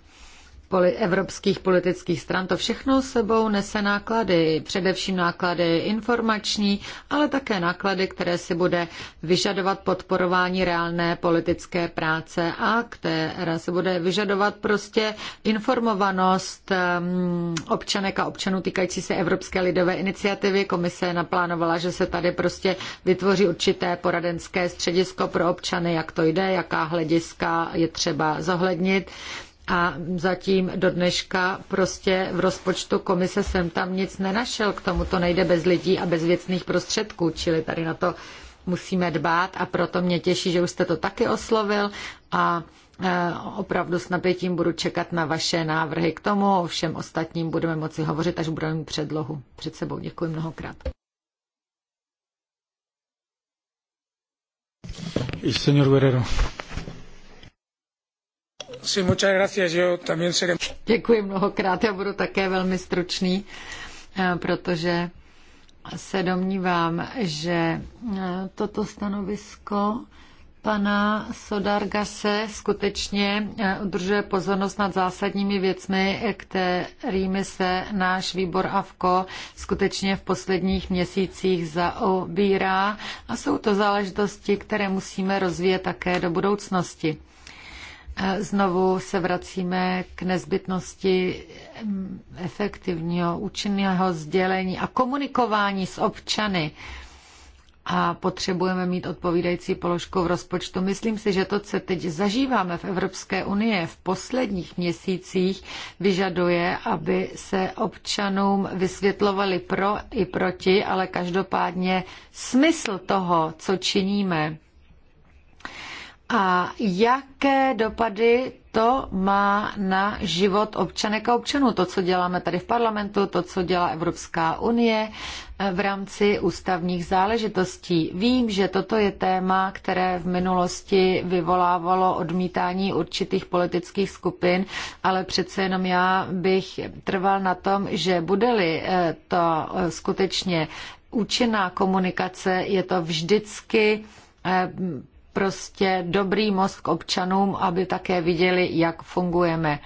poli- evropských politických stran. To všechno sebou nese náklady, především náklady informační, ale také náklady, které si bude vyžadovat podporování reálné politické práce a které se bude vyžadovat prostě informovanost ehm, občanek a občanů týkající se Evropské lidové iniciativy. Komise naplánovala, že se tady prostě vytvoří určité poradenské středisko pro občany, jak to jde, jaká hlediska je třeba zohlednit a zatím do dneška prostě v rozpočtu komise jsem tam nic nenašel. K tomu to nejde bez lidí a bez věcných prostředků, čili tady na to musíme dbát a proto mě těší, že už jste to taky oslovil a e, opravdu s napětím budu čekat na vaše návrhy k tomu. O všem ostatním budeme moci hovořit, až budeme mít předlohu před sebou. Děkuji mnohokrát. Guerrero. Děkuji mnohokrát, já budu také velmi stručný, eh, protože se domnívám, že eh, toto stanovisko pana se skutečně eh, udržuje pozornost nad zásadními věcmi, kterými se náš výbor AVKO skutečně v posledních měsících zaobírá a jsou to záležitosti, které musíme rozvíjet také do budoucnosti. Znovu se vracíme k nezbytnosti mm, efektivního, účinného sdělení a komunikování s občany a potřebujeme mít odpovídající položku v rozpočtu. Myslím si, že to, co teď zažíváme v Evropské unii v posledních měsících, vyžaduje, aby se občanům vysvětlovali pro i proti, ale každopádně smysl toho, co činíme, a jaké dopady to má na život občanek a občanů? To, co děláme tady v parlamentu, to, co dělá Evropská unie eh, v rámci ústavních záležitostí. Vím, že toto je téma, které v minulosti vyvolávalo odmítání určitých politických skupin, ale přece jenom já bych trval na tom, že bude-li eh, to eh, skutečně účinná komunikace, je to vždycky prostě dobrý most k občanům, aby také viděli, jak fungujeme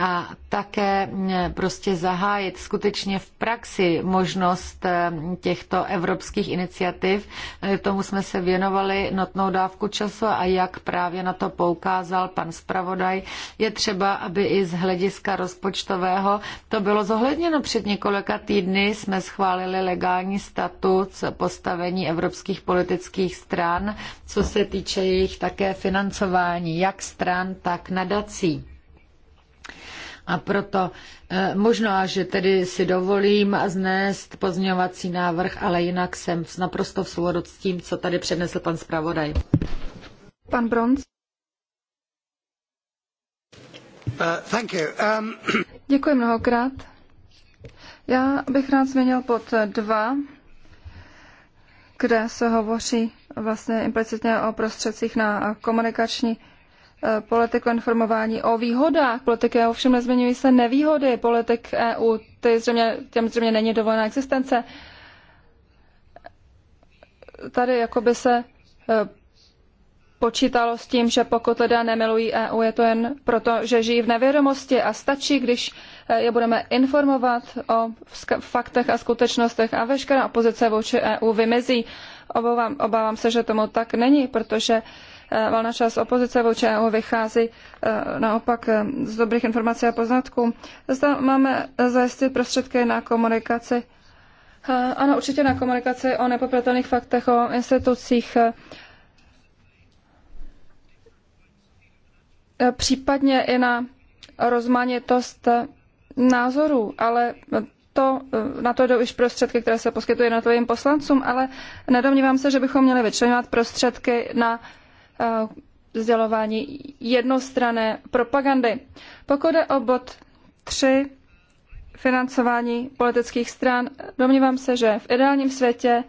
a také mm, prostě zahájit skutečně v praxi možnost mm, těchto evropských iniciativ. E, tomu jsme se věnovali notnou dávku času a jak právě na to poukázal pan zpravodaj, je třeba, aby i z hlediska rozpočtového to bylo zohledněno. Před několika týdny jsme schválili legální statut postavení evropských politických stran, co se týče jejich také financování, jak stran, tak nadací. A proto eh, možná, že tedy si dovolím znést pozměňovací návrh, ale jinak jsem naprosto v souladu s tím, co tady přednesl pan zpravodaj. Pan Bronz. Uh, thank you. Um... Děkuji mnohokrát. Já bych rád změnil pod dva, kde se hovoří vlastně implicitně o prostředcích na komunikační Eh, politiku informování o výhodách politiky, ovšem nezmiňují se nevýhody politik EU, ty zřejmě, těm zřejmě není dovolená existence. Tady jakoby se eh, počítalo s tím, že pokud lidé nemilují EU, je to jen proto, že žijí v nevědomosti a stačí, když eh, je budeme informovat o faktech a skutečnostech a veškerá opozice vůči EU vymizí. Obávám, obávám se, že tomu tak není, protože Eh, valná část opozice vůči EU vychází eh, naopak eh, z dobrých informací a poznatků. Zda máme zajistit prostředky na komunikaci. Ano, určitě na komunikaci o nepopratelných faktech, o institucích, případně i na rozmanitost názorů, ale to, na to jdou již prostředky, které se poskytují tvojím poslancům, ale nedomnívám se, že bychom měli vyčlenovat prostředky na sdělování eh, jednostrané propagandy. Pokud je o bod 3, financování politických stran, domnívám se, že v ideálním světě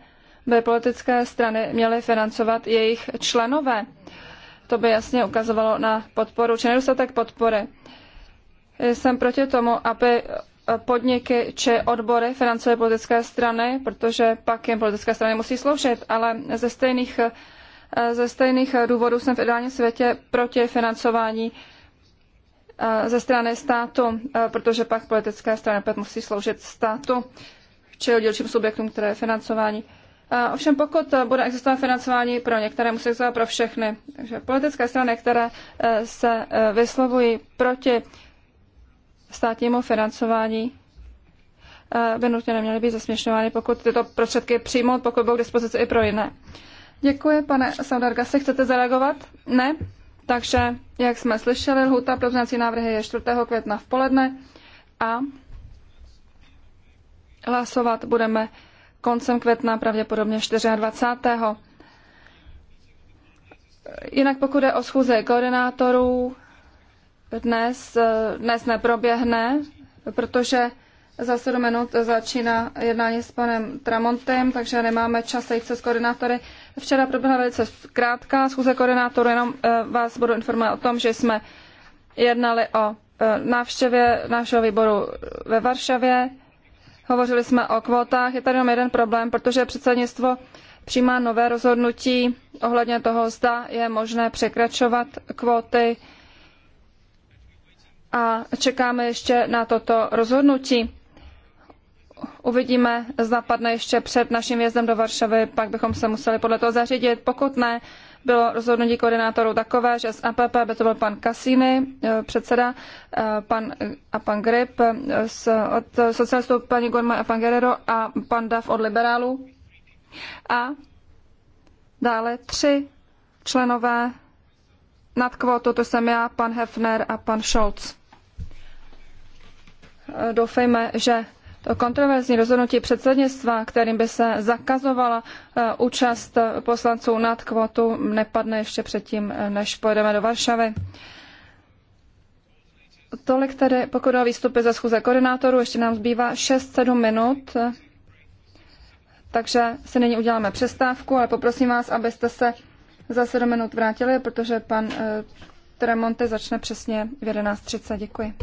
by politické strany měly financovat jejich členové. To by jasně ukazovalo na podporu či nedostatek podpory. Jsem proti tomu, aby podniky či odbory financovaly politické strany, protože pak jim politické strany musí sloužit, ale ze stejných Eh, ze stejných eh, důvodů jsem v ideálním světě proti financování eh, ze strany státu, protože pak politická strana opět musí sloužit státu či dílčím subjektům, které je financování. Ovšem pokud bude existovat financování pro některé, musí existovat pro všechny. Takže politické strany, které se vyslovují proti státnímu financování, by nutně neměly být zasměšňovány, pokud tyto prostředky přijmou, pokud budou k dispozici i pro jiné. Děkuji, pane Saudarga. Se chcete zareagovat? Ne? Takže, jak jsme slyšeli, lhuta pro vznací návrhy je 4. května v poledne a hlasovat budeme koncem května, pravděpodobně 24. Jinak pokud je o schůze koordinátorů, dnes, dnes neproběhne, protože za sedm minut začíná jednání s panem Tramontem, takže nemáme čas sejít se s koordinátory. Včera proběhla velice krátká schůze koordinátoru, jenom eh, vás budu informovat o tom, že jsme jednali o eh, návštěvě našeho výboru eh, ve Varšavě. Hovořili jsme o kvótách. Je tady jenom jeden problém, protože předsednictvo přijímá nové rozhodnutí ohledně toho, zda je možné překračovat kvóty a čekáme ještě na toto rozhodnutí uvidíme, zda padne ještě před naším vjezdem do Varšavy, pak bychom se museli podle toho zařídit. Pokud ne, bylo rozhodnutí koordinátorů takové, že z APP by to byl pan Cassini, eh, předseda, eh, pan, a pan Grip, eh, z, od socialistů paní Gorma a pan Guerrero a pan Dav od liberálů. A dále tři členové nad kvotu, to jsem já, pan Hefner a pan Scholz. Doufejme, že to kontroverzní rozhodnutí předsednictva, kterým by se zakazovala eh, účast poslanců nad kvotu, nepadne ještě předtím, eh, než pojedeme do Varšavy. Tolik tedy, pokud o výstupy ze schůze koordinátorů, ještě nám zbývá 6-7 minut, eh, takže si nyní uděláme přestávku, ale poprosím vás, abyste se za 7 minut vrátili, protože pan Tremonte začne přesně v 11.30. Děkuji.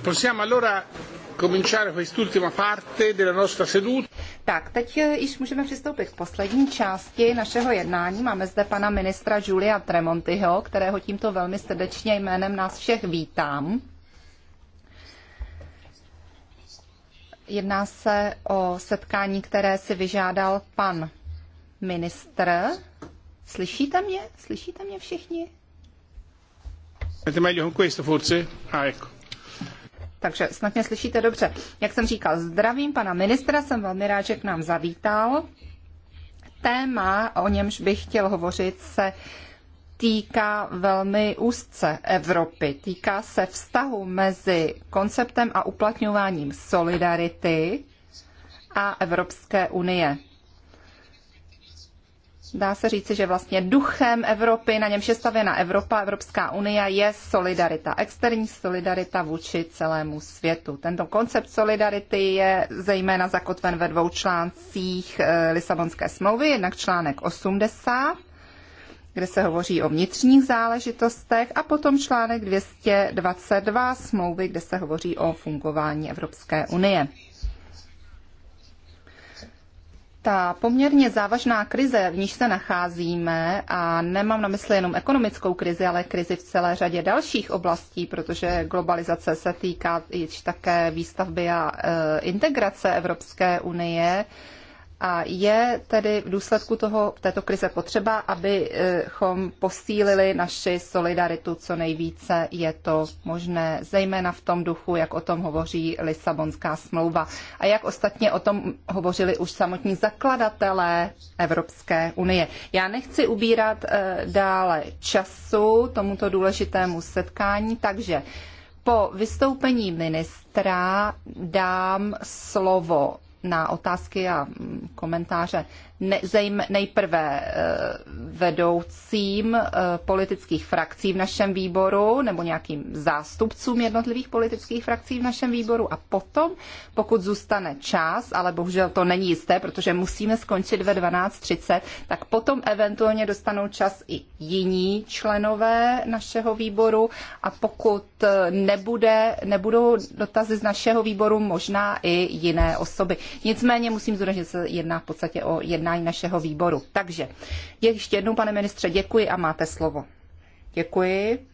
Possiamo allora cominciare quest'ultima parte della nostra seduta. Tak, teď již můžeme přistoupit k poslední části našeho jednání. Máme zde pana ministra Julia Tremontyho, kterého tímto velmi srdečně jménem nás všech vítám. Jedná se o setkání, které si vyžádal pan ministr. Slyšíte mě? Slyšíte mě všichni? Máte meglio con questo forse? Ah, ecco takže snad mě slyšíte dobře. Jak jsem říkal, zdravím pana ministra, jsem velmi rád, že k nám zavítal. Téma, o němž bych chtěl hovořit, se týká velmi úzce Evropy. Týká se vztahu mezi konceptem a uplatňováním solidarity a Evropské unie dá se říci, že vlastně duchem Evropy, na němž je stavěna Evropa, Evropská unie, je solidarita, externí solidarita vůči celému světu. Tento koncept solidarity je zejména zakotven ve dvou článcích eh, Lisabonské smlouvy, jednak článek 80, kde se hovoří o vnitřních záležitostech a potom článek 222 smlouvy, kde se hovoří o fungování Evropské unie ta poměrně závažná krize, v níž se nacházíme, a nemám na mysli jenom ekonomickou krizi, ale krizi v celé řadě dalších oblastí, protože globalizace se týká již také výstavby a e, integrace Evropské unie, e, a je tedy v důsledku toho, této krize potřeba, abychom posílili naši solidaritu co nejvíce je to možné, zejména v tom duchu, jak o tom hovoří Lisabonská smlouva a jak ostatně o tom hovořili už samotní zakladatelé Evropské unie. Já nechci ubírat eh, dále času tomuto důležitému setkání, takže po vystoupení ministra dám slovo na otázky a komentáře ne, nejprve eh, vedoucím eh, politických frakcí v našem výboru nebo nějakým zástupcům jednotlivých politických frakcí v našem výboru a potom, pokud zůstane čas, ale bohužel to není jisté, protože musíme skončit ve 12.30, tak potom eventuálně dostanou čas i jiní členové našeho výboru a pokud eh, nebude, nebudou dotazy z našeho výboru, možná i jiné osoby. Nicméně musím zdůraznit, že se jedná v podstatě o jedná jednání našeho výboru. Takže ještě jednou, pane ministře, děkuji a máte slovo. Děkuji.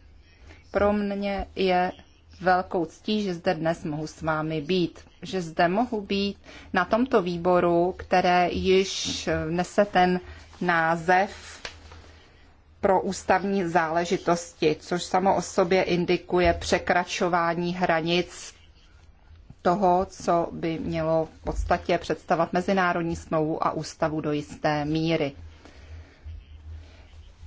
Pro mě je velkou ctí, že zde dnes mohu s vámi být, že zde mohu být na tomto výboru, které již eh, nese ten název pro ústavní záležitosti, což samo o sobě indikuje překračování hranic toho, co by mělo v podstatě představovat mezinárodní smlouvu a ústavu do jisté míry.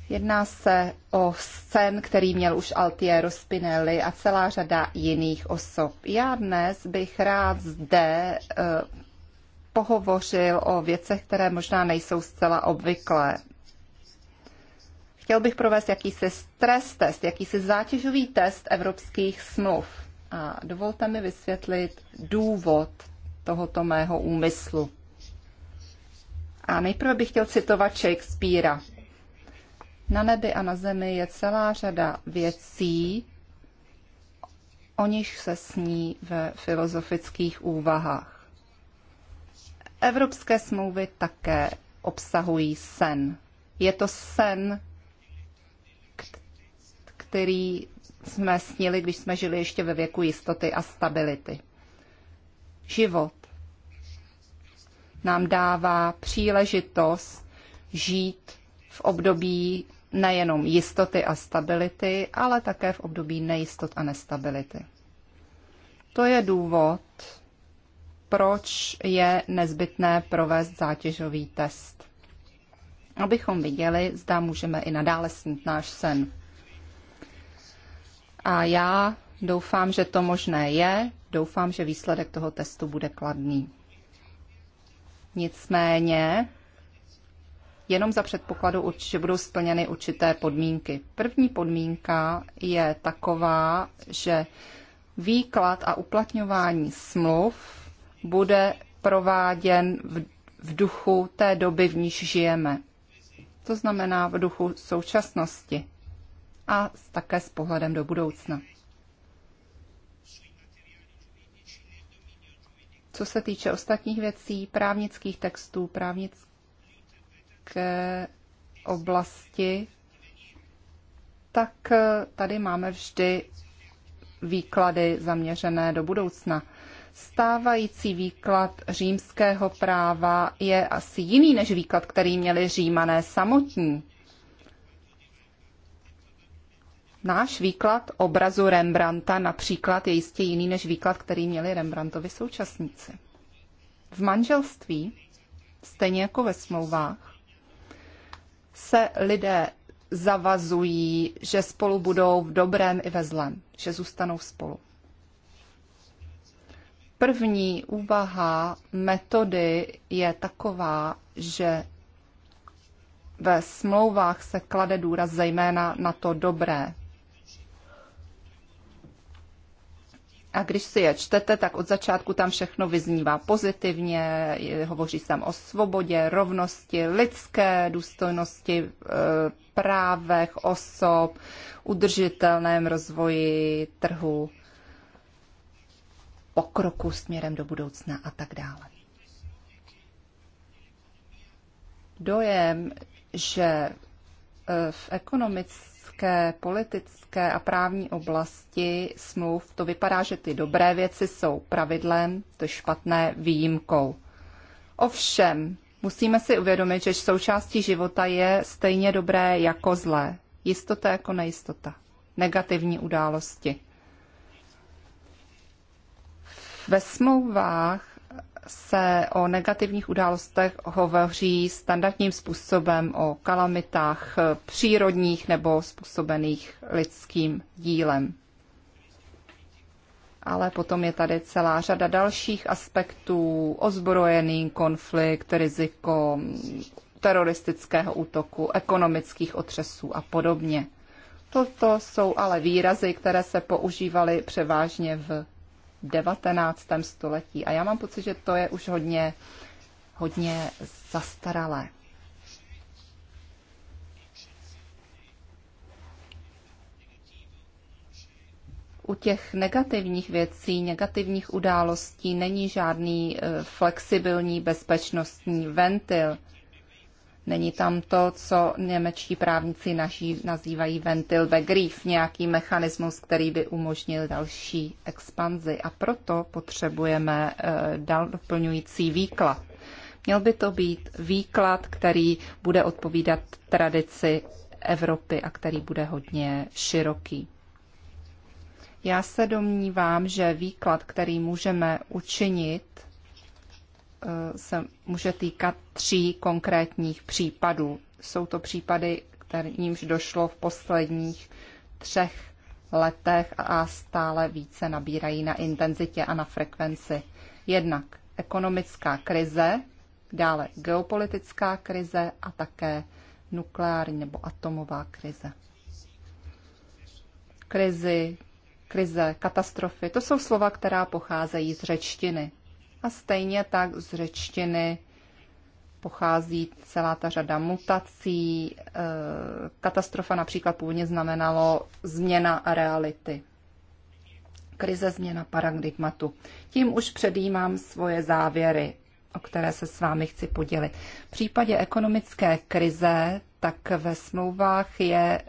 Jedná se o scén, který měl už Altiero Spinelli a celá řada jiných osob. Já dnes bych rád zde eh, pohovořil o věcech, které možná nejsou zcela obvyklé. Chtěl bych provést jakýsi stres test, jakýsi zátěžový test evropských smluv a dovolte mi vysvětlit důvod tohoto mého úmyslu. A nejprve bych chtěl citovat Shakespearea. Na nebi a na zemi je celá řada věcí, o nich se sní ve filozofických úvahách. Evropské smlouvy také obsahují sen. Je to sen, který jsme snili, když jsme žili ještě ve věku jistoty a stability. Život nám dává příležitost žít v období nejenom jistoty a stability, ale také v období nejistot a nestability. To je důvod, proč je nezbytné provést zátěžový test. Abychom viděli, zda můžeme i nadále snít náš sen a já doufám, že to možné je. Doufám, že výsledek toho testu bude kladný. Nicméně, jenom za předpokladu, že budou splněny určité podmínky. První podmínka je taková, že výklad a uplatňování smluv bude prováděn v, v duchu té doby, v níž žijeme. To znamená v duchu současnosti a také s pohledem do budoucna. Co se týče ostatních věcí, právnických textů, právnické oblasti, tak eh, tady máme vždy výklady zaměřené do budoucna. Stávající výklad římského práva je asi jiný než výklad, který měli římané samotní. Náš výklad obrazu Rembrandta například je jistě jiný než výklad, který měli Rembrandtovi současníci. V manželství, stejně jako ve smlouvách, se lidé zavazují, že spolu budou v dobrém i ve zlem, že zůstanou spolu. První úvaha metody je taková, že ve smlouvách se klade důraz zejména na to dobré, A když si je čtete, tak od začátku tam všechno vyznívá pozitivně, hovoří se tam o svobodě, rovnosti, lidské důstojnosti, e, právech osob, udržitelném rozvoji trhu, pokroku směrem do budoucna a tak dále. Dojem, že e, v ekonomice ekonomické, politické a právní oblasti smluv to vypadá, že ty dobré věci jsou pravidlem, to špatné výjimkou. Ovšem, musíme si uvědomit, že součástí života je stejně dobré jako zlé. Jistota jako nejistota. Negativní události. Ve smlouvách se o negativních událostech hovoří standardním způsobem o kalamitách eh, přírodních nebo způsobených lidským dílem. Ale potom je tady celá řada dalších aspektů, ozbrojený konflikt, riziko teroristického útoku, ekonomických otřesů a podobně. Toto jsou ale výrazy, které se používaly převážně v 19. století. A já mám pocit, že to je už hodně, hodně zastaralé. u těch negativních věcí, negativních událostí není žádný eh, flexibilní bezpečnostní ventil. Není tam to, co němečtí právníci naží, nazývají ventil grief, nějaký mechanismus, který by umožnil další expanzi. A proto potřebujeme eh, dal doplňující výklad. Měl by to být výklad, který bude odpovídat tradici Evropy a který bude hodně široký. Já se domnívám, že výklad, který můžeme učinit, se může týkat tří konkrétních případů. Jsou to případy, kterýmž došlo v posledních třech letech a stále více nabírají na intenzitě a na frekvenci. Jednak ekonomická krize, dále geopolitická krize a také nukleární nebo atomová krize. Krizi, krize, katastrofy, to jsou slova, která pocházejí z řečtiny a stejně tak z řečtiny pochází celá ta řada mutací. E, katastrofa například původně znamenalo změna reality. Krize změna paradigmatu. Tím už předjímám svoje závěry, o které se s vámi chci podělit. V případě ekonomické krize, tak ve smlouvách je e,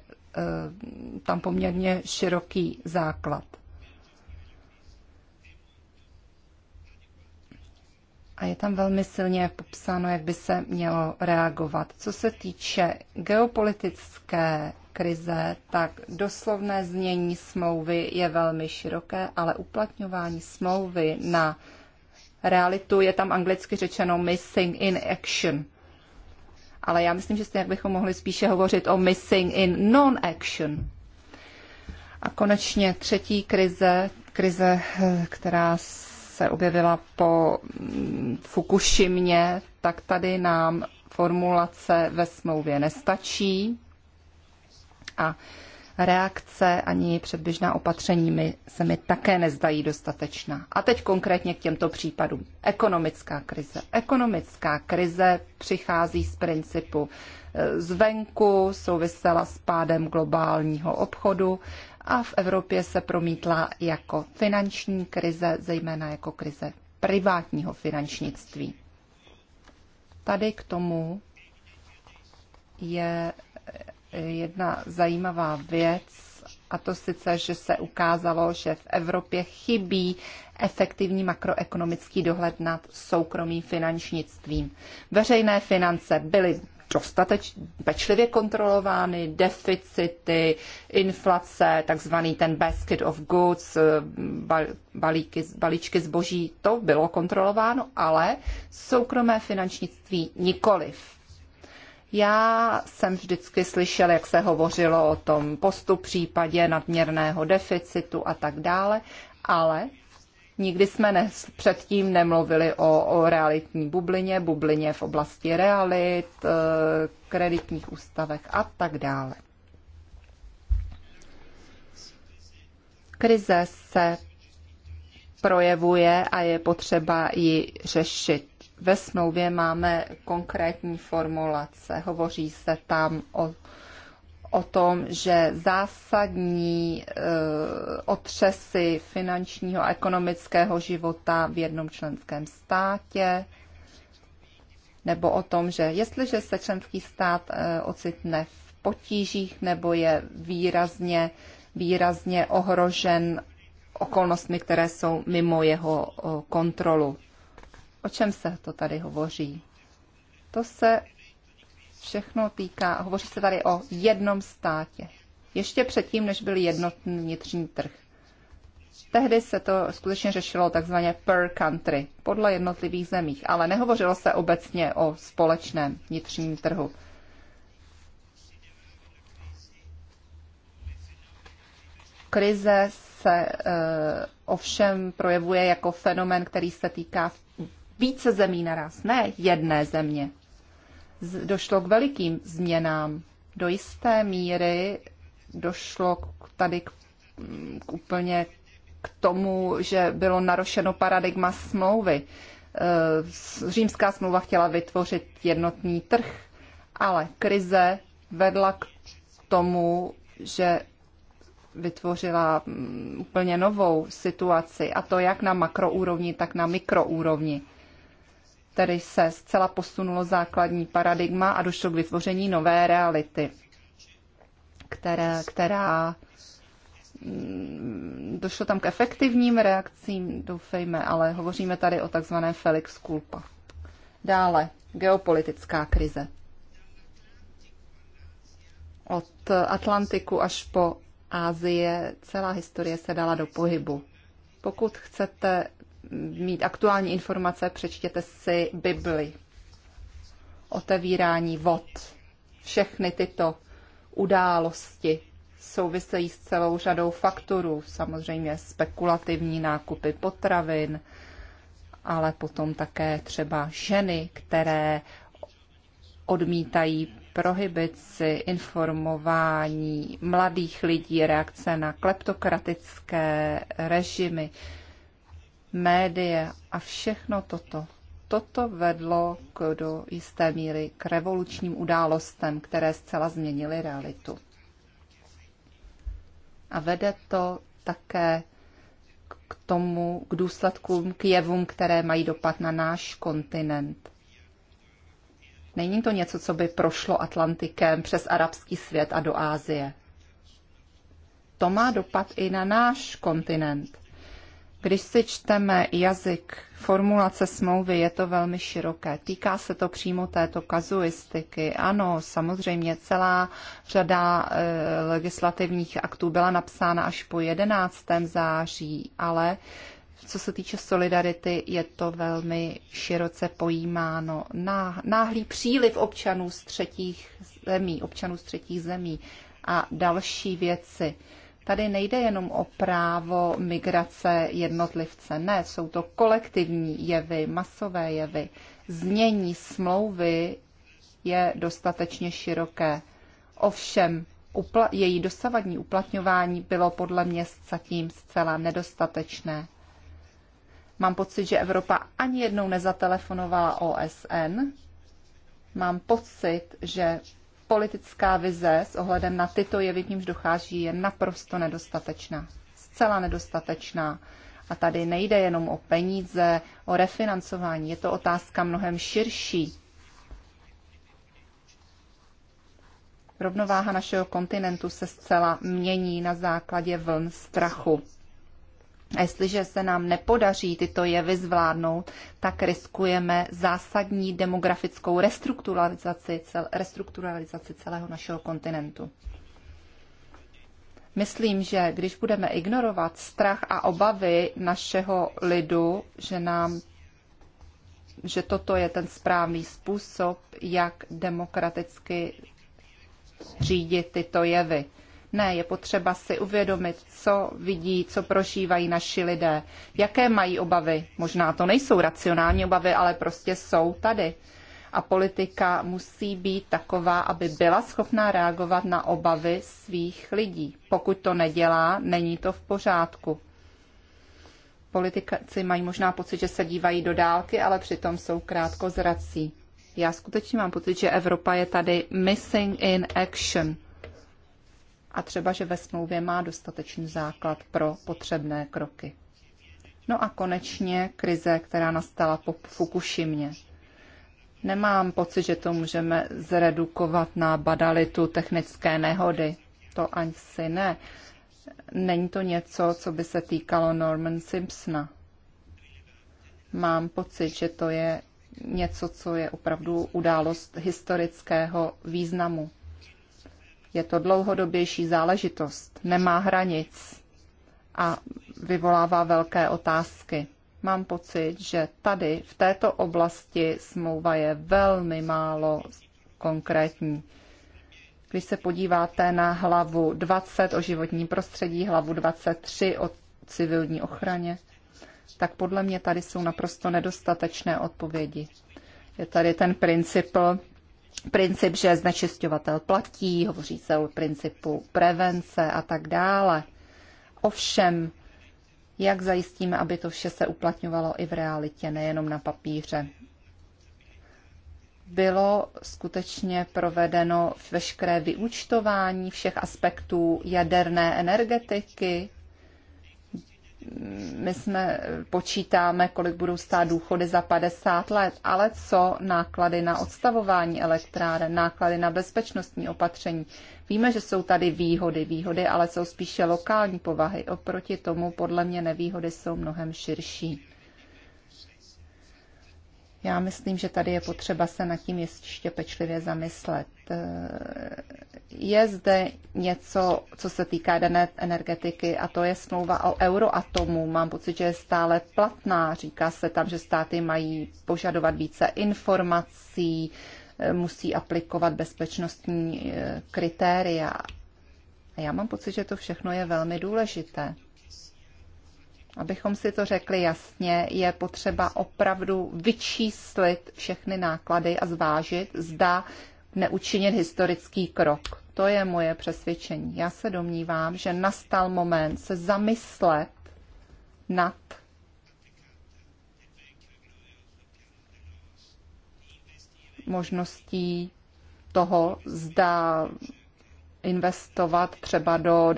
tam poměrně široký základ. a je tam velmi silně popsáno, jak by se mělo reagovat. Co se týče geopolitické krize, tak doslovné znění smlouvy je velmi široké, ale uplatňování smlouvy na realitu je tam anglicky řečeno missing in action. Ale já myslím, že stejně bychom mohli spíše hovořit o missing in non-action. A konečně třetí krize, krize, eh, která se objevila po mm, Fukušimě, tak tady nám formulace ve smlouvě nestačí a reakce ani předběžná opatření mi, se mi také nezdají dostatečná. A teď konkrétně k těmto případům. Ekonomická krize. Ekonomická krize přichází z principu e, zvenku, souvisela s pádem globálního obchodu a v Evropě se promítla jako finanční krize, zejména jako krize privátního finančnictví. Tady k tomu je eh, jedna zajímavá věc, a to sice, že se ukázalo, že v Evropě chybí efektivní makroekonomický dohled nad soukromým finančnictvím. Veřejné finance byly dostateč, pečlivě kontrolovány, deficity, inflace, takzvaný ten basket of goods, eh, balíky, balíčky zboží, to bylo kontrolováno, ale soukromé finančnictví nikoliv. Já jsem vždycky slyšel, jak se hovořilo o tom postu případě nadměrného deficitu a tak dále, ale Nikdy jsme ne, předtím nemluvili o, o realitní bublině, bublině v oblasti realit, e, kreditních ústavech a tak dále. Krize se projevuje a je potřeba ji řešit. Ve smlouvě máme konkrétní formulace. Hovoří se tam o o tom, že zásadní eh, otřesy finančního a ekonomického života v jednom členském státě nebo o tom, že jestliže se členský stát eh, ocitne v potížích nebo je výrazně, výrazně ohrožen okolnostmi, které jsou mimo jeho eh, kontrolu. O čem se to tady hovoří? To se všechno týká, hovoří se tady o jednom státě. Ještě předtím, než byl jednotný vnitřní trh. Tehdy se to skutečně řešilo takzvaně per country, podle jednotlivých zemích, ale nehovořilo se obecně o společném vnitřním trhu. Krize se uh, ovšem projevuje jako fenomen, který se týká více zemí naraz, ne jedné země došlo k velikým změnám. Do jisté míry došlo k, tady k, k úplně k tomu, že bylo narošeno paradigma smlouvy. E, římská smlouva chtěla vytvořit jednotný trh, ale krize vedla k tomu, že vytvořila mm, úplně novou situaci, a to jak na makroúrovni, tak na mikroúrovni. Tedy se zcela posunulo základní paradigma a došlo k vytvoření nové reality, které, která mm, došlo tam k efektivním reakcím, doufejme, ale hovoříme tady o takzvané Felix Kulpa. Dále, geopolitická krize. Od Atlantiku až po Ázie celá historie se dala do pohybu. Pokud chcete mít aktuální informace, přečtěte si Bibli. Otevírání vod. Všechny tyto události souvisejí s celou řadou faktorů. Samozřejmě spekulativní nákupy potravin, ale potom také třeba ženy, které odmítají prohibici, informování mladých lidí, reakce na kleptokratické režimy média a všechno toto. Toto vedlo k, do jisté míry k revolučním událostem, které zcela změnily realitu. A vede to také k tomu, k důsledkům, k jevům, které mají dopad na náš kontinent. Není to něco, co by prošlo Atlantikem přes arabský svět a do Ázie. To má dopad i na náš kontinent. Když si čteme jazyk formulace smlouvy, je to velmi široké. Týká se to přímo této kazuistiky. Ano, samozřejmě celá řada e, legislativních aktů byla napsána až po 11. září, ale co se týče solidarity, je to velmi široce pojímáno. Náhlý příliv občanů z třetích zemí, občanů z třetích zemí a další věci. Tady nejde jenom o právo migrace jednotlivce, ne, jsou to kolektivní jevy, masové jevy. Znění smlouvy je dostatečně široké. Ovšem, upla- její dosavadní uplatňování bylo podle mě zatím zcela nedostatečné. Mám pocit, že Evropa ani jednou nezatelefonovala OSN. Mám pocit, že politická vize s ohledem na tyto jevy, k nímž dochází, je naprosto nedostatečná. Zcela nedostatečná. A tady nejde jenom o peníze, o refinancování, je to otázka mnohem širší. Rovnováha našeho kontinentu se zcela mění na základě vln strachu. A jestliže se nám nepodaří tyto jevy zvládnout, tak riskujeme zásadní demografickou restrukturalizaci, cel, restrukturalizaci celého našeho kontinentu. Myslím, že když budeme ignorovat strach a obavy našeho lidu, že nám že toto je ten správný způsob, jak demokraticky řídit tyto jevy. Ne, je potřeba si uvědomit, co vidí, co prožívají naši lidé, jaké mají obavy. Možná to nejsou racionální obavy, ale prostě jsou tady. A politika musí být taková, aby byla schopná reagovat na obavy svých lidí. Pokud to nedělá, není to v pořádku. Politici mají možná pocit, že se dívají do dálky, ale přitom jsou krátko zrací. Já skutečně mám pocit, že Evropa je tady missing in action – a třeba, že ve smlouvě má dostatečný základ pro potřebné kroky. No a konečně krize, která nastala po Fukušimě. Nemám pocit, že to můžeme zredukovat na badalitu technické nehody. To ani si ne. Není to něco, co by se týkalo Norman Simpsona. Mám pocit, že to je něco, co je opravdu událost historického významu. Je to dlouhodobější záležitost, nemá hranic a vyvolává velké otázky. Mám pocit, že tady v této oblasti smlouva je velmi málo konkrétní. Když se podíváte na hlavu 20 o životním prostředí, hlavu 23 o civilní ochraně, tak podle mě tady jsou naprosto nedostatečné odpovědi. Je tady ten princip princip, že znečišťovatel platí, hovoří se o principu prevence a tak dále. Ovšem, jak zajistíme, aby to vše se uplatňovalo i v realitě, nejenom na papíře? Bylo skutečně provedeno veškeré vyúčtování všech aspektů jaderné energetiky, my jsme počítáme, kolik budou stát důchody za 50 let, ale co náklady na odstavování elektráren, náklady na bezpečnostní opatření. Víme, že jsou tady výhody, výhody ale jsou spíše lokální povahy. Oproti tomu podle mě nevýhody jsou mnohem širší. Já myslím, že tady je potřeba se nad tím ještě pečlivě zamyslet. Eh, je zde něco, co se týká dané energetiky, a to je smlouva o euroatomu. Mám pocit, že je stále platná. Říká se tam, že státy mají požadovat více informací, eh, musí aplikovat bezpečnostní eh, kritéria. A já mám pocit, že to všechno je velmi důležité. Abychom si to řekli jasně, je potřeba opravdu vyčíslit všechny náklady a zvážit, zda neučinit historický krok. To je moje přesvědčení. Já se domnívám, že nastal moment se zamyslet nad možností toho, zda investovat třeba do,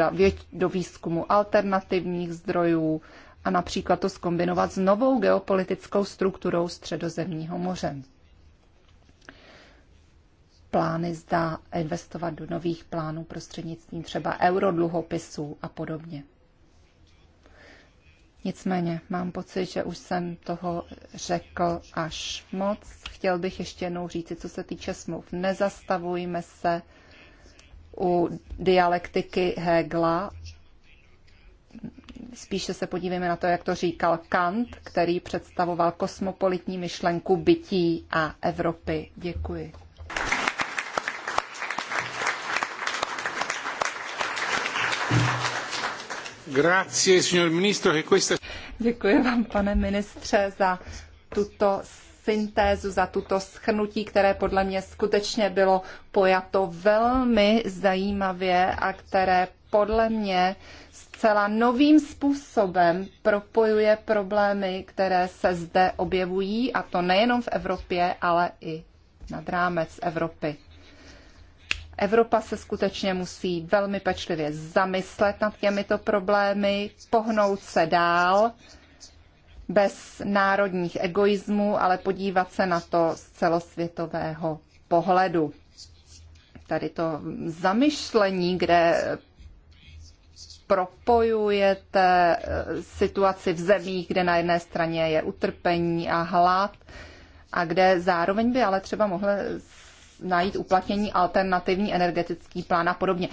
do výzkumu alternativních zdrojů, a například to skombinovat s novou geopolitickou strukturou Středozemního moře. Plány zda investovat do nových plánů prostřednictvím třeba eurodluhopisů a podobně. Nicméně mám pocit, že už jsem toho řekl až moc. Chtěl bych ještě jednou říci, co se týče smluv. Nezastavujme se u dialektiky Hegla Spíše se podívejme na to, jak to říkal Kant, který představoval kosmopolitní myšlenku bytí a Evropy. Děkuji. Grazie, signor ministro, che questa... Děkuji vám, pane ministře, za tuto syntézu, za tuto schnutí, které podle mě skutečně bylo pojato velmi zajímavě a které podle mě zcela novým způsobem propojuje problémy, které se zde objevují, a to nejenom v Evropě, ale i nad rámec Evropy. Evropa se skutečně musí velmi pečlivě zamyslet nad těmito problémy, pohnout se dál bez národních egoismů, ale podívat se na to z celosvětového pohledu. Tady to zamyšlení, kde propojujete eh, situaci v zemích, kde na jedné straně je utrpení a hlad a kde zároveň by ale třeba mohly najít uplatnění alternativní energetický plán a podobně.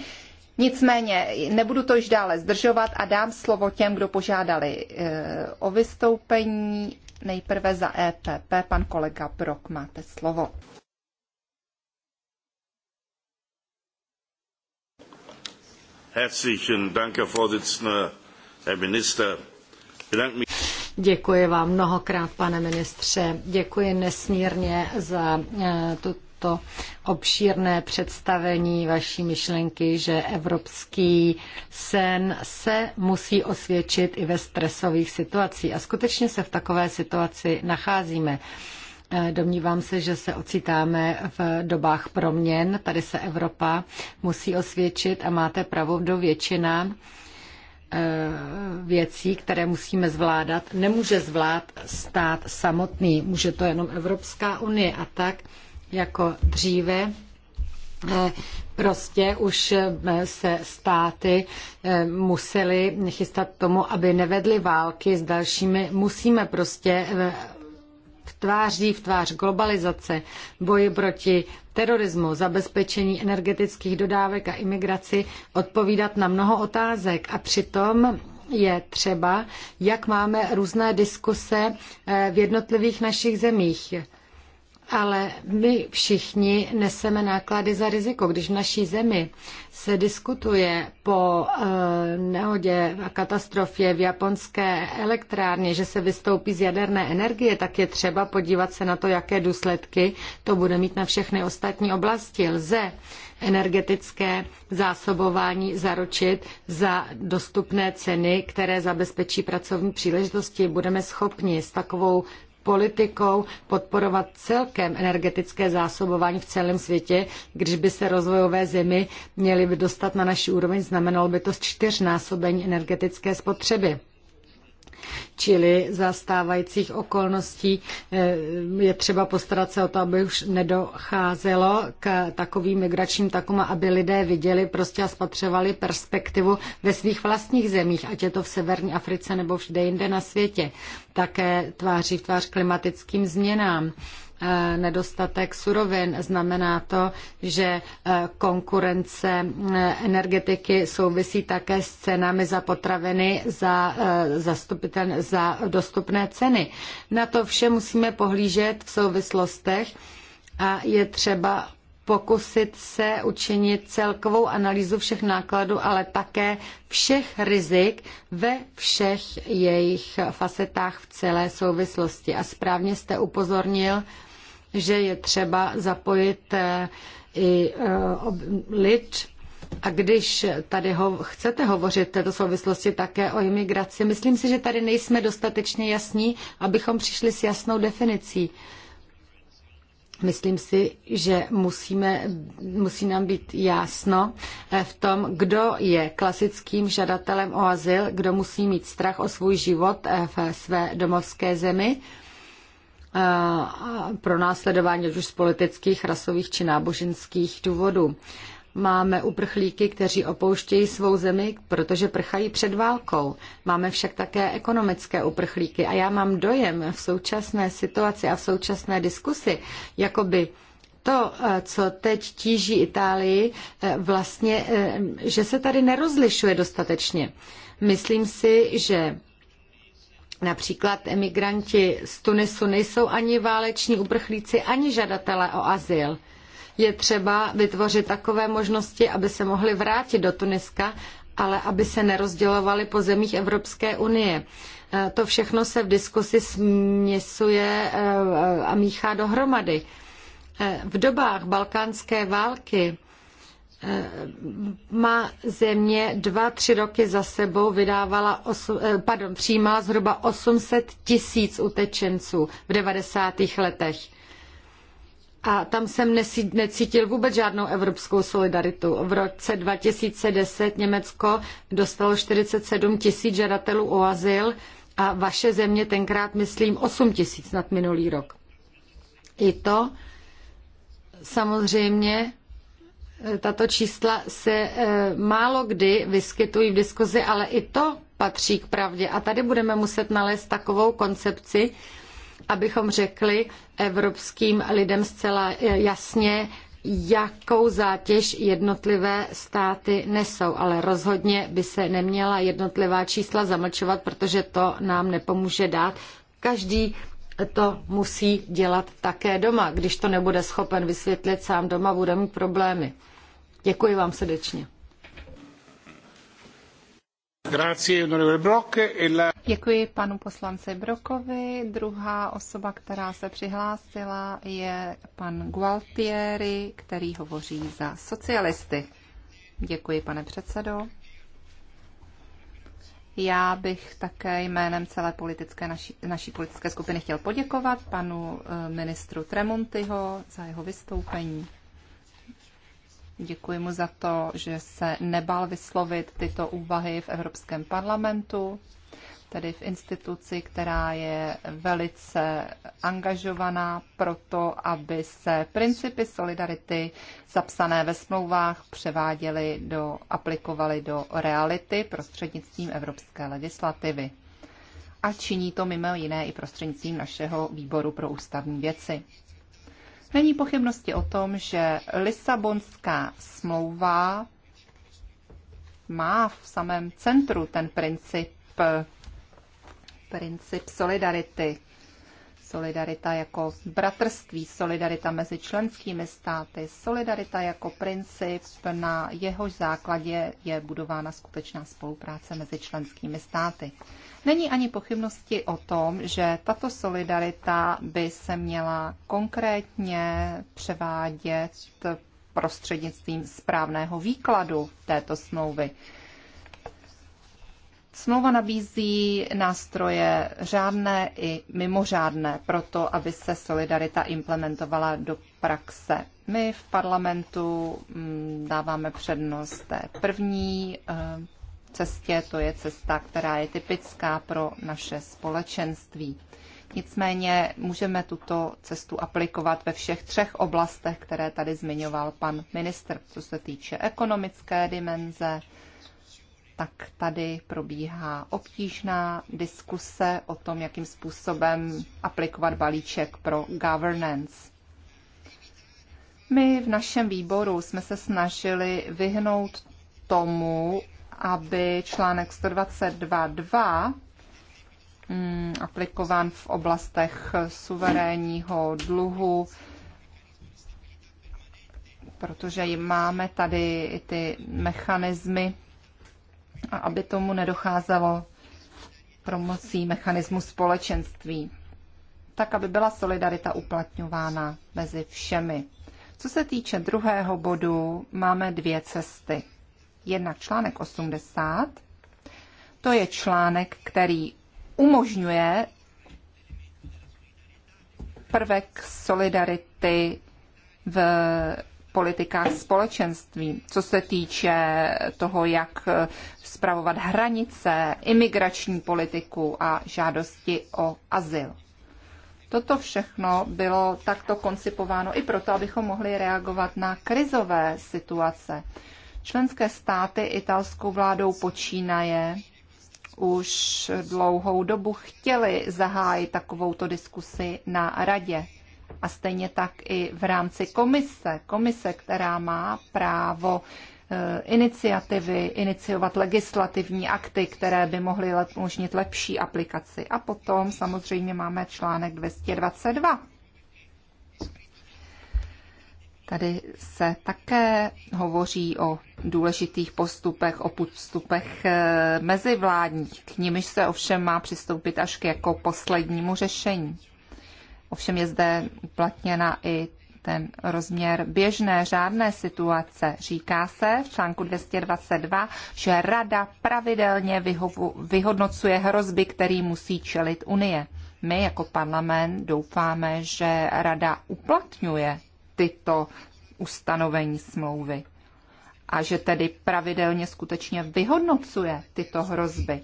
Nicméně, nebudu to již dále zdržovat a dám slovo těm, kdo požádali eh, o vystoupení. Nejprve za EPP, pan kolega Brok, máte slovo. Herzlichen Dank, Herr Vorsitzender, Herr Minister. Děkuji vám mnohokrát, pane ministře. Děkuji nesmírně za eh, tuto obšírné představení vaší myšlenky, že evropský sen se musí osvědčit i ve stresových situacích. A skutečně se v takové situaci nacházíme. Eh, domnívám se, že se ocitáme v dobách proměn. Tady se Evropa musí osvědčit a máte do většina eh, věcí, které musíme zvládat, nemůže zvlád stát samotný. Může to jenom Evropská unie a tak jako dříve eh, prostě už se státy museli chystat tomu, aby nevedly války s dalšími. Musíme prostě v tváří v tvář globalizace, boji proti terorismu, zabezpečení energetických dodávek a imigraci odpovídat na mnoho otázek a přitom je třeba, jak máme různé diskuse eh, v jednotlivých našich zemích ale my všichni neseme náklady za riziko. Když v naší zemi se diskutuje po e, nehodě a katastrofě v japonské elektrárně, že se vystoupí z jaderné energie, tak je třeba podívat se na to, jaké důsledky to bude mít na všechny ostatní oblasti. Lze energetické zásobování zaručit za dostupné ceny, které zabezpečí pracovní příležitosti. Budeme schopni s takovou politikou podporovat celkem energetické zásobování v celém světě, když by se rozvojové zemi měly by dostat na naši úroveň, znamenalo by to čtyřnásobení energetické spotřeby. Čili za stávajících okolností eh, je třeba postarat se o to, aby už nedocházelo k takovým migračním takům, aby lidé viděli prostě a spatřovali perspektivu ve svých vlastních zemích, ať je to v severní Africe nebo všude jinde na světě. Také tváří v tvář klimatickým změnám Eh, nedostatek surovin. Znamená to, že eh, konkurence eh, energetiky souvisí také s cenami za potraviny za, za dostupné ceny. Na to vše musíme pohlížet v souvislostech a je třeba pokusit se učinit celkovou analýzu všech nákladů, ale také všech rizik ve všech jejich facetách v celé souvislosti. A správně jste upozornil, že je třeba zapojit eh, i eh, lid. A když tady ho, chcete hovořit v této souvislosti také o imigraci, myslím si, že tady nejsme dostatečně jasní, abychom přišli s jasnou definicí. Myslím si, že musíme, musí nám být jasno eh, v tom, kdo je klasickým žadatelem o azyl, kdo musí mít strach o svůj život v své domovské zemi pro následování už z politických, rasových či náboženských důvodů. Máme uprchlíky, kteří opouštějí svou zemi, protože prchají před válkou. Máme však také ekonomické uprchlíky a já mám dojem v současné situaci a v současné diskusi, jakoby to, eh, co teď tíží Itálii, eh, vlastně, eh, že se tady nerozlišuje dostatečně. Myslím si, že Například emigranti z Tunisu nejsou ani váleční uprchlíci, ani žadatelé o azyl. Je třeba vytvořit takové možnosti, aby se mohli vrátit do Tuniska, ale aby se nerozdělovali po zemích Evropské unie. E, to všechno se v diskusi směsuje e, a míchá dohromady. E, v dobách balkánské války má země dva, tři roky za sebou vydávala, osu, eh, pardon, přijímala zhruba 800 tisíc utečenců v 90. letech. A tam jsem necítil vůbec žádnou evropskou solidaritu. V roce 2010 Německo dostalo 47 tisíc žadatelů o azyl a vaše země tenkrát, myslím, 8 tisíc nad minulý rok. I to samozřejmě tato čísla se eh, málo kdy vyskytují v diskuzi, ale i to patří k pravdě. A tady budeme muset nalézt takovou koncepci, abychom řekli evropským lidem zcela eh, jasně, jakou zátěž jednotlivé státy nesou, ale rozhodně by se neměla jednotlivá čísla zamlčovat, protože to nám nepomůže dát. Každý to musí dělat také doma. Když to nebude schopen vysvětlit sám doma, bude mít problémy. Děkuji vám srdečně. E Děkuji panu poslanci Brokovi. Druhá osoba, která se přihlásila, je pan Gualtieri, který hovoří za socialisty. Děkuji, pane předsedo. Já bych také jménem celé politické naší, naší politické skupiny chtěl poděkovat panu eh, ministru Tremontyho za jeho vystoupení. Děkuji mu za to, že se nebál vyslovit tyto úvahy v Evropském parlamentu, tedy v instituci, která je velice angažovaná pro to, aby se principy solidarity zapsané ve smlouvách převáděly do, aplikovaly do reality prostřednictvím evropské legislativy. A činí to mimo jiné i prostřednictvím našeho výboru pro ústavní věci. Není pochybnosti o tom, že Lisabonská smlouva má v samém centru ten princip, princip solidarity, solidarita jako bratrství, solidarita mezi členskými státy, solidarita jako princip, na jehož základě je budována skutečná spolupráce mezi členskými státy. Není ani pochybnosti o tom, že tato solidarita by se měla konkrétně převádět prostřednictvím správného výkladu této smlouvy. Smlouva nabízí nástroje řádné i mimořádné pro to, aby se solidarita implementovala do praxe. My v parlamentu mm, dáváme přednost té první eh, cestě, to je cesta, která je typická pro naše společenství. Nicméně můžeme tuto cestu aplikovat ve všech třech oblastech, které tady zmiňoval pan ministr, co se týče ekonomické dimenze, tak tady probíhá obtížná diskuse o tom, jakým způsobem aplikovat balíček pro governance. My v našem výboru jsme se snažili vyhnout tomu, aby článek 122.2 mm, aplikován v oblastech suverénního dluhu, protože máme tady i ty mechanismy a aby tomu nedocházelo promocí mechanismu společenství, tak aby byla solidarita uplatňována mezi všemi. Co se týče druhého bodu, máme dvě cesty. Jednak článek 80, to je článek, který umožňuje prvek solidarity v politikách společenství, co se týče toho, jak eh, spravovat hranice, imigrační politiku a žádosti o azyl. Toto všechno bylo takto koncipováno i proto, abychom mohli reagovat na krizové situace. Členské státy italskou vládou počínaje už dlouhou dobu chtěli zahájit takovouto diskusi na radě a stejně tak i v rámci komise. Komise, která má právo eh, iniciativy, iniciovat legislativní akty, které by mohly umožnit lepší aplikaci. A potom samozřejmě máme článek 222. Tady se také hovoří o důležitých postupech, o postupech eh, mezivládních, k nimiž se ovšem má přistoupit až k jako poslednímu řešení. Ovšem je zde uplatněna i ten rozměr běžné řádné situace. Říká se v článku 222, že Rada pravidelně vyhovu, vyhodnocuje hrozby, který musí čelit Unie. My jako parlament doufáme, že Rada uplatňuje tyto ustanovení smlouvy a že tedy pravidelně skutečně vyhodnocuje tyto hrozby.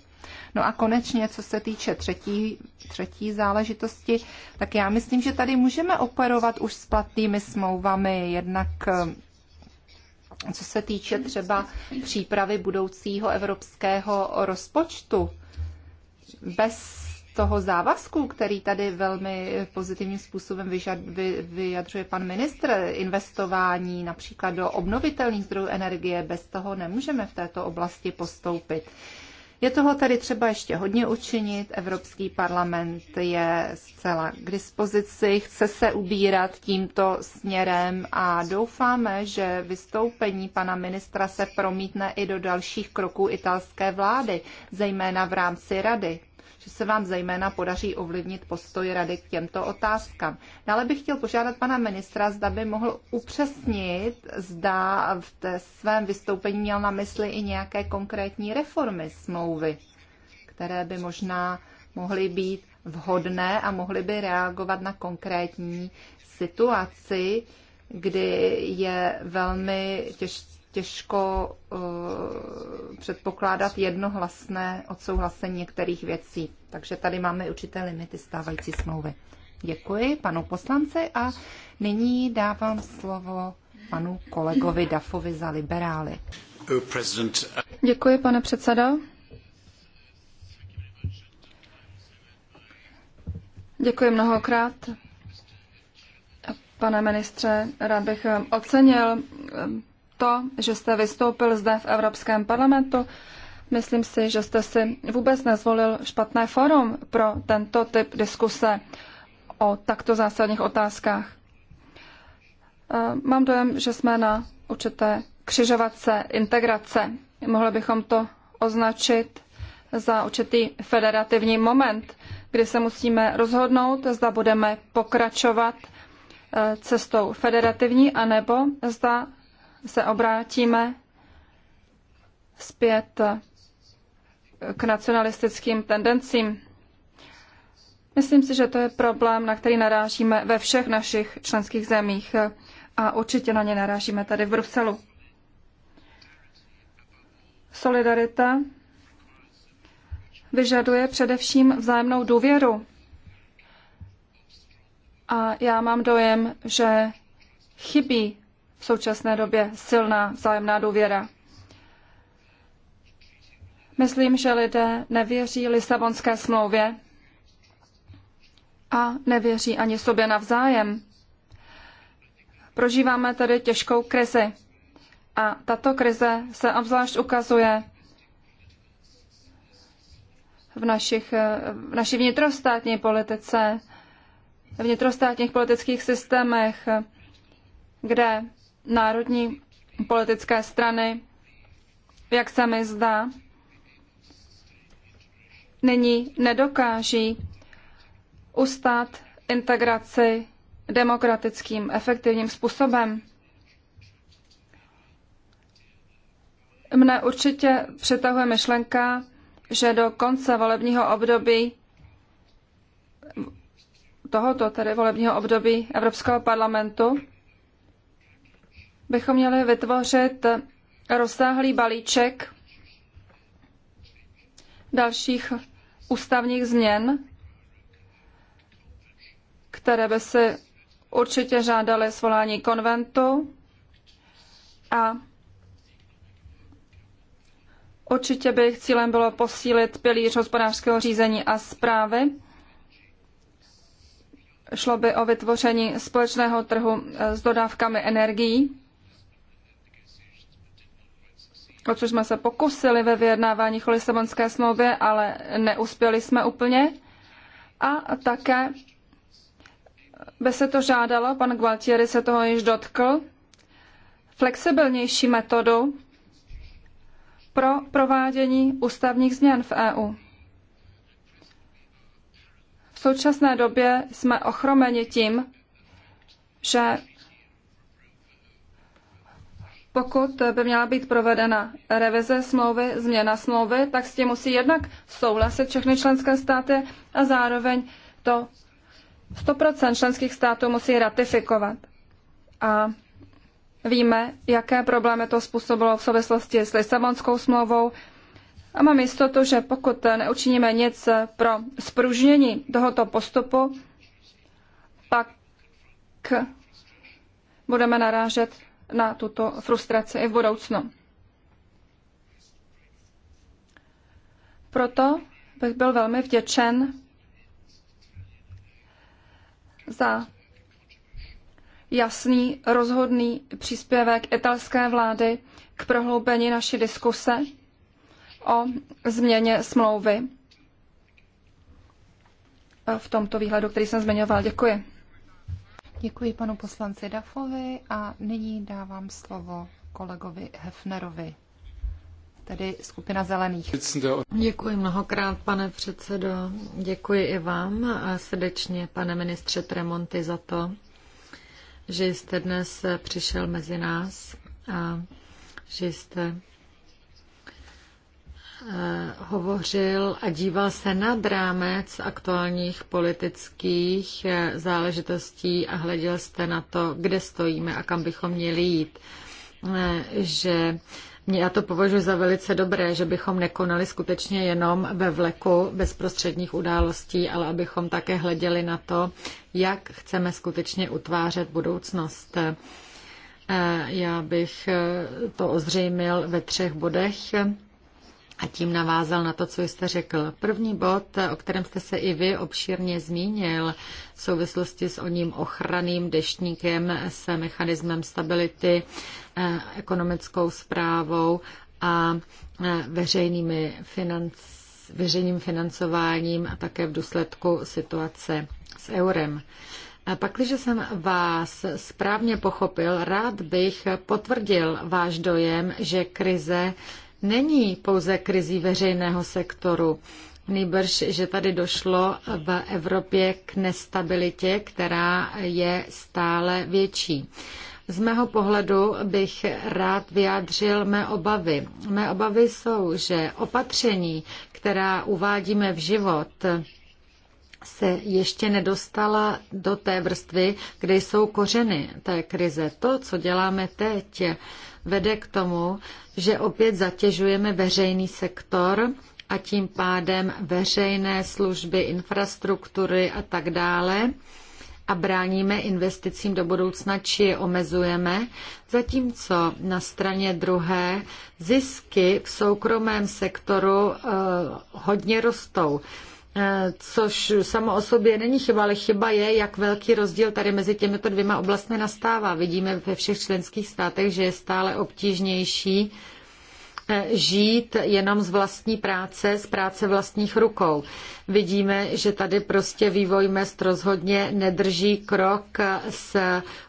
No a konečně, co se týče třetí, třetí záležitosti, tak já myslím, že tady můžeme operovat už s platnými smlouvami, jednak eh, co se týče třeba přípravy budoucího evropského rozpočtu. Bez toho závazku, který tady velmi pozitivním způsobem vyžad, vy, vyjadřuje pan ministr, investování například do obnovitelných zdrojů energie, bez toho nemůžeme v této oblasti postoupit. Je toho tady třeba ještě hodně učinit. Evropský parlament je zcela k dispozici, chce se ubírat tímto směrem a doufáme, že vystoupení pana ministra se promítne i do dalších kroků italské vlády, zejména v rámci rady že se vám zejména podaří ovlivnit postoj rady k těmto otázkám. Dále bych chtěl požádat pana ministra, zda by mohl upřesnit, zda v té svém vystoupení měl na mysli i nějaké konkrétní reformy smlouvy, které by možná mohly být vhodné a mohly by reagovat na konkrétní situaci, kdy je velmi těžké těžko uh, předpokládat jednohlasné odsouhlasení některých věcí. Takže tady máme určité limity stávající smlouvy. Děkuji panu poslanci a nyní dávám slovo panu kolegovi Dafovi za liberály. Děkuji, pane předsedo. Děkuji mnohokrát. Pane ministře, rád bych eh, ocenil eh, to, že jste vystoupil zde v Evropském parlamentu. Myslím si, že jste si vůbec nezvolil špatné forum pro tento typ diskuse o takto zásadních otázkách. Eh, mám dojem, že jsme na určité křižovatce integrace. Mohli bychom to označit za určitý federativní moment, kdy se musíme rozhodnout, zda budeme pokračovat eh, cestou federativní, anebo zda se obrátíme zpět k nacionalistickým tendencím. Myslím si, že to je problém, na který narážíme ve všech našich členských zemích a určitě na ně narážíme tady v Bruselu. Solidarita vyžaduje především vzájemnou důvěru. A já mám dojem, že chybí v současné době silná vzájemná důvěra. Myslím, že lidé nevěří Lisabonské smlouvě a nevěří ani sobě navzájem. Prožíváme tedy těžkou krizi a tato krize se obzvlášť ukazuje v, našich, v naší vnitrostátní politice, vnitrostátních politických systémech, kde národní politické strany, jak se mi zdá, nyní nedokáží ustát integraci demokratickým, efektivním způsobem. Mne určitě přitahuje myšlenka, že do konce volebního období tohoto tedy volebního období Evropského parlamentu bychom měli vytvořit rozsáhlý balíček dalších ústavních změn, které by si určitě žádaly svolání konventu a určitě by jejich cílem bylo posílit pilíř hospodářského řízení a zprávy. Šlo by o vytvoření společného trhu s dodávkami energií o což jsme se pokusili ve vyjednávání o Lisabonské smlouvě, ale neuspěli jsme úplně. A také by se to žádalo, pan Gualtieri se toho již dotkl, flexibilnější metodu pro provádění ústavních změn v EU. V současné době jsme ochromeni tím, že pokud by měla být provedena revize smlouvy, změna smlouvy, tak s tím musí jednak souhlasit všechny členské státy a zároveň to 100% členských států musí ratifikovat. A víme, jaké problémy to způsobilo v souvislosti s Lisabonskou smlouvou. A mám jistotu, že pokud neučiníme nic pro spružnění tohoto postupu, pak budeme narážet na tuto frustraci i v budoucnu. Proto bych byl velmi vděčen za jasný, rozhodný příspěvek italské vlády k prohloubení naší diskuse o změně smlouvy v tomto výhledu, který jsem zmiňoval. Děkuji. Děkuji panu poslanci Dafovi a nyní dávám slovo kolegovi Hefnerovi, tedy skupina zelených. Děkuji mnohokrát, pane předsedo. Děkuji i vám a srdečně, pane ministře Tremonty, za to, že jste dnes přišel mezi nás a že jste Eh, hovořil a díval se nad rámec aktuálních politických eh, záležitostí a hleděl jste na to, kde stojíme a kam bychom měli jít. Eh, že já to považuji za velice dobré, že bychom nekonali skutečně jenom ve vleku bezprostředních událostí, ale abychom také hleděli na to, jak chceme skutečně utvářet budoucnost. Já bych to ozřejmil ve třech bodech a tím navázal na to, co jste řekl. První bod, o kterém jste se i vy obšírně zmínil v souvislosti s oním ochranným deštníkem, se mechanismem stability, eh, ekonomickou zprávou a eh, veřejnými financ, veřejným financováním a také v důsledku situace s eurem. A pak, když jsem vás správně pochopil, rád bych potvrdil váš dojem, že krize není pouze krizí veřejného sektoru, Nýbrž, že tady došlo v Evropě k nestabilitě, která je stále větší. Z mého pohledu bych rád vyjádřil mé obavy. Mé obavy jsou, že opatření, která uvádíme v život, se ještě nedostala do té vrstvy, kde jsou kořeny té krize. To, co děláme teď, vede k tomu, že opět zatěžujeme veřejný sektor a tím pádem veřejné služby, infrastruktury a tak dále a bráníme investicím do budoucna, či je omezujeme, zatímco na straně druhé zisky v soukromém sektoru eh, hodně rostou. Eh, což samo o sobě není chyba, ale chyba je, jak velký rozdíl tady mezi těmito dvěma oblastmi nastává. Vidíme ve všech členských státech, že je stále obtížnější žít jenom z vlastní práce, z práce vlastních rukou. Vidíme, že tady prostě vývoj mest rozhodně nedrží krok s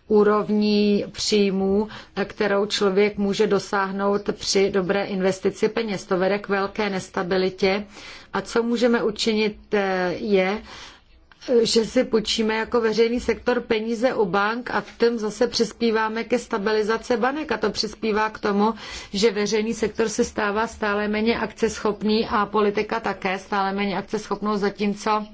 úrovní příjmů, kterou člověk může dosáhnout při dobré investici peněz. To vede k velké nestabilitě. A co můžeme učinit eh, je, že si půjčíme jako veřejný sektor peníze u bank a tím zase přispíváme ke stabilizaci banek a to přispívá k tomu, že veřejný sektor se stává stále méně akceschopný a politika také stále méně akceschopnou, zatímco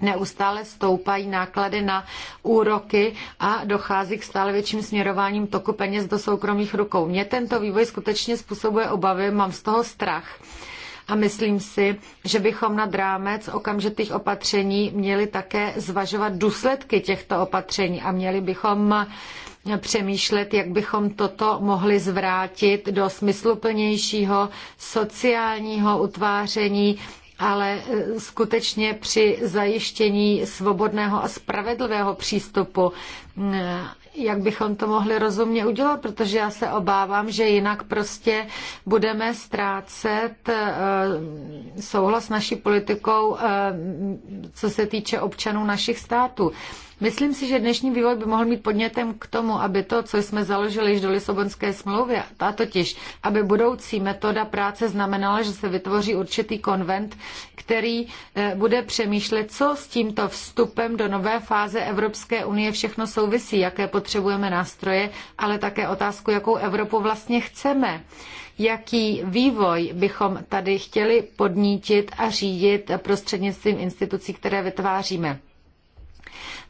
neustále stoupají náklady na úroky a dochází k stále větším směrováním toku peněz do soukromých rukou. Mně tento vývoj skutečně způsobuje obavy, mám z toho strach a myslím si, že bychom nad rámec okamžitých opatření měli také zvažovat důsledky těchto opatření a měli bychom přemýšlet, jak bychom toto mohli zvrátit do smysluplnějšího sociálního utváření ale e, skutečně při zajištění svobodného a spravedlivého přístupu jak bychom to mohli rozumně udělat, protože já se obávám, že jinak prostě budeme ztrácet eh, souhlas naší politikou, eh, co se týče občanů našich států. Myslím si, že dnešní vývoj by mohl mít podnětem k tomu, aby to, co jsme založili již do Lisobonské smlouvy, a totiž, aby budoucí metoda práce znamenala, že se vytvoří určitý konvent, který eh, bude přemýšlet, co s tímto vstupem do nové fáze Evropské unie všechno souvisí, jaké potřebujeme nástroje, ale také otázku, jakou Evropu vlastně chceme jaký vývoj bychom tady chtěli podnítit a řídit prostřednictvím institucí, které vytváříme.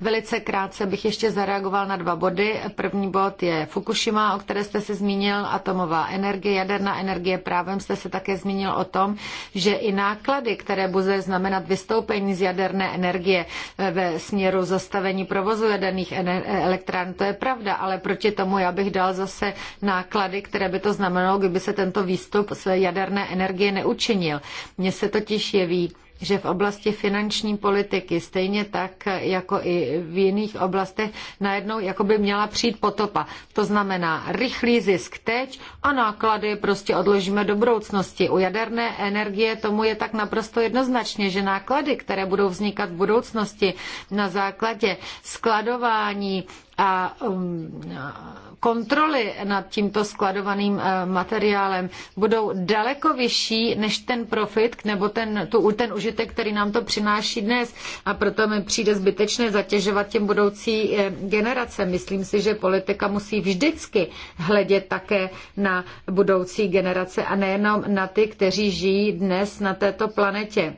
Velice krátce bych ještě zareagoval na dva body. První bod je Fukushima, o které jste se zmínil, atomová energie, jaderná energie. Právem jste se také zmínil o tom, že i náklady, které bude znamenat vystoupení z jaderné energie ve směru zastavení provozu jaderných elektrán, to je pravda, ale proti tomu já bych dal zase náklady, které by to znamenalo, kdyby se tento výstup z jaderné energie neučinil. Mně se totiž jeví, že v oblasti finanční politiky, stejně tak jako i v jiných oblastech, najednou jako by měla přijít potopa. To znamená rychlý zisk teď a náklady prostě odložíme do budoucnosti. U jaderné energie tomu je tak naprosto jednoznačně, že náklady, které budou vznikat v budoucnosti na základě skladování a, um, a kontroly nad tímto skladovaným eh, materiálem budou daleko vyšší než ten profit nebo ten, tu, ten užitek, který nám to přináší dnes. A proto mi přijde zbytečné zatěžovat těm budoucí eh, generace. Myslím si, že politika musí vždycky hledět také na budoucí generace a nejenom na ty, kteří žijí dnes na této planetě.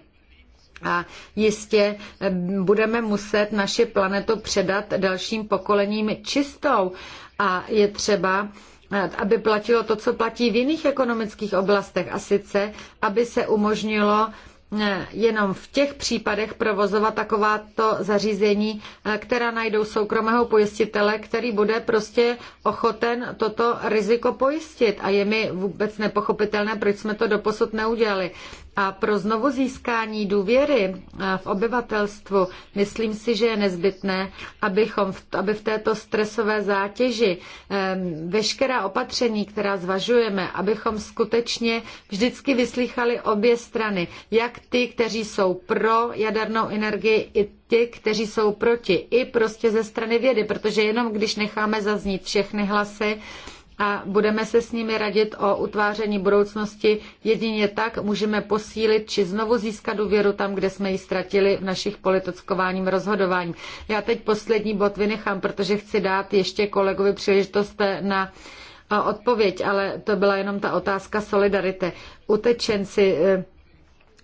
A jistě eh, budeme muset naši planetu předat dalším pokolením čistou a je třeba eh, aby platilo to, co platí v jiných ekonomických oblastech a sice, aby se umožnilo eh, jenom v těch případech provozovat takováto zařízení, eh, která najdou soukromého pojistitele, který bude prostě ochoten toto riziko pojistit. A je mi vůbec nepochopitelné, proč jsme to doposud neudělali. A pro znovu získání důvěry eh, v obyvatelstvu myslím si, že je nezbytné, abychom, aby v této stresové zátěži eh, veškerá opatření, která zvažujeme, abychom skutečně vždycky vyslýchali obě strany, jak ty, kteří jsou pro jadernou energii, i ti, kteří jsou proti, i prostě ze strany vědy, protože jenom když necháme zaznít všechny hlasy, a budeme se s nimi radit o utváření budoucnosti. Jedině tak můžeme posílit či znovu získat důvěru tam, kde jsme ji ztratili v našich politickováním rozhodování. Já teď poslední bod vynechám, protože chci dát ještě kolegovi příležitost na odpověď, ale to byla jenom ta otázka solidarity. Utečenci, eh,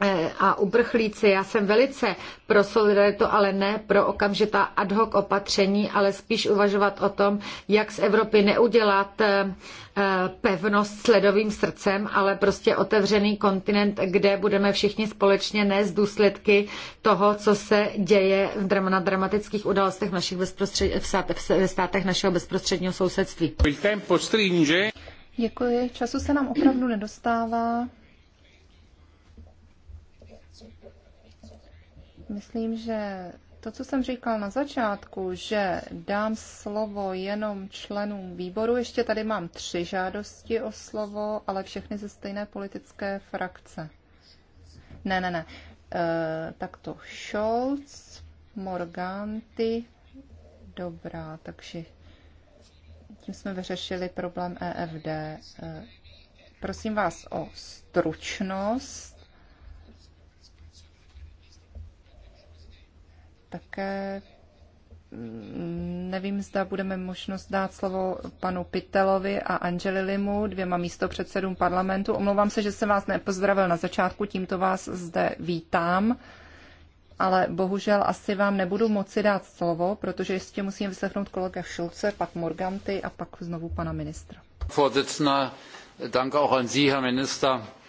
Eh, a uprchlíci. Já jsem velice pro solidaritu, ale ne pro okamžitá ad hoc opatření, ale spíš uvažovat o tom, jak z Evropy neudělat eh, eh, pevnost s ledovým srdcem, ale prostě otevřený kontinent, kde budeme všichni společně nést důsledky toho, co se děje na dramatických událostech v, našich bezprostřed... v, státech, v státech našeho bezprostředního sousedství. Děkuji, času se nám opravdu nedostává. Myslím, že to, co jsem říkal na začátku, že dám slovo jenom členům výboru, ještě tady mám tři žádosti o slovo, ale všechny ze stejné politické frakce. Ne, ne, ne. E, tak to Scholz, Morganti, dobrá, takže tím jsme vyřešili problém EFD. E, eh, prosím vás o stručnost také mm, nevím, zda budeme možnost dát slovo panu Pitelovi a Angelilimu, dvěma místopředsedům parlamentu. Omlouvám se, že jsem vás nepozdravil na začátku, tímto vás zde vítám, ale bohužel asi vám nebudu moci dát slovo, protože ještě musím vyslechnout kolega Šulce, pak Morganty a pak znovu pana ministra.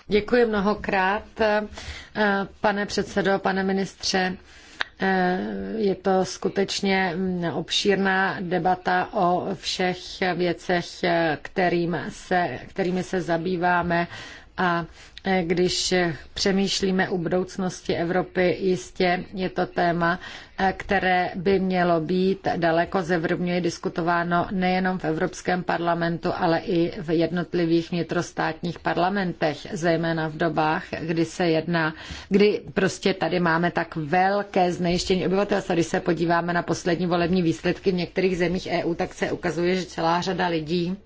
Děkuji mnohokrát, eh, pane předsedo, pane ministře. Eh, je to skutečně mm, obšírná debata o všech věcech, eh, kterým se, kterými se zabýváme a Eh, když eh, přemýšlíme o budoucnosti Evropy, jistě je to téma, eh, které by mělo být daleko zevrubněji diskutováno nejenom v Evropském parlamentu, ale i v jednotlivých vnitrostátních parlamentech, zejména v dobách, kdy se jedná, kdy prostě tady máme tak velké znejištění obyvatelstva. Když se podíváme na poslední volební výsledky v některých zemích EU, tak se ukazuje, že celá řada lidí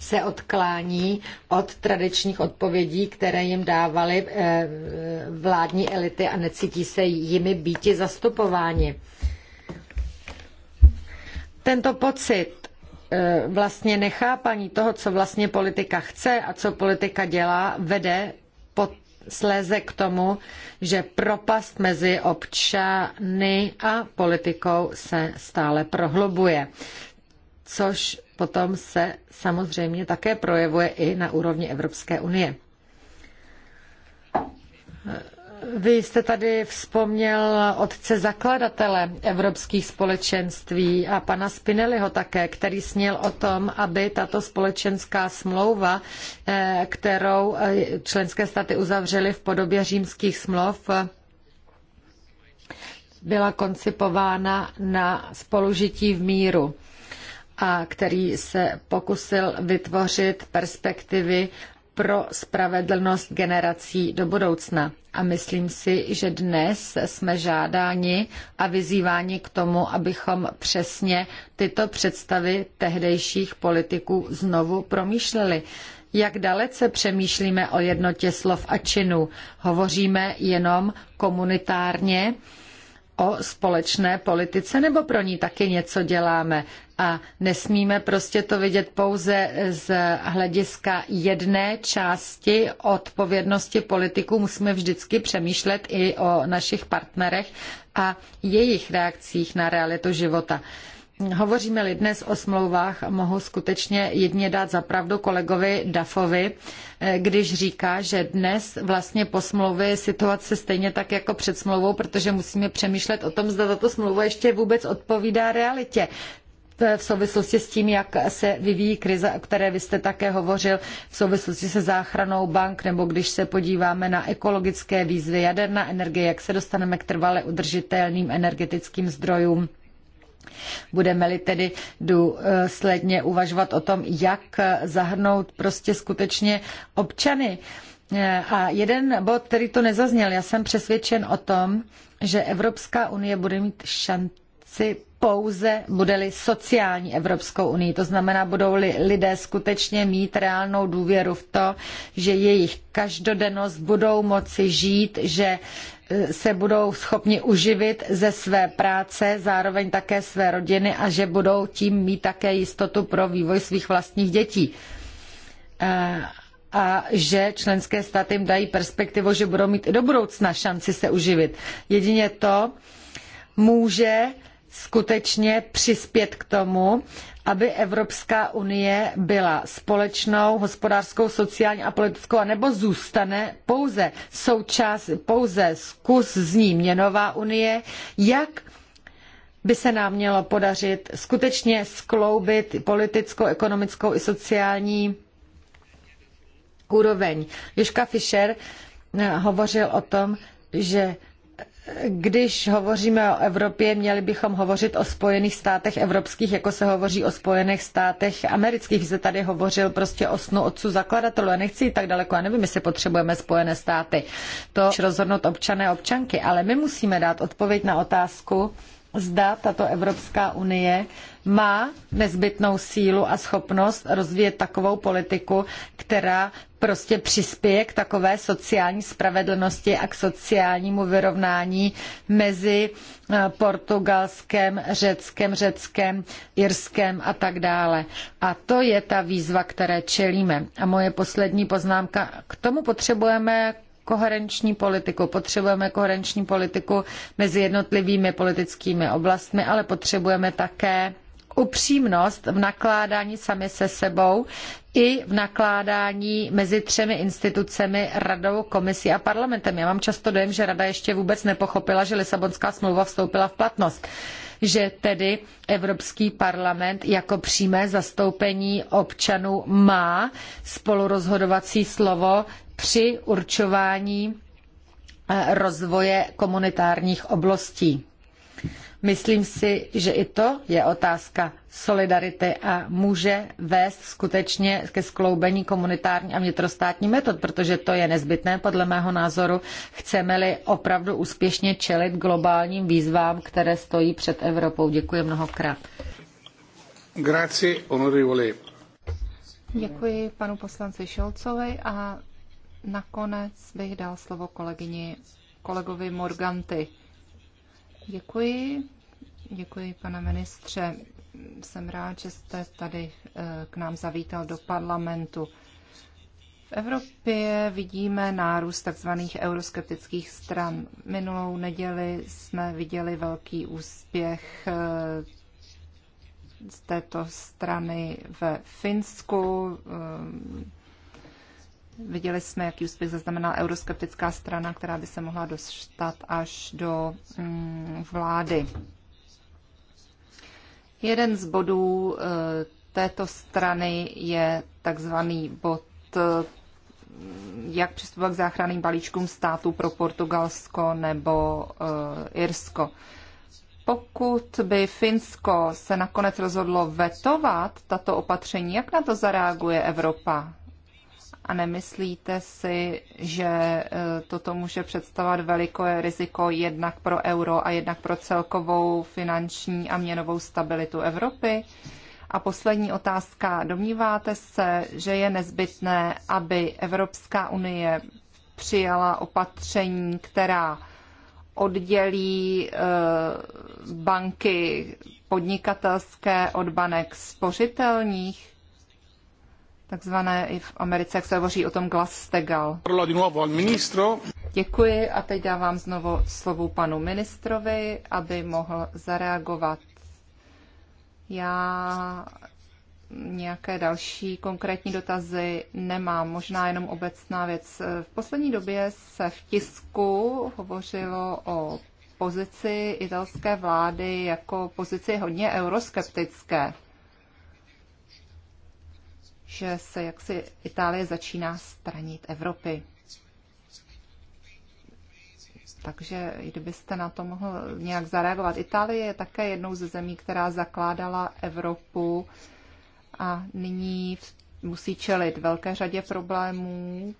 se odklání od tradičních odpovědí, které jim dávaly eh, vládní elity a necítí se jimi býti zastupováni. Tento pocit eh, vlastně nechápaní toho, co vlastně politika chce a co politika dělá, vede pod sléze k tomu, že propast mezi občany a politikou se stále prohlubuje. Což potom se samozřejmě také projevuje i na úrovni Evropské unie. Vy jste tady vzpomněl otce zakladatele evropských společenství a pana Spinelliho také, který sněl o tom, aby tato společenská smlouva, eh, kterou eh, členské státy uzavřely v podobě římských smluv, eh, byla koncipována na spolužití v míru a který se pokusil vytvořit perspektivy pro spravedlnost generací do budoucna. A myslím si, že dnes jsme žádáni a vyzýváni k tomu, abychom přesně tyto představy tehdejších politiků znovu promýšleli. Jak dalece přemýšlíme o jednotě slov a činů? Hovoříme jenom komunitárně, o společné politice, nebo pro ní taky něco děláme. A nesmíme prostě to vidět pouze z hlediska jedné části odpovědnosti politiků. Musíme vždycky přemýšlet i o našich partnerech a jejich reakcích na realitu života. Hovoříme-li dnes o smlouvách, mohu skutečně jedně dát pravdu kolegovi Dafovi, eh, když říká, že dnes vlastně po smlouvě je situace stejně tak jako před smlouvou, protože musíme přemýšlet o tom, zda tato smlouva ještě vůbec odpovídá realitě v souvislosti s tím, jak se vyvíjí krize, o které vy jste také hovořil, v souvislosti se záchranou bank, nebo když se podíváme na ekologické výzvy, jaderná energie, jak se dostaneme k trvale udržitelným energetickým zdrojům Budeme-li tedy důsledně uvažovat o tom, jak zahrnout prostě skutečně občany. A jeden bod, který to nezazněl, já jsem přesvědčen o tom, že Evropská unie bude mít šanci pouze bude-li sociální Evropskou unii. To znamená, budou-li lidé skutečně mít reálnou důvěru v to, že jejich každodennost budou moci žít, že se budou schopni uživit ze své práce, zároveň také své rodiny a že budou tím mít také jistotu pro vývoj svých vlastních dětí. A že členské státy jim dají perspektivu, že budou mít i do budoucna šanci se uživit. Jedině to může skutečně přispět k tomu, aby Evropská unie byla společnou hospodářskou, sociální a politickou, anebo zůstane pouze součást, pouze zkus z ní měnová unie, jak by se nám mělo podařit skutečně skloubit politickou, ekonomickou i sociální úroveň. Joška Fischer eh, hovořil o tom, že když hovoříme o Evropě, měli bychom hovořit o Spojených státech evropských, jako se hovoří o Spojených státech amerických. Vy jste tady hovořil prostě o snu otců zakladatelů. Já nechci jít tak daleko, já nevím, jestli potřebujeme Spojené státy. To rozhodnout občané občanky, ale my musíme dát odpověď na otázku, zda tato Evropská unie má nezbytnou sílu a schopnost rozvíjet takovou politiku, která prostě přispěje k takové sociální spravedlnosti a k sociálnímu vyrovnání mezi eh, Portugalskem, Řeckem, Řeckem, Irskem a tak dále. A to je ta výzva, které čelíme. A moje poslední poznámka, k tomu potřebujeme koherenční politiku. Potřebujeme koherenční politiku mezi jednotlivými politickými oblastmi, ale potřebujeme také upřímnost v nakládání sami se sebou i v nakládání mezi třemi institucemi, radou, komisí a parlamentem. Já mám často dojem, že rada ještě vůbec nepochopila, že Lisabonská smlouva vstoupila v platnost že tedy Evropský parlament jako přímé zastoupení občanů má spolurozhodovací slovo při určování eh, rozvoje komunitárních oblastí. Myslím si, že i to je otázka solidarity a může vést skutečně ke skloubení komunitární a vnitrostátní metod, protože to je nezbytné podle mého názoru, chceme-li opravdu úspěšně čelit globálním výzvám, které stojí před Evropou. Děkuji mnohokrát. Grazie, onorevole. Děkuji panu poslanci Šolcovi a nakonec bych dal slovo kolegyni, kolegovi Morganti. Děkuji. Děkuji, pane ministře. Jsem rád, že jste tady eh, k nám zavítal do parlamentu. V Evropě vidíme nárůst tzv. euroskeptických stran. Minulou neděli jsme viděli velký úspěch eh, z této strany ve Finsku. Eh, viděli jsme, jaký úspěch zaznamenala euroskeptická strana, která by se mohla dostat až do mm, vlády. Jeden z bodů eh, této strany je takzvaný bod, eh, jak přistupovat k záchranným balíčkům Státu pro Portugalsko nebo eh, Irsko. Pokud by Finsko se nakonec rozhodlo vetovat tato opatření, jak na to zareaguje Evropa? A nemyslíte si, že e, toto může představovat veliké riziko jednak pro euro a jednak pro celkovou finanční a měnovou stabilitu Evropy? A poslední otázka. Domníváte se, že je nezbytné, aby Evropská unie přijala opatření, která oddělí e, banky podnikatelské od banek spořitelních? takzvané i v Americe, jak se hovoří o tom glastegal. Děkuji a teď dávám znovu slovu panu ministrovi, aby mohl zareagovat. Já nějaké další konkrétní dotazy nemám, možná jenom obecná věc. V poslední době se v tisku hovořilo o pozici italské vlády jako pozici hodně euroskeptické že se jaksi Itálie začíná stranit Evropy. Takže kdybyste na to mohl nějak zareagovat. Itálie je také jednou ze zemí, která zakládala Evropu a nyní musí čelit velké řadě problémů,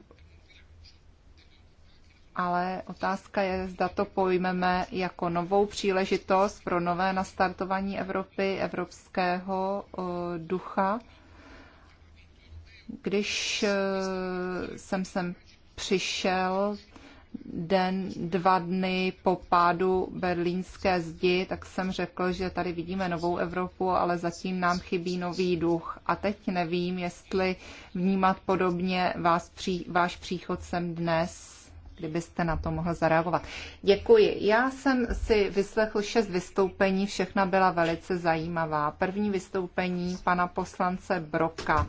ale otázka je, zda to pojmeme jako novou příležitost pro nové nastartování Evropy, evropského eh, ducha když eh, jsem sem přišel den, dva dny po pádu berlínské zdi, tak jsem řekl, že tady vidíme novou Evropu, ale zatím nám chybí nový duch. A teď nevím, jestli vnímat podobně vás pří, váš příchod sem dnes, kdybyste na to mohl zareagovat. Děkuji. Já jsem si vyslechl šest vystoupení, všechna byla velice zajímavá. První vystoupení pana poslance Broka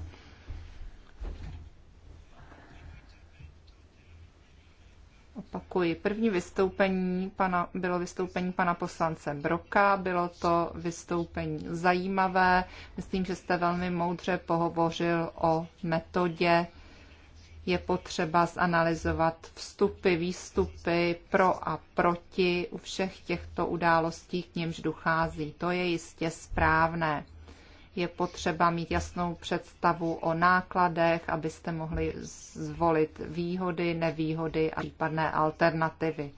Opakuji, první vystoupení pana, bylo vystoupení pana poslance Broka, bylo to vystoupení zajímavé. Myslím, že jste velmi moudře pohovořil o metodě. Je potřeba zanalizovat vstupy, výstupy, pro a proti u všech těchto událostí, k němž dochází. To je jistě správné je potřeba mít jasnou představu o nákladech, abyste mohli zvolit výhody, nevýhody a případné alternativy.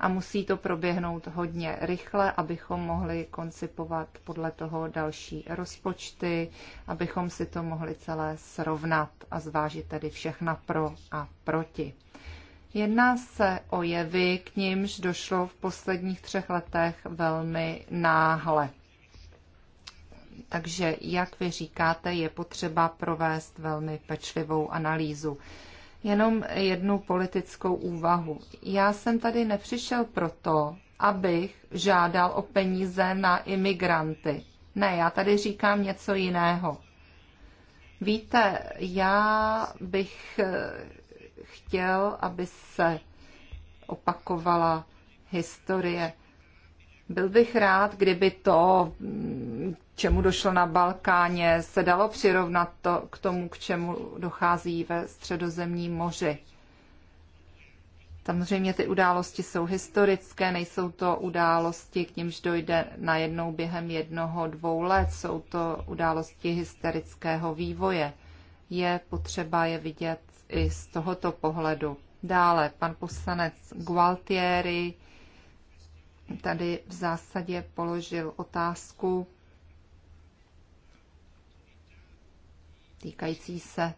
A musí to proběhnout hodně rychle, abychom mohli koncipovat podle toho další rozpočty, abychom si to mohli celé srovnat a zvážit tedy všechna pro a proti. Jedná se o jevy, k nímž došlo v posledních třech letech velmi náhle. Takže, jak vy říkáte, je potřeba provést velmi pečlivou analýzu. Jenom jednu politickou úvahu. Já jsem tady nepřišel proto, abych žádal o peníze na imigranty. Ne, já tady říkám něco jiného. Víte, já bych eh, chtěl, aby se opakovala historie. Byl bych rád, kdyby to, mm, čemu došlo na Balkáně, se dalo přirovnat to, k tomu, k čemu dochází ve středozemním moři. Samozřejmě ty události jsou historické, nejsou to události, k nímž dojde najednou během jednoho, dvou let, jsou to události hysterického vývoje. Je potřeba je vidět i z tohoto pohledu. Dále pan poslanec Gualtieri tady v zásadě položil otázku týkající se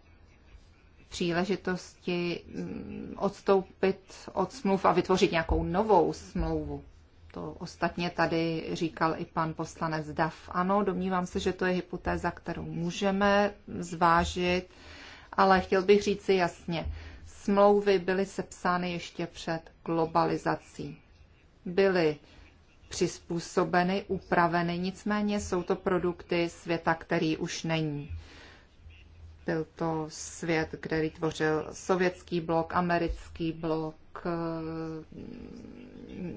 příležitosti mm, odstoupit od smluv a vytvořit nějakou novou smlouvu. To ostatně tady říkal i pan poslanec Dav. Ano, domnívám se, že to je hypotéza, kterou můžeme zvážit, ale chtěl bych říci jasně, smlouvy byly sepsány ještě před globalizací byly přizpůsobeny, upraveny, nicméně jsou to produkty světa, který už není. Byl to svět, který tvořil sovětský blok, americký blok, eh,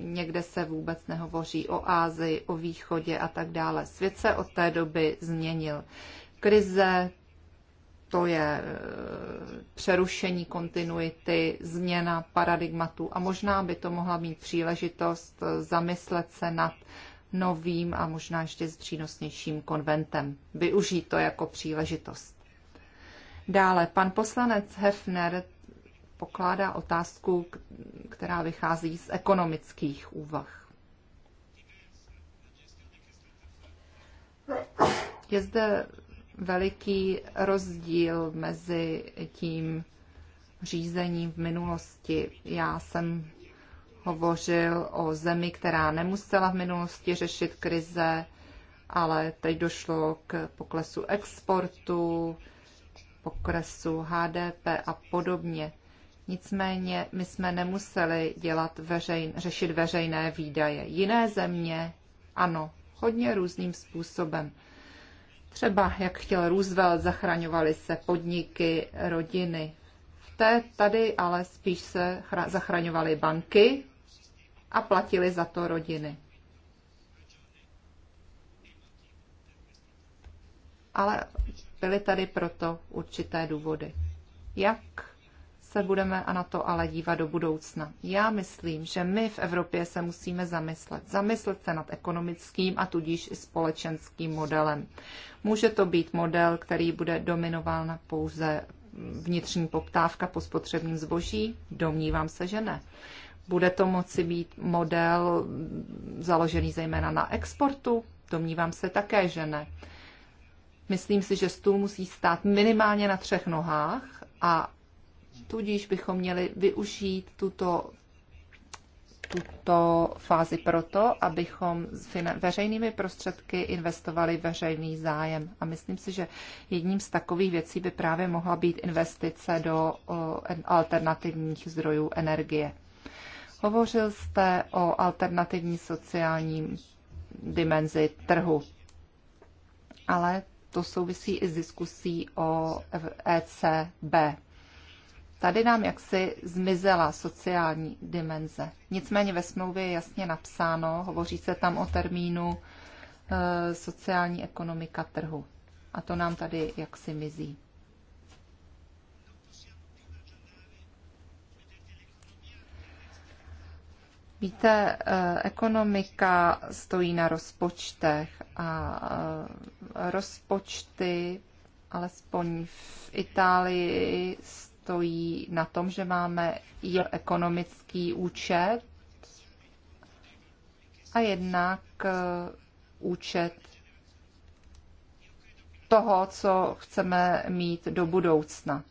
někde se vůbec nehovoří o Ázii, o východě a tak dále. Svět se od té doby změnil. Krize, to je e, přerušení kontinuity, změna paradigmatu a možná by to mohla mít příležitost e, zamyslet se nad novým a možná ještě s přínosnějším konventem. Využít to jako příležitost. Dále pan poslanec Hefner pokládá otázku, která vychází z ekonomických úvah. Je zde veliký rozdíl mezi tím řízením v minulosti. Já jsem hovořil o zemi, která nemusela v minulosti řešit krize, ale teď došlo k poklesu exportu, poklesu HDP a podobně. Nicméně my jsme nemuseli dělat veřejn, řešit veřejné výdaje. Jiné země, ano, hodně různým způsobem. Třeba, jak chtěl Roosevelt, zachraňovaly se podniky, rodiny. V té tady ale spíš se zachraňovaly banky a platily za to rodiny. Ale byly tady proto určité důvody. Jak se budeme a na to ale dívat do budoucna. Já myslím, že my v Evropě se musíme zamyslet. Zamyslet se nad ekonomickým a tudíž i společenským modelem. Může to být model, který bude dominován pouze vnitřní poptávka po spotřebním zboží? Domnívám se, že ne. Bude to moci být model založený zejména na exportu? Domnívám se také, že ne. Myslím si, že stůl musí stát minimálně na třech nohách a Tudíž bychom měli využít tuto, tuto fázi proto, abychom s veřejnými prostředky investovali veřejný zájem. A myslím si, že jedním z takových věcí by právě mohla být investice do alternativních zdrojů energie. Hovořil jste o alternativní sociální dimenzi trhu, ale to souvisí i s diskusí o ECB. Tady nám jaksi zmizela sociální dimenze. Nicméně ve smlouvě je jasně napsáno, hovoří se tam o termínu e, sociální ekonomika trhu. A to nám tady jaksi mizí. Víte, e, ekonomika stojí na rozpočtech a e, rozpočty, alespoň v Itálii, stojí na tom, že máme i ekonomický účet a jednak eh, účet toho, co chceme mít do budoucna.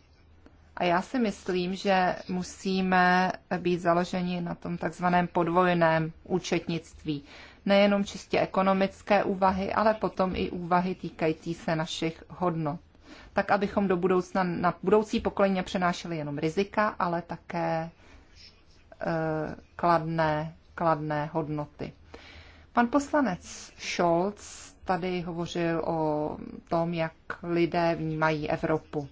A já si myslím, že musíme být založeni na tom takzvaném podvojném účetnictví. Nejenom čistě ekonomické úvahy, ale potom i úvahy týkající se našich hodnot tak abychom do budoucna na budoucí pokolení přenášeli jenom rizika, ale také eh, kladné, kladné hodnoty. Pan poslanec Scholz tady hovořil o tom, jak lidé vnímají Evropu.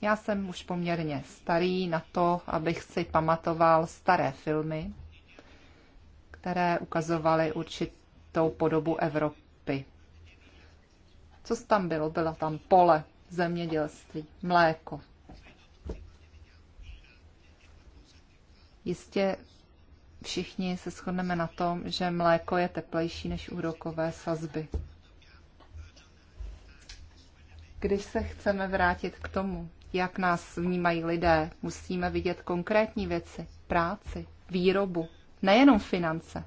Já jsem už poměrně starý na to, abych si pamatoval staré filmy, které ukazovaly určitou podobu Evropy. Co tam bylo? Byla tam pole, zemědělství, mléko. Jistě všichni se shodneme na tom, že mléko je teplejší než úrokové sazby. Když se chceme vrátit k tomu, jak nás vnímají lidé, musíme vidět konkrétní věci, práci, výrobu, nejenom finance.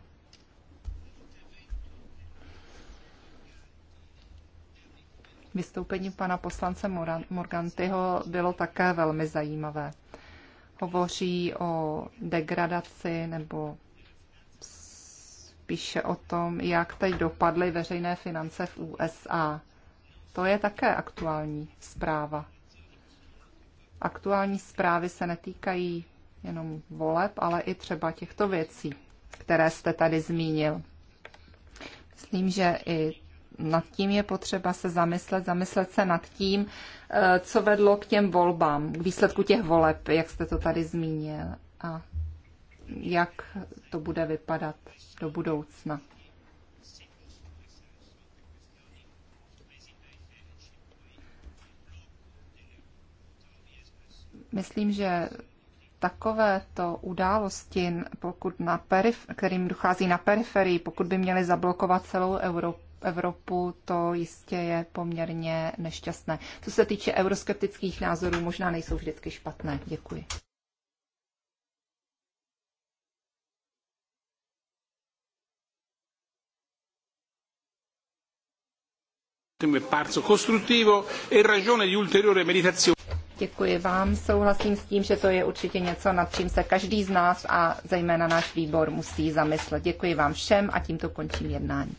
Vystoupení pana poslance Morgantyho bylo také velmi zajímavé. Hovoří o degradaci nebo píše o tom, jak teď dopadly veřejné finance v USA. To je také aktuální zpráva. Aktuální zprávy se netýkají jenom voleb, ale i třeba těchto věcí, které jste tady zmínil. Myslím, že i nad tím je potřeba se zamyslet, zamyslet se nad tím, eh, co vedlo k těm volbám, k výsledku těch voleb, jak jste to tady zmínil, a jak to bude vypadat do budoucna. Myslím, že takovéto události, pokud na perif- kterým dochází na periferii, pokud by měly zablokovat celou Evropu, Evropu, to jistě je poměrně nešťastné. Co se týče euroskeptických názorů, možná nejsou vždycky špatné. Děkuji. E Děkuji vám, souhlasím s tím, že to je určitě něco, nad čím se každý z nás a zejména náš výbor musí zamyslet. Děkuji vám všem a tímto končím jednání.